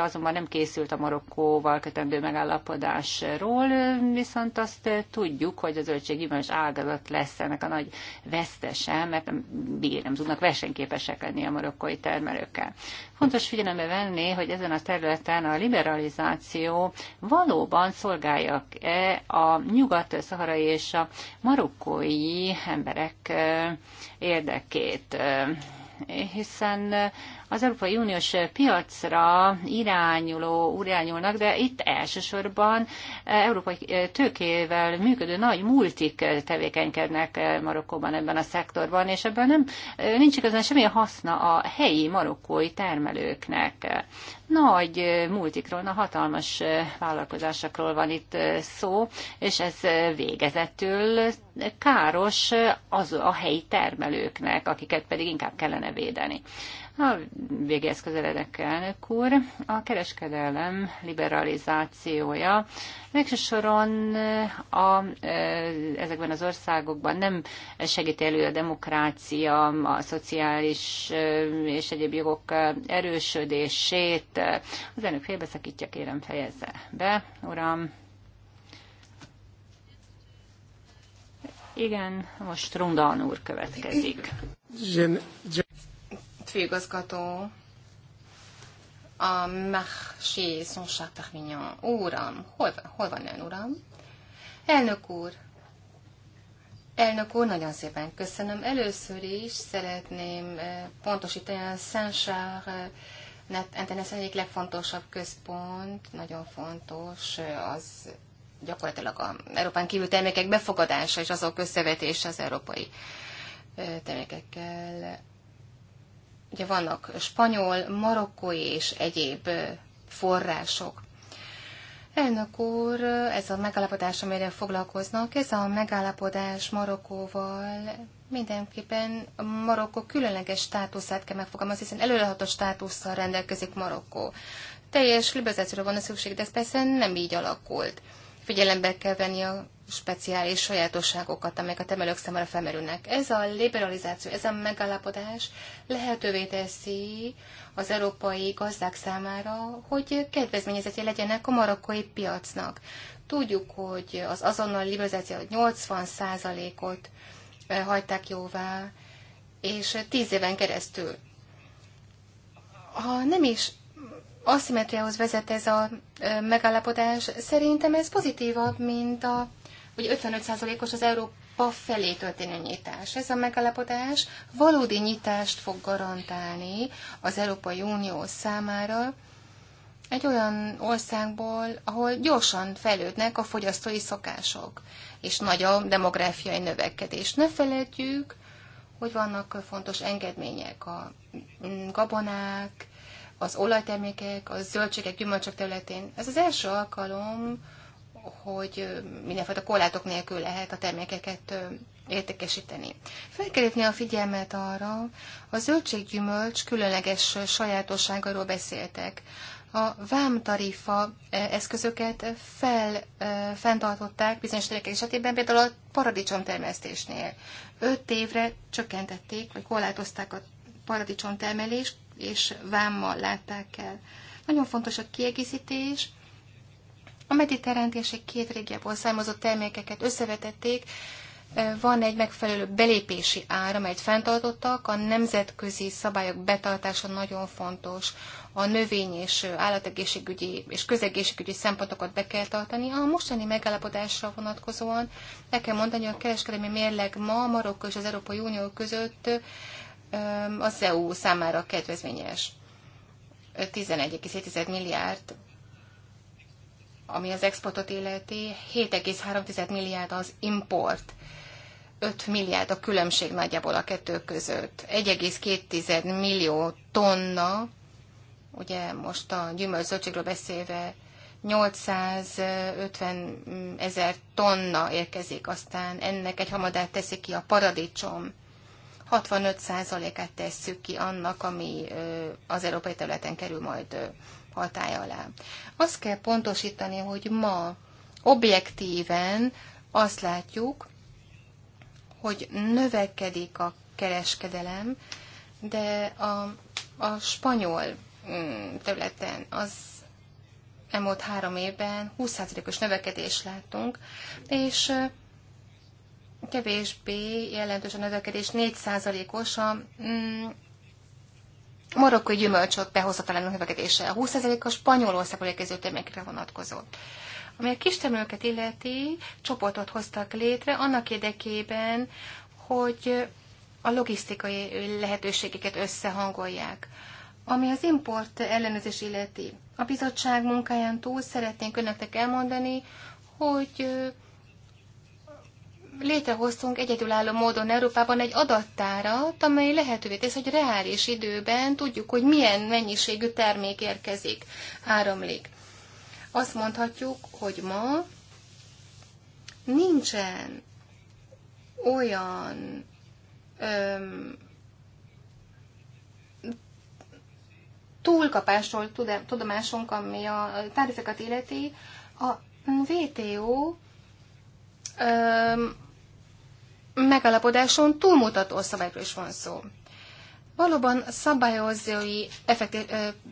azonban nem készült a Marokkóval kötendő megállapodásról, viszont azt tudjuk, hogy a zöldséggyümölcs ágazat lesz ennek a nagy vesztese, mert nem, bír, nem tudnak versenyképesek lenni a marokkói termelőkkel. Fontos figyelembe venni, hogy ezen a területen a liberalizáció valóban szolgálja-e a nyugat-szaharai és a marokkói emberek eh, érdekét hiszen az Európai Uniós piacra irányuló, irányulnak, de itt elsősorban eh, európai eh, tőkével működő nagy multik eh, tevékenykednek Marokkóban ebben a szektorban, és ebben nem, nincs igazán semmi haszna a helyi marokkói termelőknek. Nagy multikról, na hatalmas vállalkozásokról van itt szó, és ez végezetül káros az a helyi termelőknek, akiket pedig inkább kellene védeni. A végéhez közeledek, elnök úr. A kereskedelem liberalizációja végső soron a, e, ezekben az országokban nem segít elő a demokrácia, a szociális e, és egyéb jogok erősödését. Az elnök félbeszakítja, kérem fejezze be, uram. Igen, most Rundan úr következik főigazgató, a Marché Sonchard Perpignan. Uram, hol, hol van ön, uram? Elnök úr, Elnök úr, nagyon szépen köszönöm. Először is szeretném eh, pontosítani a Saint-Charles Internet egyik legfontosabb központ, nagyon fontos eh, az gyakorlatilag a Európán kívül termékek befogadása és azok összevetése az európai eh, termékekkel. Ugye vannak spanyol, marokkói és egyéb források. Elnök úr, ez a megállapodás, amire foglalkoznak, ez a megállapodás Marokkóval mindenképpen Marokkó különleges státuszát kell megfogalmazni, hiszen előrehatos státusszal rendelkezik Marokkó. Teljes liberalizációra van a szükség, de ez persze nem így alakult. Figyelembe kell venni a speciális sajátosságokat, amelyek a temelők számára felmerülnek. Ez a liberalizáció, ez a megállapodás lehetővé teszi az európai gazdák számára, hogy kedvezményezetje legyenek a marokkói piacnak. Tudjuk, hogy az azonnal liberalizáció 80%-ot eh, hagyták jóvá, és 10 éven keresztül. Ha nem is aszimetriához vezet ez a eh, megállapodás, szerintem ez pozitívabb, mint a hogy 55%-os az Európa felé történő nyitás. Ez a megállapodás valódi nyitást fog garantálni az Európai Unió számára, egy olyan országból, ahol gyorsan fejlődnek a fogyasztói szokások, és nagy a demográfiai növekedés. Ne felejtjük, hogy vannak fontos engedmények, a gabonák, az olajtermékek, a zöldségek, gyümölcsök területén. Ez az első alkalom, hogy mindenfajta korlátok nélkül lehet a termékeket értékesíteni. Fel kell a figyelmet arra, a zöldséggyümölcs különleges sajátosságairól beszéltek. A vámtarifa eszközöket fel, fenntartották bizonyos termékek esetében, például a paradicsom termesztésnél. Öt évre csökkentették, vagy korlátozták a paradicsom termelést, és vámmal látták el. Nagyon fontos a kiegészítés, a mediterrán térség két régiából származó termékeket összevetették, van egy megfelelő belépési ára, amelyet fenntartottak, a nemzetközi szabályok betartása nagyon fontos, a növény és állategészségügyi és közegészségügyi szempontokat be kell tartani. A mostani megállapodásra vonatkozóan le kell mondani, hogy a kereskedelmi mérleg ma Marokko és az Európai Unió között az EU számára kedvezményes. 11,7 milliárd ami az exportot illeti, 7,3 milliárd az import. 5 milliárd a különbség nagyjából a kettő között. 1,2 millió tonna, ugye most a gyümölcszöldségről beszélve 850 ezer tonna érkezik, aztán ennek egy hamadát teszik ki a paradicsom. 65%-át tesszük ki annak, ami az európai területen kerül majd hatály alá. Azt kell pontosítani, hogy ma objektíven azt látjuk, hogy növekedik a kereskedelem, de a, a spanyol mm, területen az elmúlt három évben 20%-os növekedést láttunk, és kevésbé jelentős a növekedés, 4%-os a mm, marokkói gyümölcsök behozatalának növekedése, a 20% a Spanyolországból érkező termékre vonatkozott. Ami a kis termelőket illeti, csoportot hoztak létre annak érdekében, hogy a logisztikai lehetőségeket összehangolják. Ami az import ellenőrzés illeti, a bizottság munkáján túl szeretnénk önöknek elmondani, hogy létrehoztunk egyedülálló módon Európában egy adattárat, amely lehetővé tesz, hogy reális időben tudjuk, hogy milyen mennyiségű termék érkezik, áramlik. Azt mondhatjuk, hogy ma nincsen olyan öm, túlkapásról tudomásunk, ami a tárifekat illeti. A VTO megalapodáson túlmutató szabályról is van szó. Valóban szabályozói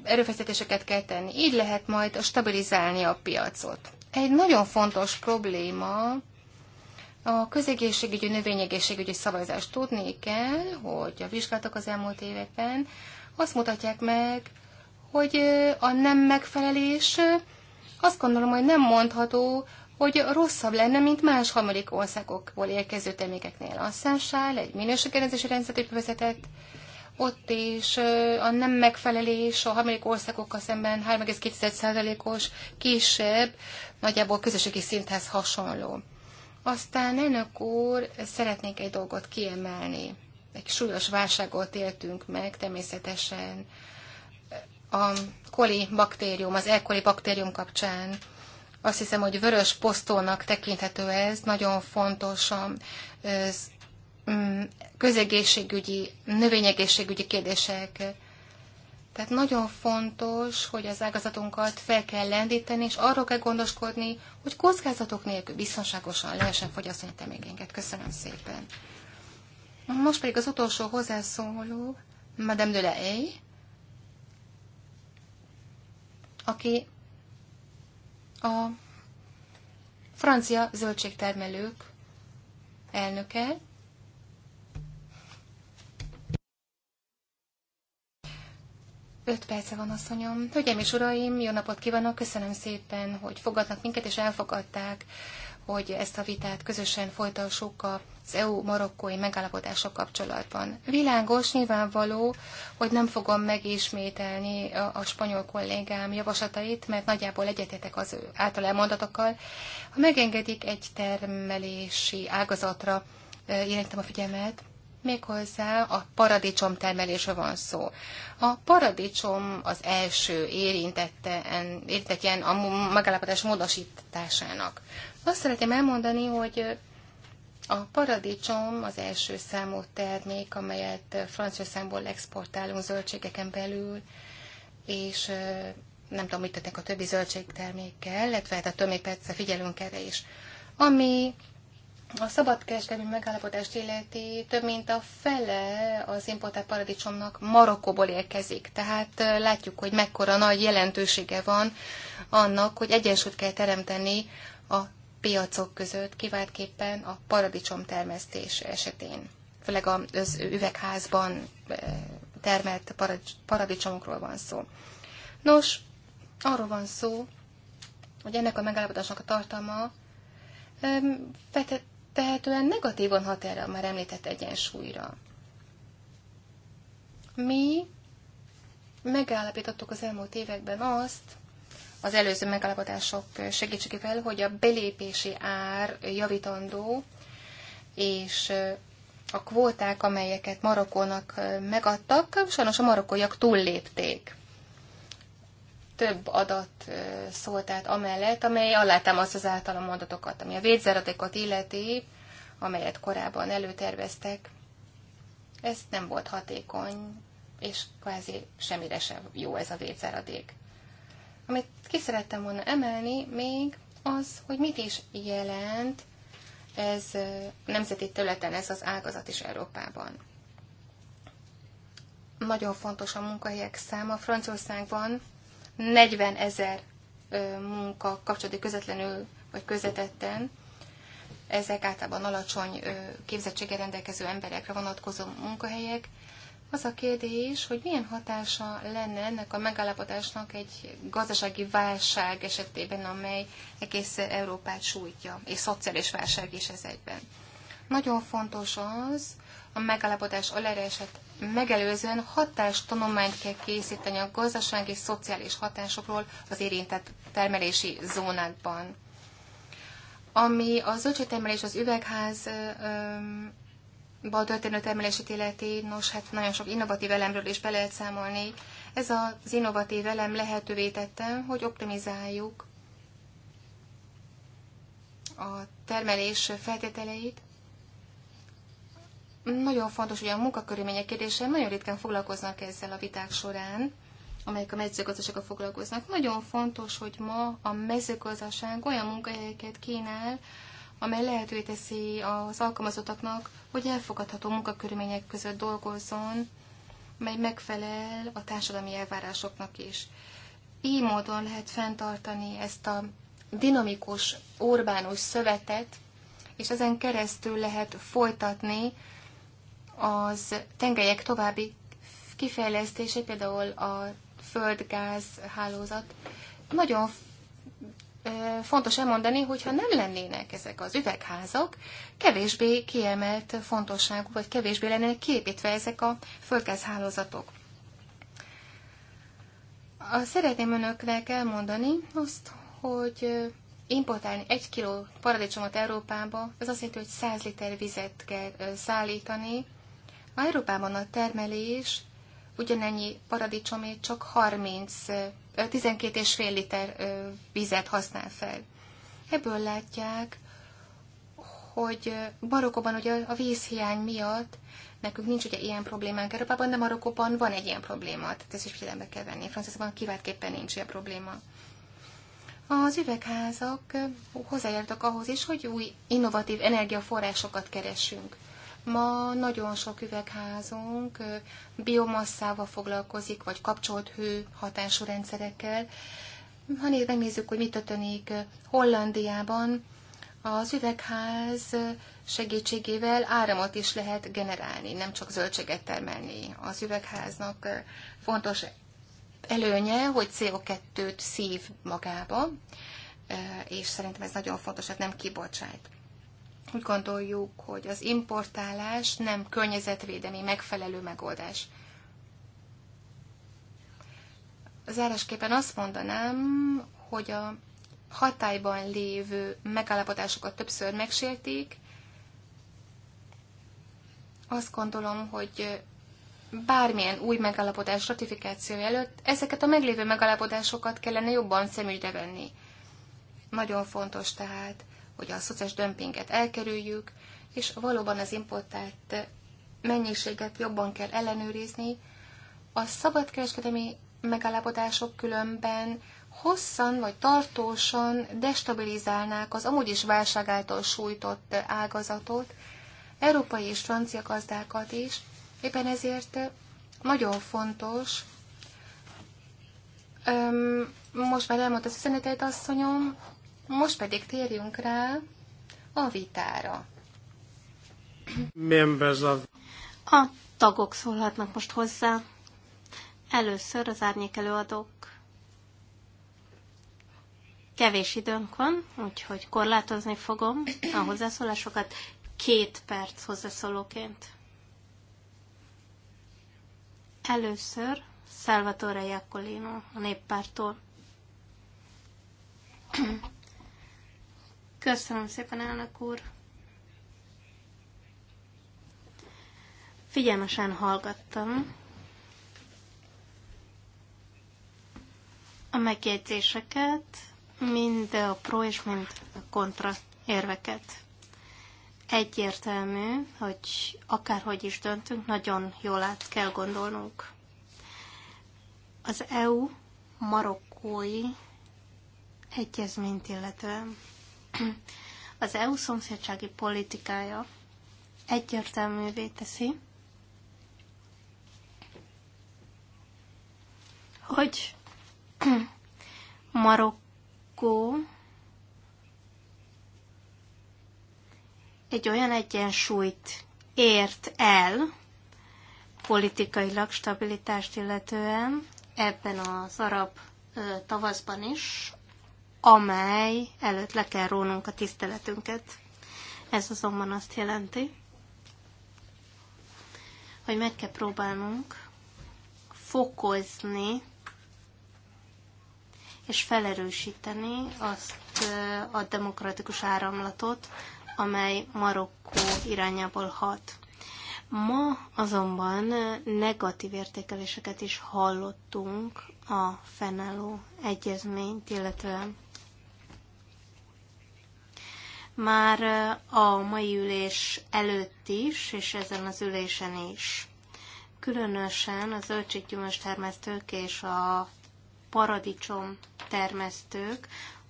erőfeszítéseket kell tenni, így lehet majd stabilizálni a piacot. Egy nagyon fontos probléma a közegészségügyi, növényegészségügyi szabályzást tudni kell, hogy a vizsgálatok az elmúlt években azt mutatják meg, hogy a nem megfelelés azt gondolom, hogy nem mondható, hogy rosszabb lenne, mint más harmadik országokból érkező termékeknél. A Sunshine egy minőségkérdezési rendszert vezetett, ott is a nem megfelelés a harmadik országokkal szemben 3,2%-os kisebb, nagyjából közösségi szinthez hasonló. Aztán elnök úr, szeretnék egy dolgot kiemelni. Egy súlyos válságot éltünk meg természetesen a koli baktérium, az elkoli baktérium kapcsán azt hiszem, hogy vörös posztónak tekinthető ez, nagyon fontos a mm, közegészségügyi, növényegészségügyi kérdések. Tehát nagyon fontos, hogy az ágazatunkat fel kell lendíteni, és arról kell gondoskodni, hogy kockázatok nélkül biztonságosan lehessen fogyasztani termékeinket. Köszönöm szépen. Most pedig az utolsó hozzászóló, Madame de la aki a francia zöldségtermelők elnöke, Öt perce van, asszonyom. Hölgyeim és uraim, jó napot kívánok, köszönöm szépen, hogy fogadnak minket, és elfogadták, hogy ezt a vitát közösen folytassuk a az EU-marokkói megállapodása kapcsolatban. Világos, nyilvánvaló, hogy nem fogom megismételni a, a spanyol kollégám javaslatait, mert nagyjából egyetetek az ő által elmondatokkal. Ha megengedik, egy termelési ágazatra e, irányítom a figyelmet, méghozzá a paradicsom termelésre van szó. A paradicsom az első érintette, érintett ilyen a megállapodás módosításának. Azt szeretném elmondani, hogy a paradicsom az első számú termék, amelyet Franciaországból exportálunk zöldségeken belül, és nem tudom, mit tettek a többi zöldségtermékkel, illetve hát a többi perce figyelünk erre is. Ami a szabadkereskedelmi megállapodást illeti több mint a fele az importált paradicsomnak Marokkóból érkezik. Tehát látjuk, hogy mekkora nagy jelentősége van annak, hogy egyensúlyt kell teremteni a piacok között, kiváltképpen a paradicsom termesztés esetén, főleg az üvegházban eh, termelt paradicsomokról van szó. Nos, arról van szó, hogy ennek a megállapodásnak a tartalma tehetően negatívan hat erre a már említett egyensúlyra. Mi megállapítottuk az elmúlt években azt, az előző megállapodások segítségével, hogy a belépési ár javítandó, és a kvóták, amelyeket Marokkónak megadtak, sajnos a marokkóiak túllépték. Több adat szólt át amellett, amely alátámaszt az általam adatokat, ami a védzeradékot illeti, amelyet korábban előterveztek. Ez nem volt hatékony, és kvázi semmire sem jó ez a védzeradék. Amit ki szerettem volna emelni még az, hogy mit is jelent ez nemzeti területen, ez az ágazat is Európában. Nagyon fontos a munkahelyek száma. Franciaországban 40 ezer munka kapcsolódik közvetlenül vagy közvetetten. Ezek általában alacsony képzettséggel rendelkező emberekre vonatkozó munkahelyek. Az a kérdés, hogy milyen hatása lenne ennek a megállapodásnak egy gazdasági válság esetében, amely egész Európát sújtja, és szociális válság is ez egyben. Nagyon fontos az, a megállapodás alereset megelőzően hatástanományt kell készíteni a gazdasági és szociális hatásokról az érintett termelési zónákban. Ami az zöldségtermelés, az üvegház ba történő termelését illeti, nos, hát nagyon sok innovatív elemről is be lehet számolni. Ez az innovatív elem lehetővé tette, hogy optimizáljuk a termelés feltételeit. Nagyon fontos, hogy a munkakörülmények kérdése nagyon ritkán foglalkoznak ezzel a viták során, amelyek a mezőgazdasággal foglalkoznak. Nagyon fontos, hogy ma a mezőgazdaság olyan munkahelyeket kínál, amely lehetővé teszi az alkalmazottaknak, hogy elfogadható munkakörülmények között dolgozzon, mely megfelel a társadalmi elvárásoknak is. Így módon lehet fenntartani ezt a dinamikus, urbánus szövetet, és ezen keresztül lehet folytatni az tengelyek további kifejlesztése, például a földgáz hálózat. Nagyon fontos elmondani, hogyha nem lennének ezek az üvegházak, kevésbé kiemelt fontosságú, vagy kevésbé lennének kiépítve ezek a földgázhálózatok. Szeretném önöknek elmondani azt, hogy importálni egy kiló paradicsomot Európába, ez azt jelenti, hogy 100 liter vizet kell szállítani. Európában a termelés ugyanennyi paradicsomé csak 30, 12 és fél liter vizet használ fel. Ebből látják, hogy Marokkóban ugye a vízhiány miatt nekünk nincs ugye ilyen problémánk Európában, de Marokkóban van egy ilyen probléma, tehát ezt is figyelembe kell venni. Franciaországban kiváltképpen nincs ilyen probléma. Az üvegházak hozzájártak ahhoz is, hogy új innovatív energiaforrásokat keresünk. Ma nagyon sok üvegházunk biomasszával foglalkozik, vagy kapcsolt hő hatású rendszerekkel. Ha megnézzük, hogy mit történik Hollandiában, az üvegház segítségével áramot is lehet generálni, nem csak zöldséget termelni. Az üvegháznak fontos előnye, hogy CO2-t szív magába, és szerintem ez nagyon fontos, hogy hát nem kibocsát. Úgy gondoljuk, hogy az importálás nem környezetvédelmi megfelelő megoldás. Zárásképpen azt mondanám, hogy a hatályban lévő megállapodásokat többször megsértik. Azt gondolom, hogy bármilyen új megállapodás ratifikáció előtt ezeket a meglévő megállapodásokat kellene jobban szemügyre venni. Nagyon fontos tehát hogy a szociális dömpinget elkerüljük, és valóban az importált mennyiséget jobban kell ellenőrizni. A szabadkereskedelmi megállapodások különben hosszan vagy tartósan destabilizálnák az amúgy is válság által sújtott ágazatot, európai és francia gazdákat is. Éppen ezért nagyon fontos, most már elmondta az üzenetet, asszonyom, most pedig térjünk rá a vitára. A tagok szólhatnak most hozzá. Először az árnyék előadók. Kevés időnk van, úgyhogy korlátozni fogom a hozzászólásokat két perc hozzászólóként. Először Salvatore Iacolino a néppártól. Köszönöm szépen, elnök úr. Figyelmesen hallgattam a megjegyzéseket, mind a pro és mind a kontra érveket. Egyértelmű, hogy akárhogy is döntünk, nagyon jól át kell gondolnunk. Az EU marokkói egyezményt illetően. Az EU szomszédsági politikája egyértelművé teszi, hogy Marokkó egy olyan egyensúlyt ért el politikailag stabilitást illetően ebben az arab tavaszban is, amely előtt le kell rónunk a tiszteletünket. Ez azonban azt jelenti, hogy meg kell próbálnunk fokozni és felerősíteni azt a demokratikus áramlatot, amely Marokkó irányából hat. Ma azonban negatív értékeléseket is hallottunk a fennálló egyezményt, illetve már a mai ülés előtt is, és ezen az ülésen is. Különösen az zöldséggyümölcs termesztők és a paradicsom termesztők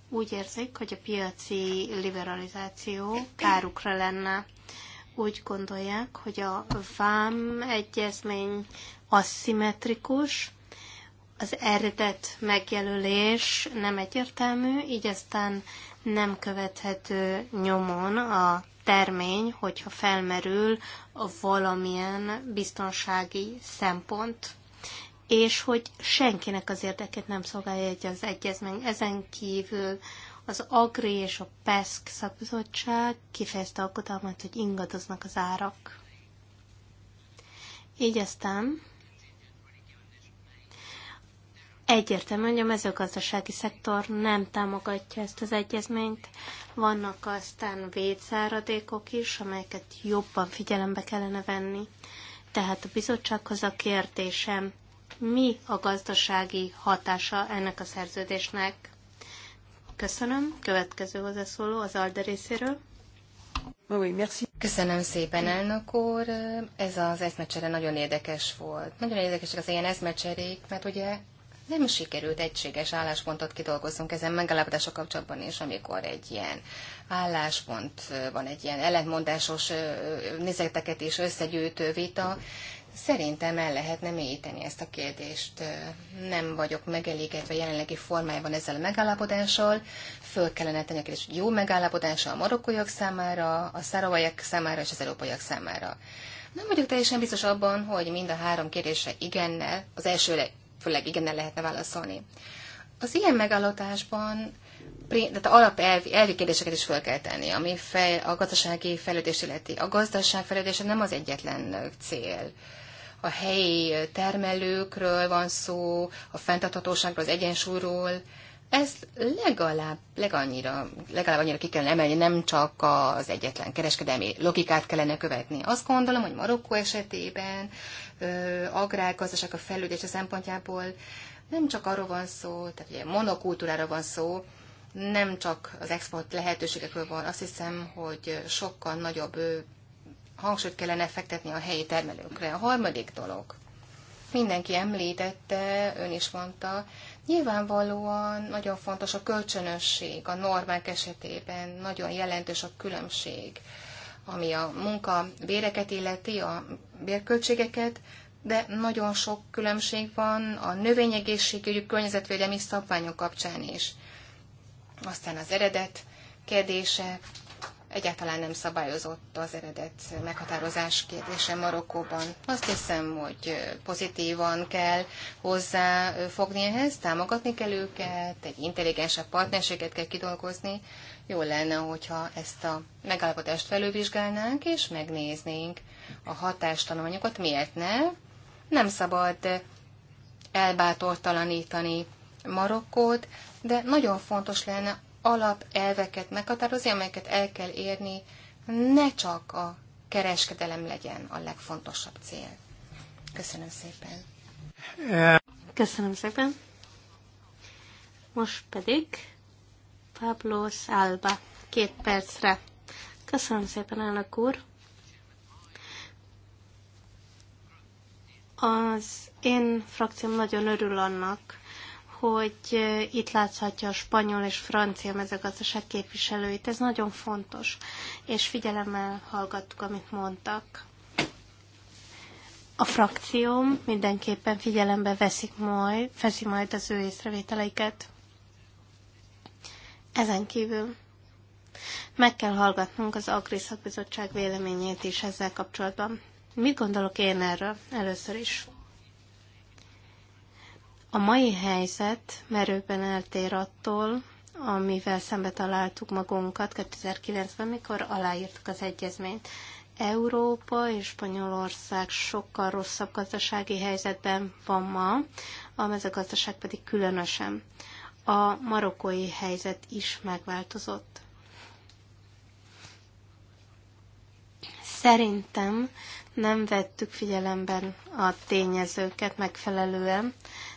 úgy érzik, hogy a piaci liberalizáció kárukra lenne. Úgy gondolják, hogy a vám egyezmény aszimmetrikus, az eredet megjelölés nem egyértelmű, így aztán nem követhető nyomon a termény, hogyha felmerül valamilyen biztonsági szempont, és hogy senkinek az érdekét nem szolgálja egy az egyezmény. Ezen kívül az Agri és a PESZK szakbizottság kifejezte aggodalmat, hogy ingadoznak az árak. Így aztán Egyértelmű, hogy a mezőgazdasági szektor nem támogatja ezt az egyezményt. Vannak aztán védszáradékok is, amelyeket jobban figyelembe kellene venni. Tehát a bizottsághoz a kérdésem, mi a gazdasági hatása ennek a szerződésnek? Köszönöm. Következő hozzászóló az ALDE részéről. Köszönöm szépen, elnök úr. Ez az eszmecsere nagyon érdekes volt. Nagyon érdekesek az ilyen eszmecserék, mert ugye nem sikerült egységes álláspontot kidolgozzunk ezen megállapodások kapcsolatban is, amikor egy ilyen álláspont van, egy ilyen ellentmondásos nézeteket is összegyűjtő vita, Szerintem el lehetne mélyíteni ezt a kérdést. Nem vagyok megelégedve jelenlegi formájában ezzel a megállapodással. Föl kellene tenni a kérdés, hogy jó megállapodása a marokkóiak számára, a száravaiak számára és az európaiak számára. Nem vagyok teljesen biztos abban, hogy mind a három kérdése igennel, az elsőre főleg igen lehetne válaszolni. Az ilyen megállapodásban tehát alapelvi elvi kérdéseket is fel kell tenni, ami fej, a gazdasági fejlődés illeti. A gazdaság fejlődése nem az egyetlen cél. A helyi termelőkről van szó, a fenntarthatóságról, az egyensúlyról. Ezt legalább, legannyira, legalább annyira ki kellene emelni, nem csak az egyetlen kereskedelmi logikát kellene követni. Azt gondolom, hogy Marokkó esetében agrárgazdaság a fejlődése szempontjából nem csak arról van szó, tehát ugye monokultúrára van szó, nem csak az export lehetőségekről van, azt hiszem, hogy sokkal nagyobb hangsúlyt kellene fektetni a helyi termelőkre. A harmadik dolog, mindenki említette, ön is mondta, nyilvánvalóan nagyon fontos a kölcsönösség, a normák esetében nagyon jelentős a különbség ami a munka béreket illeti, a bérköltségeket, de nagyon sok különbség van a növényegészségügyi környezetvédelmi szabványok kapcsán is. Aztán az eredet kérdése, egyáltalán nem szabályozott az eredet meghatározás kérdése Marokkóban. Azt hiszem, hogy pozitívan kell hozzáfogni ehhez, támogatni kell őket, egy intelligensebb partnerséget kell kidolgozni. Jó lenne, hogyha ezt a megállapodást felülvizsgálnánk, és megnéznénk a hatástanulmányokat. Miért ne? Nem szabad elbátortalanítani Marokkót, de nagyon fontos lenne alapelveket meghatározni, amelyeket el kell érni, ne csak a kereskedelem legyen a legfontosabb cél. Köszönöm szépen. Köszönöm szépen. Most pedig Pablo Szálba, két percre. Köszönöm szépen, elnök úr. Az én frakcióm nagyon örül annak, hogy itt láthatja a spanyol és francia mezőgazdaság képviselőit. Ez nagyon fontos, és figyelemmel hallgattuk, amit mondtak. A frakcióm mindenképpen figyelembe veszik majd, veszi majd az ő észrevételeiket. Ezen kívül meg kell hallgatnunk az Agri Szakbizottság véleményét is ezzel kapcsolatban. Mit gondolok én erről először is? A mai helyzet merőben eltér attól, amivel szembe találtuk magunkat 2009-ben, mikor aláírtuk az egyezményt. Európa és Spanyolország sokkal rosszabb gazdasági helyzetben van ma, a mezőgazdaság pedig különösen. A marokkói helyzet is megváltozott. Szerintem nem vettük figyelemben a tényezőket megfelelően,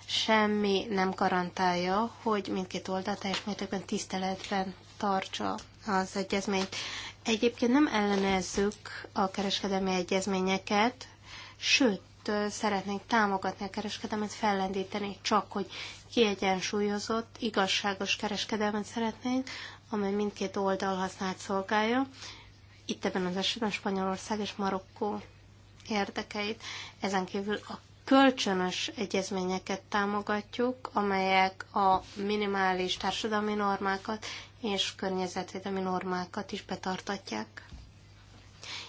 semmi nem garantálja, hogy mindkét oldal teljes mértékben tiszteletben tartsa az egyezményt. Egyébként nem ellenezzük a kereskedelmi egyezményeket, sőt, szeretnénk támogatni a kereskedelmet, fellendíteni, csak hogy kiegyensúlyozott, igazságos kereskedelmet szeretnénk, amely mindkét oldal használt szolgálja. Itt ebben az esetben Spanyolország és Marokkó érdekeit. Ezen kívül a kölcsönös egyezményeket támogatjuk, amelyek a minimális társadalmi normákat és környezetvédelmi normákat is betartatják.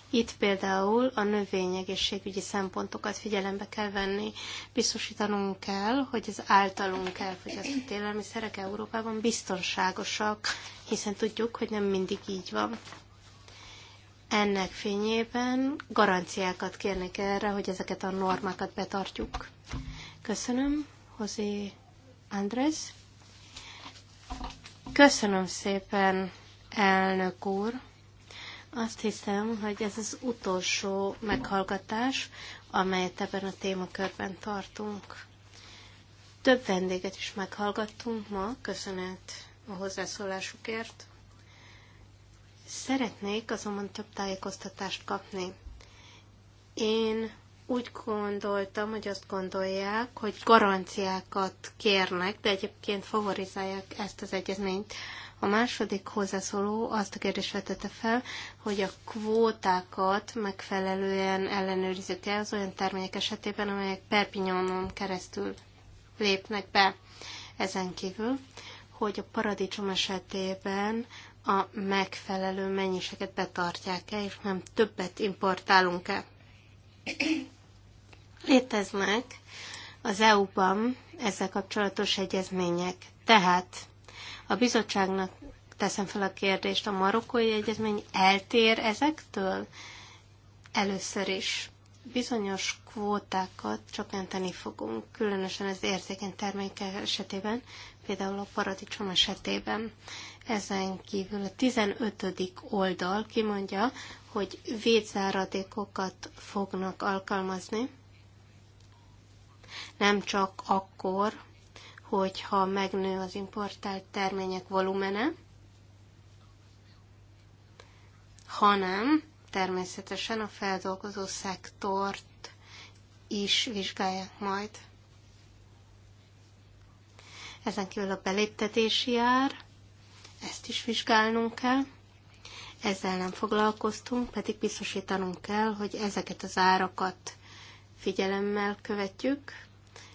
Itt például a növényegészségügyi szempontokat figyelembe kell venni. Biztosítanunk kell, hogy az általunk elfogyasztott élelmiszerek Európában biztonságosak, hiszen tudjuk, hogy nem mindig így van. Ennek fényében garanciákat kérnék erre, hogy ezeket a normákat betartjuk. Köszönöm, Hozé Andrés. Köszönöm szépen, elnök úr. Azt hiszem, hogy ez az utolsó meghallgatás, amelyet ebben a témakörben tartunk. Több vendéget is meghallgattunk ma, köszönet a hozzászólásukért. Szeretnék azonban több tájékoztatást kapni. Én úgy gondoltam, hogy azt gondolják, hogy garanciákat kérnek, de egyébként favorizálják ezt az egyezményt. A második hozzászóló azt a kérdést vetette fel, hogy a kvótákat megfelelően ellenőrizik e az olyan termények esetében, amelyek Perpignanon keresztül lépnek be. Ezen kívül, hogy a paradicsom esetében a megfelelő mennyiséget betartják-e, és nem többet importálunk-e. Léteznek az EU-ban ezzel kapcsolatos egyezmények. Tehát a bizottságnak teszem fel a kérdést, a marokkói egyezmény eltér ezektől? Először is bizonyos kvótákat csökkenteni fogunk, különösen az érzékeny termékek esetében, például a paradicsom esetében. Ezen kívül a 15. oldal kimondja, hogy védzáradékokat fognak alkalmazni, nem csak akkor, hogyha megnő az importált termények volumene, hanem természetesen a feldolgozó szektort is vizsgálják majd. Ezen kívül a beléptetési ár, ezt is vizsgálnunk kell. Ezzel nem foglalkoztunk, pedig biztosítanunk kell, hogy ezeket az árakat figyelemmel követjük,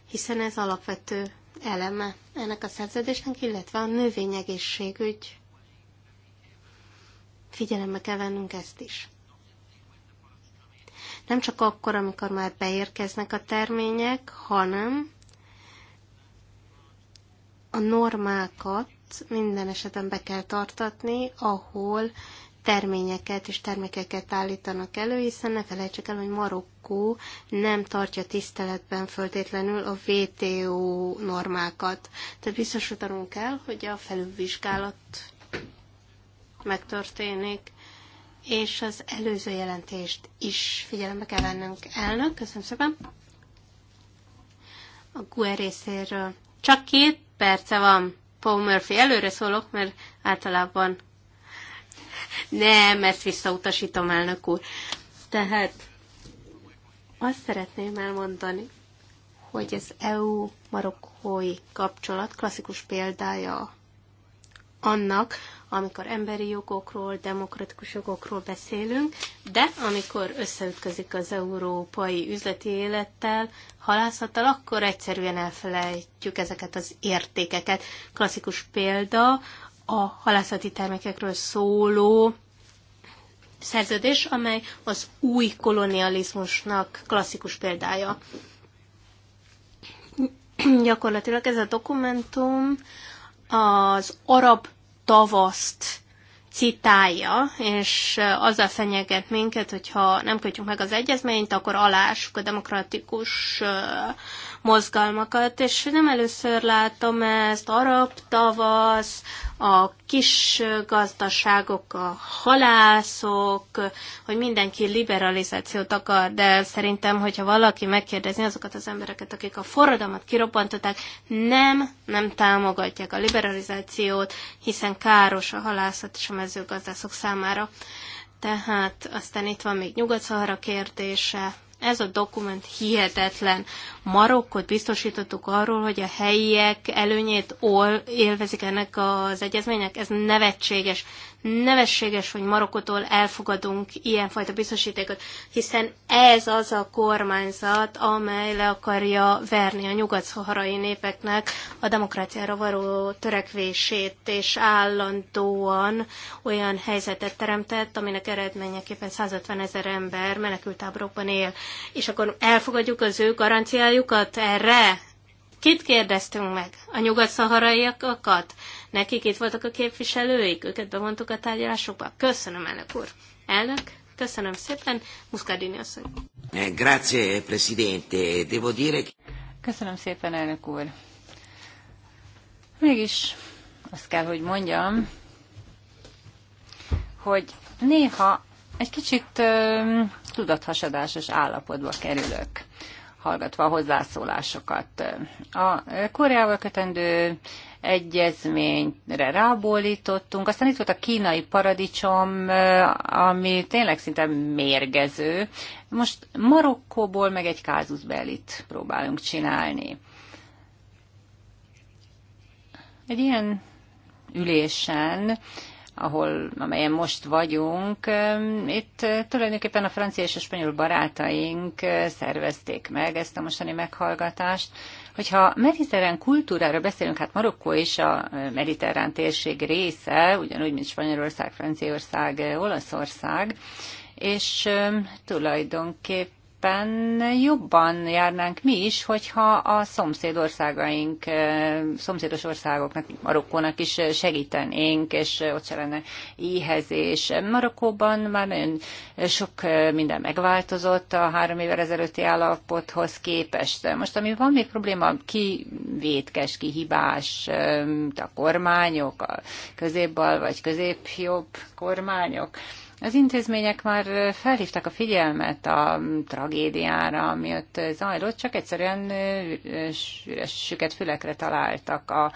hiszen ez alapvető eleme ennek a szerződésnek, illetve a növényegészségügy. Figyelembe kell vennünk ezt is. Nem csak akkor, amikor már beérkeznek a termények, hanem a normákat minden esetben be kell tartatni, ahol terményeket és termékeket állítanak elő, hiszen ne felejtsük el, hogy Marokkó nem tartja tiszteletben föltétlenül a WTO normákat. Tehát biztosítanunk kell, hogy a felülvizsgálat megtörténik, és az előző jelentést is figyelembe kell vennünk. Elnök, köszönöm szépen. A GUE részéről. Csak két perce van. Paul Murphy. Előre szólok, mert általában nem, ezt visszautasítom, elnök úr. Tehát azt szeretném elmondani, hogy az EU-marokkói kapcsolat klasszikus példája annak, amikor emberi jogokról, demokratikus jogokról beszélünk, de amikor összeütközik az európai üzleti élettel, halászattal, akkor egyszerűen elfelejtjük ezeket az értékeket. Klasszikus példa a halászati termékekről szóló szerződés, amely az új kolonializmusnak klasszikus példája. Gyakorlatilag ez a dokumentum az arab tavaszt citálja, és azzal fenyeget minket, hogyha nem kötjük meg az egyezményt, akkor alássuk a demokratikus mozgalmakat, és nem először látom ezt, arab tavasz, a kis gazdaságok, a halászok, hogy mindenki liberalizációt akar, de szerintem, hogyha valaki megkérdezi azokat az embereket, akik a forradalmat kirobbantották, nem, nem támogatják a liberalizációt, hiszen káros a halászat és a mezőgazdászok számára. Tehát aztán itt van még nyugat kérdése, ez a dokument hihetetlen. Marokkot biztosítottuk arról, hogy a helyiek előnyét ol, élvezik ennek az egyezménynek. Ez nevetséges. Nevességes, hogy Marokkotól elfogadunk ilyenfajta biztosítékot, hiszen ez az a kormányzat, amely le akarja verni a nyugat-szaharai népeknek a demokráciára való törekvését, és állandóan olyan helyzetet teremtett, aminek eredményeképpen 150 ezer ember menekültáborokban él. És akkor elfogadjuk az ő garanciájukat erre? Kit kérdeztünk meg? A nyugat-szaharaiakat? Nekik itt voltak a képviselőik, őket bevontuk a tárgyalásokba. Köszönöm, elnök úr. Elnök, köszönöm szépen. Muscardini asszony. Eh, grazie, presidente. Devo dire... Köszönöm szépen, elnök úr. Mégis azt kell, hogy mondjam, hogy néha egy kicsit ö, tudathasadásos állapotba kerülök, hallgatva a hozzászólásokat. A Koreával kötendő egyezményre rábólítottunk. Aztán itt volt a kínai paradicsom, eh, ami tényleg szinte mérgező. Most Marokkóból meg egy kázusbelit próbálunk csinálni. Egy ilyen ülésen ahol, amelyen most vagyunk. Eh, itt eh, tulajdonképpen a francia és a spanyol barátaink szervezték meg ezt a mostani meghallgatást, Hogyha mediterrán kultúrára beszélünk, hát Marokkó is a mediterrán térség része, ugyanúgy, mint Spanyolország, Franciaország, Olaszország, és tulajdonképpen tulajdonképpen jobban járnánk mi is, hogyha a szomszédországaink, szomszédos országoknak, Marokkónak is segítenénk, és ott se lenne éhezés. Marokkóban már nagyon sok minden megváltozott a három évvel ezelőtti állapothoz képest. Most, ami van még probléma, ki vétkes, ki hibás, a kormányok, a középbal vagy középjobb kormányok, az intézmények már felhívták a figyelmet a tragédiára, ami ott zajlott, csak egyszerűen süket fülekre találtak a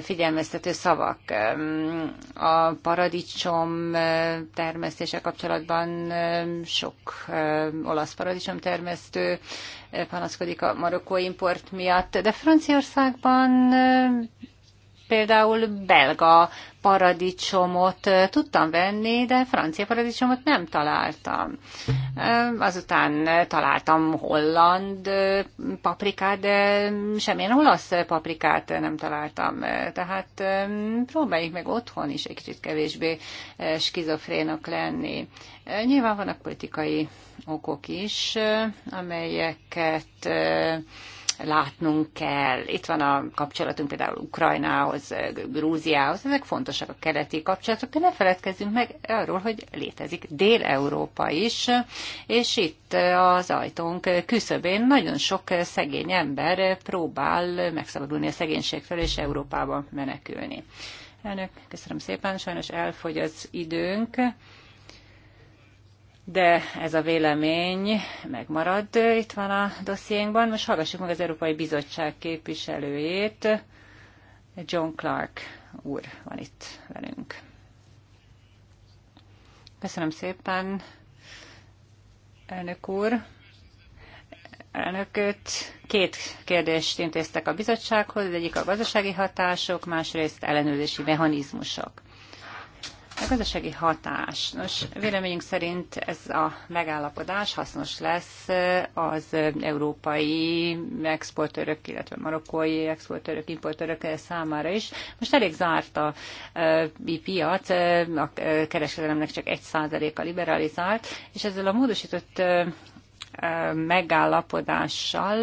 figyelmeztető szavak. A paradicsom termesztése kapcsolatban sok olasz paradicsom termesztő panaszkodik a marokkó import miatt, de Franciaországban például belga paradicsomot tudtam venni, de francia paradicsomot nem találtam. Azután találtam holland paprikát, de semmilyen olasz paprikát nem találtam. Tehát próbáljuk meg otthon is egy kicsit kevésbé skizofrénok lenni. Nyilván vannak politikai okok is, amelyeket látnunk kell. Itt van a kapcsolatunk például Ukrajnához, Grúziához, ezek fontosak a keleti kapcsolatok, de ne feledkezzünk meg arról, hogy létezik Dél-Európa is, és itt az ajtónk küszöbén nagyon sok szegény ember próbál megszabadulni a szegénységtől és Európába menekülni. Elnök, köszönöm szépen, sajnos elfogy az időnk de ez a vélemény megmarad itt van a dossziénkban. Most hallgassuk meg az Európai Bizottság képviselőjét, John Clark úr van itt velünk. Köszönöm szépen, elnök úr. Elnököt két kérdést intéztek a bizottsághoz, az egyik a gazdasági hatások, másrészt ellenőrzési mechanizmusok. A gazdasági hatás. Nos, véleményünk szerint ez a megállapodás hasznos lesz eh, az eh, európai exportőrök, illetve marokkói exportőrök, importőrök eh, számára is. Most elég zárt a piac, a kereskedelemnek csak egy százaléka liberalizált, és ezzel a módosított megállapodással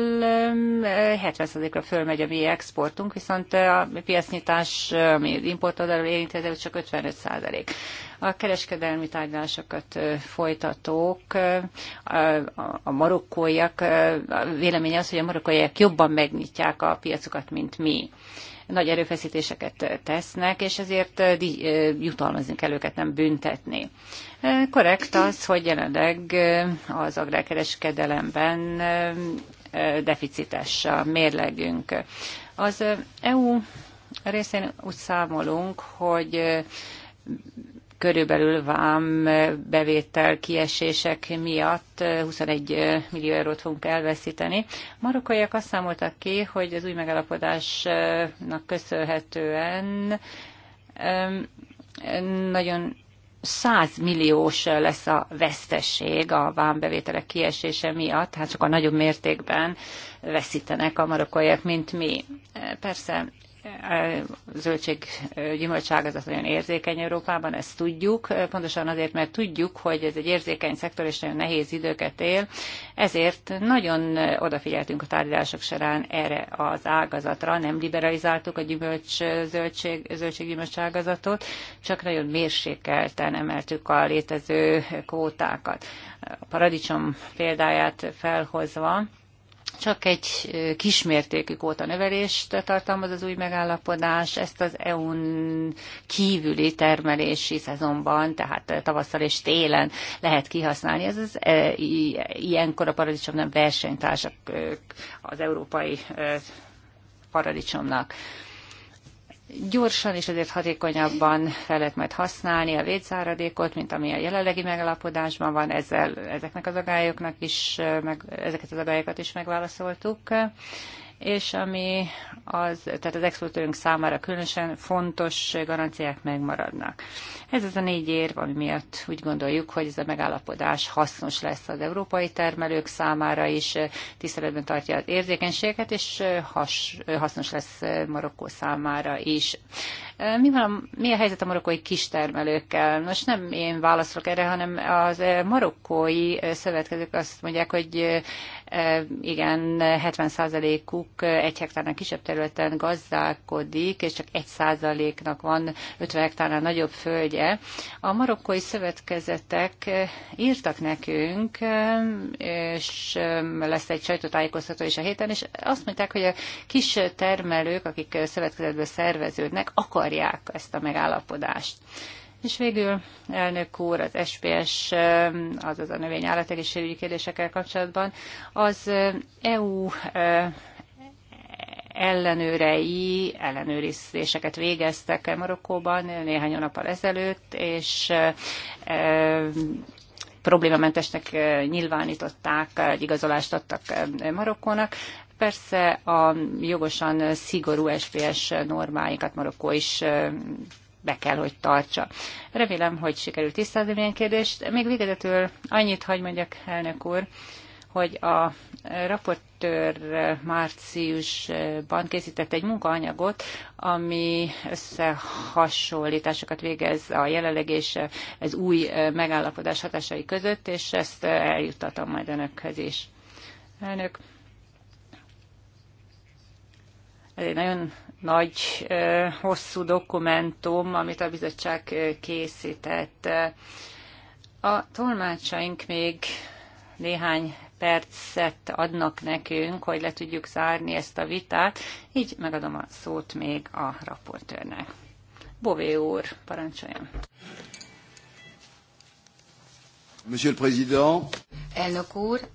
70%-ra fölmegy a mi exportunk, viszont a piacnyitás, ami az érinti, ez csak 55%. A kereskedelmi tárgyalásokat folytatók, a marokkóiak, a véleménye az, hogy a marokkóiak jobban megnyitják a piacokat, mint mi nagy erőfeszítéseket tesznek, és ezért jutalmazni kell őket, nem büntetni. Korrekt az, hogy jelenleg az agrárkereskedelemben deficites a mérlegünk. Az EU részén úgy számolunk, hogy körülbelül vám bevétel kiesések miatt 21 eh, eh, millió eurót fogunk elveszíteni. Marokkaiak azt számoltak ki, hogy az új megállapodásnak köszönhetően nagyon 100 milliós lesz a vesztesség a vámbevételek kiesése miatt, hát sokkal nagyobb mértékben veszítenek a marokkaiak, mint mi. Persze zöldség gyümölcságazat nagyon érzékeny Európában, ezt tudjuk, pontosan azért, mert tudjuk, hogy ez egy érzékeny szektor, és nagyon nehéz időket él, ezért nagyon odafigyeltünk a tárgyalások során erre az ágazatra, nem liberalizáltuk a gyümölcs, zöldség, zöldség gyümölcságazatot, csak nagyon mérsékelten emeltük a létező kvótákat. A paradicsom példáját felhozva, csak egy kismértékű kóta növelést tartalmaz az új megállapodás, ezt az EU-n kívüli termelési szezonban, tehát tavasszal és télen lehet kihasználni. Ez az, e, ilyenkor a paradicsom nem versenytársak az európai paradicsomnak gyorsan és ezért hatékonyabban fel lehet majd használni a védzáradékot, mint ami a jelenlegi megalapodásban van, ezzel, ezeknek az agályoknak is, meg, ezeket az agályokat is megválaszoltuk és ami az, tehát az exportőrünk számára különösen fontos garanciák megmaradnak. Ez az a négy érv, ami miatt úgy gondoljuk, hogy ez a megállapodás hasznos lesz az európai termelők számára is, tiszteletben tartja az érzékenységet, és has, hasznos lesz Marokkó számára is. Mi, van, mi a helyzet a marokkói kistermelőkkel? Most nem én válaszolok erre, hanem az eh, marokkói eh, szövetkezők azt mondják, hogy eh, igen, 70%-uk egy hektárnál kisebb területen gazdálkodik, és csak 1%-nak van 50 hektárnál nagyobb földje. A marokkói szövetkezetek írtak nekünk, és lesz egy sajtótájékoztató is a héten, és azt mondták, hogy a kis termelők, akik szövetkezetből szerveződnek, akar aláírják ezt a megállapodást. És végül, elnök úr, az SPS, azaz a növény állategészségügyi kérdésekkel kapcsolatban, az eh, EU eh, ellenőrei ellenőrizéseket végeztek Marokkóban néhány hónappal ezelőtt, és eh, problémamentesnek nyilvánították, egy igazolást adtak Marokkónak. Persze a jogosan szigorú SPS normáinkat Marokkó is be kell, hogy tartsa. Remélem, hogy sikerült tisztázni ilyen kérdést. Még végezetül annyit hagy mondjak, elnök úr, hogy a raportőr márciusban készített egy munkaanyagot, ami összehasonlításokat végez a jelenleg és az új megállapodás hatásai között, és ezt eljuttatom majd önökhez is. Elnök, ez egy nagyon nagy, hosszú dokumentum, amit a bizottság készített. A tolmácsaink még néhány percet adnak nekünk, hogy le tudjuk zárni ezt a vitát, így megadom a szót még a raportőrnek. Bové úr, parancsoljon! Monsieur le Président! Elnök úr!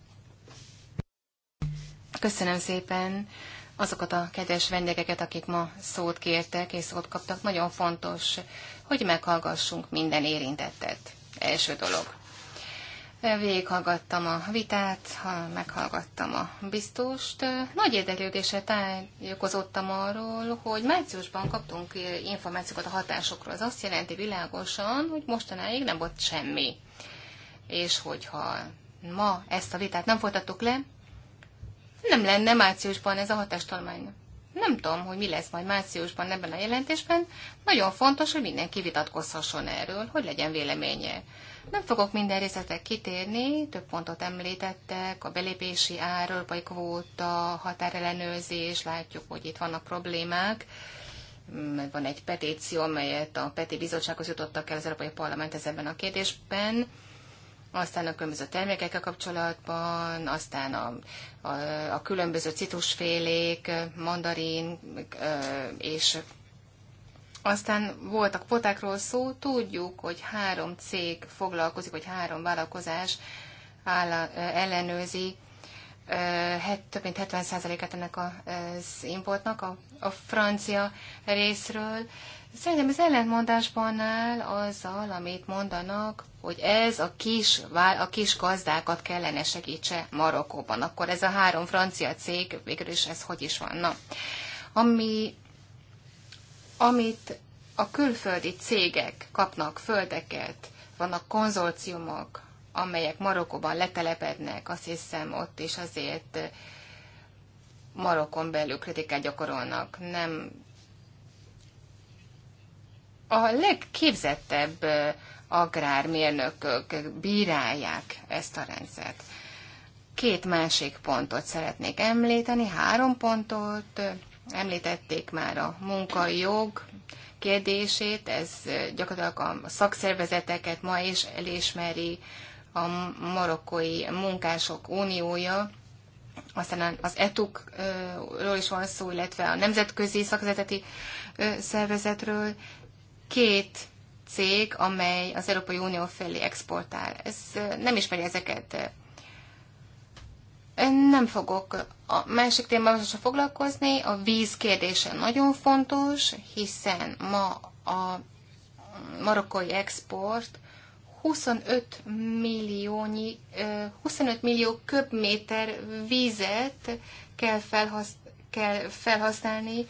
Köszönöm szépen! azokat a kedves vendégeket, akik ma szót kértek és szót kaptak. Nagyon fontos, hogy meghallgassunk minden érintettet. Első dolog. Végighallgattam a vitát, ha meghallgattam a biztost. Nagy érdeklődéssel tájékozottam arról, hogy márciusban kaptunk információkat a hatásokról. az azt jelenti világosan, hogy mostanáig nem volt semmi. És hogyha ma ezt a vitát nem folytattuk le, nem lenne márciusban ez a hatástolmány. Nem tudom, hogy mi lesz majd márciusban ebben a jelentésben. Nagyon fontos, hogy mindenki vitatkozhasson erről, hogy legyen véleménye. Nem fogok minden részletek kitérni, több pontot említettek, a belépési árról, vagy kvóta, határellenőrzés, látjuk, hogy itt vannak problémák. Mm, van egy petíció, amelyet a Peti Bizottsághoz jutottak el az Európai Parlament ebben a kérdésben aztán a különböző termékekkel kapcsolatban, aztán a, a, a különböző citrusfélék, mandarin és aztán voltak potákról szó, tudjuk, hogy három cég foglalkozik, vagy három vállalkozás áll, ellenőzi több mint 70%-át ennek az importnak a, a francia részről. Szerintem az ellentmondásban áll azzal, amit mondanak, hogy ez a kis, a kis gazdákat kellene segítse Marokkóban. Akkor ez a három francia cég, végül is ez hogy is van. Na, ami, amit a külföldi cégek kapnak földeket, vannak konzorciumok, amelyek Marokkóban letelepednek, azt hiszem ott is azért Marokkon belül kritikát gyakorolnak. Nem a legképzettebb agrármérnökök bírálják ezt a rendszert. Két másik pontot szeretnék említeni, három pontot. Említették már a munkajog kérdését, ez gyakorlatilag a szakszervezeteket ma is elismeri a marokkói munkások uniója, aztán az ETUK-ról is van szó, illetve a Nemzetközi szakszervezetről. Szervezetről, két cég, amely az Európai Unió felé exportál. Ez nem ismeri ezeket. Nem fogok a másik témával sem foglalkozni. A víz kérdése nagyon fontos, hiszen ma a marokkói export 25 milliónyi, 25 millió köbméter vizet kell, felhasz, kell felhasználni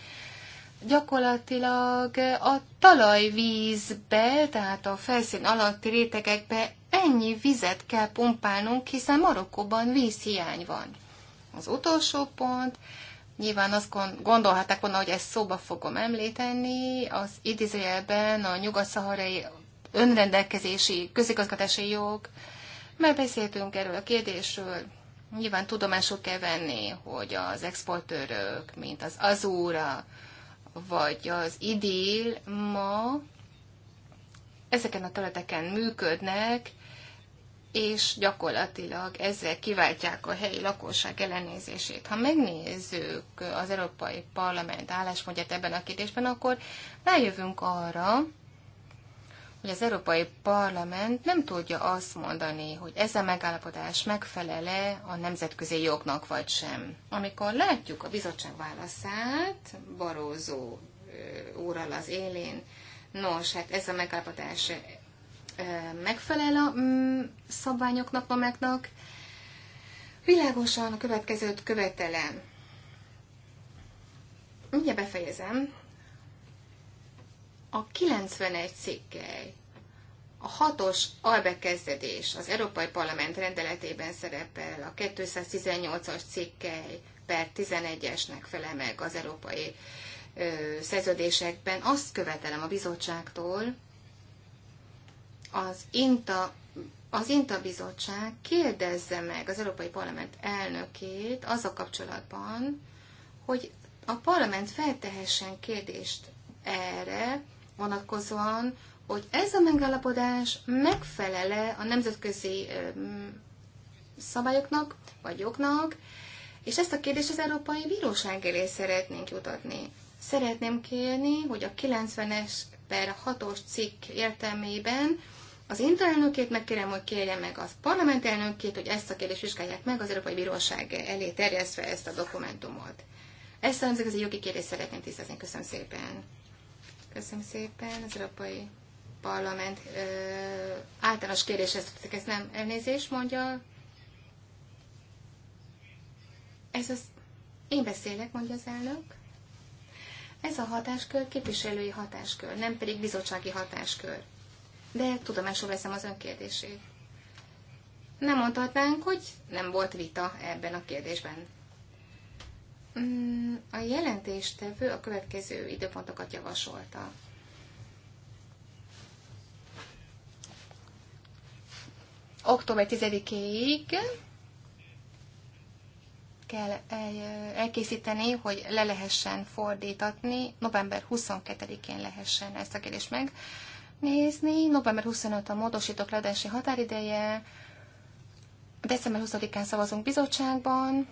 gyakorlatilag a talajvízbe, tehát a felszín alatti rétegekbe ennyi vizet kell pumpálnunk, hiszen Marokkóban vízhiány van. Az utolsó pont, nyilván azt gondolhatták volna, hogy ezt szóba fogom említeni, az idézőjelben a nyugat-szaharai önrendelkezési, közigazgatási jog, mert beszéltünk erről a kérdésről, nyilván tudomásul kell venni, hogy az exportőrök, mint az Azúra, vagy az idél ma ezeken a területeken működnek, és gyakorlatilag ezzel kiváltják a helyi lakosság ellenézését. Ha megnézzük az Európai Parlament álláspontját ebben a kérdésben, akkor rájövünk arra, hogy az Európai Parlament nem tudja azt mondani, hogy ez a megállapodás megfelele a nemzetközi jognak vagy sem. Amikor látjuk a bizottság válaszát, Barózó úrral az élén, nos, hát ez a megállapodás megfelel a mm, szabványoknak, mameknak, világosan a következőt követelem. Mindjárt befejezem, a 91 cikkely, a hatos albekezdedés az Európai Parlament rendeletében szerepel, a 218-as cikkely per 11-esnek felel meg az európai ö, szerződésekben. Azt követelem a bizottságtól, az INTA az INTA bizottság kérdezze meg az Európai Parlament elnökét az a kapcsolatban, hogy a parlament feltehessen kérdést erre, vonatkozóan, hogy ez a megállapodás megfelele a nemzetközi szabályoknak vagy jognak, és ezt a kérdést az Európai Bíróság elé szeretnénk jutatni. Szeretném kérni, hogy a 90-es per 6-os cikk értelmében az interelnökét megkérem, hogy kérje meg az parlament elnökét, hogy ezt a kérdést vizsgálják meg az Európai Bíróság elé terjesztve ezt a dokumentumot. Ezt a nemzetközi jogi kérdést szeretném tisztázni. Köszönöm szépen. Köszönöm szépen. Az Európai Parlament ö, általános kéréshez tudtak, ez nem elnézés, mondja. Ez az... Én beszélek, mondja az elnök. Ez a hatáskör képviselői hatáskör, nem pedig bizottsági hatáskör. De tudomásul veszem az ön kérdését. Nem mondhatnánk, hogy nem volt vita ebben a kérdésben. Mm, a jelentéstevő a következő időpontokat javasolta. Október 10 ig kell elkészíteni, hogy le lehessen fordítatni, november 22-én lehessen ezt a kérdést megnézni, november 25 a módosítók leadási határideje, december 20-án szavazunk bizottságban,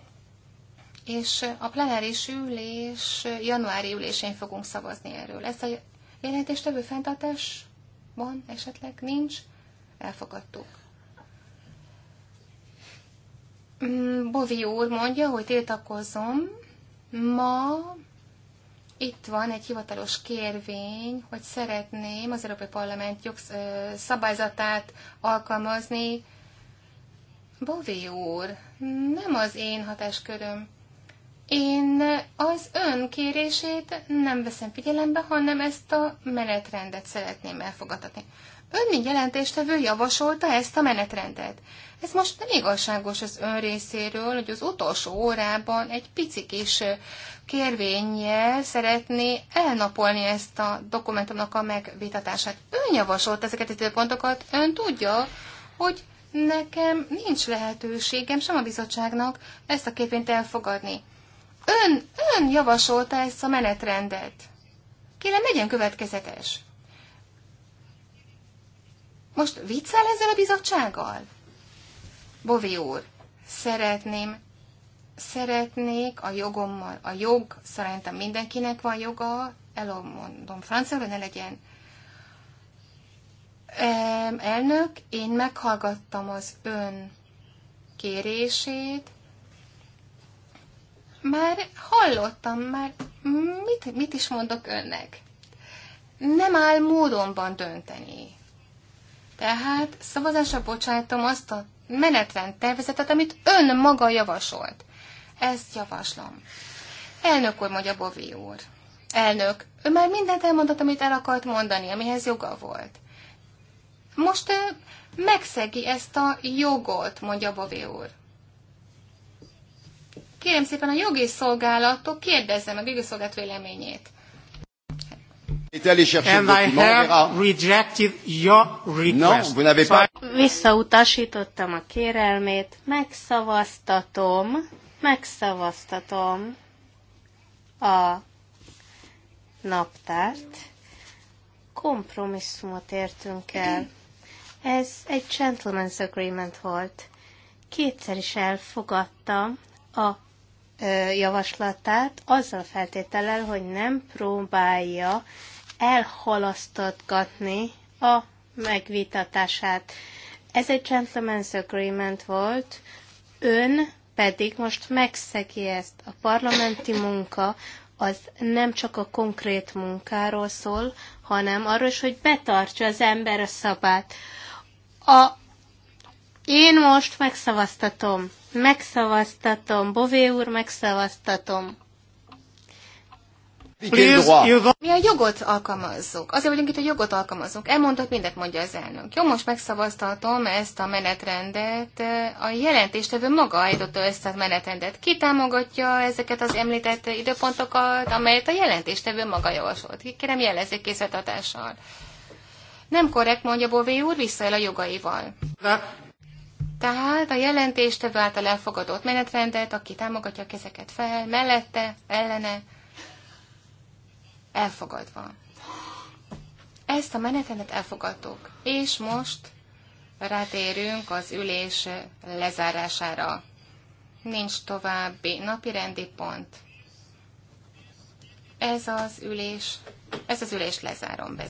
és a plenáris ülés januári ülésén fogunk szavazni erről. Ez a jelentéstevő fenntartás van, esetleg nincs, elfogadtuk. Mm, Bovi úr mondja, hogy tiltakozom. Ma itt van egy hivatalos kérvény, hogy szeretném az Európai Parlament szabályzatát alkalmazni. Bovi úr, nem az én hatásköröm. Én az ön kérését nem veszem figyelembe, hanem ezt a menetrendet szeretném elfogadatni. Ön, mint jelentéstevő javasolta ezt a menetrendet. Ez most nem igazságos az ön részéről, hogy az utolsó órában egy picik is kérvényjel szeretné elnapolni ezt a dokumentumnak a megvitatását. Ön javasolt ezeket a pontokat, ön tudja, hogy nekem nincs lehetőségem sem a bizottságnak ezt a képvényt elfogadni. Ön, ön javasolta ezt a menetrendet. Kérem, legyen következetes. Most viccel ezzel a bizottsággal? Bovi úr, szeretném, szeretnék a jogommal, a jog, szerintem mindenkinek van joga, elmondom hogy ne legyen. Elnök, én meghallgattam az ön kérését, már hallottam, már mit, mit is mondok önnek? Nem áll módonban dönteni. Tehát szavazásra bocsájtom azt a menetrend tervezetet, amit ön maga javasolt. Ezt javaslom. Elnök úr, mondja Bovi úr. Elnök, ő már mindent elmondott, amit el akart mondani, amihez joga volt. Most ő megszegi ezt a jogot, mondja Bovi úr. Kérem szépen a jogi szolgálatok kérdezze meg a jogi szolgálat véleményét. And I have rejected your request. No, pas... Visszautasítottam a kérelmét, megszavaztatom, megszavaztatom a naptárt. Kompromisszumot értünk el. Ez egy gentleman's agreement volt. Kétszer is elfogadtam a javaslatát azzal a feltétellel, hogy nem próbálja elhalasztatgatni a megvitatását. Ez egy gentleman's agreement volt, ön pedig most megszegi ezt. A parlamenti munka az nem csak a konkrét munkáról szól, hanem arról is, hogy betartsa az ember a szabát. A, én most megszavaztatom Megszavaztatom, Bové úr, megszavaztatom. Please, Mi a jogot alkalmazzuk. Azért vagyunk itt, hogy jogot alkalmazzunk. Elmondott mindent, mondja az elnök. Jó, most megszavaztatom ezt a menetrendet. A jelentéstevő maga állította össze a menetrendet. Ki támogatja ezeket az említett időpontokat, amelyet a jelentéstevő maga javasolt? Kérem jelezzék készletatással. Nem korrekt, mondja Bové úr, visszaél a jogaival. Tehát a jelentéstevő által elfogadott menetrendet, aki támogatja a kezeket fel, mellette, ellene, elfogadva. Ezt a menetrendet elfogadtuk, és most rátérünk az ülés lezárására. Nincs további napirendi pont. Ez az ülés, ez az ülés lezárom be.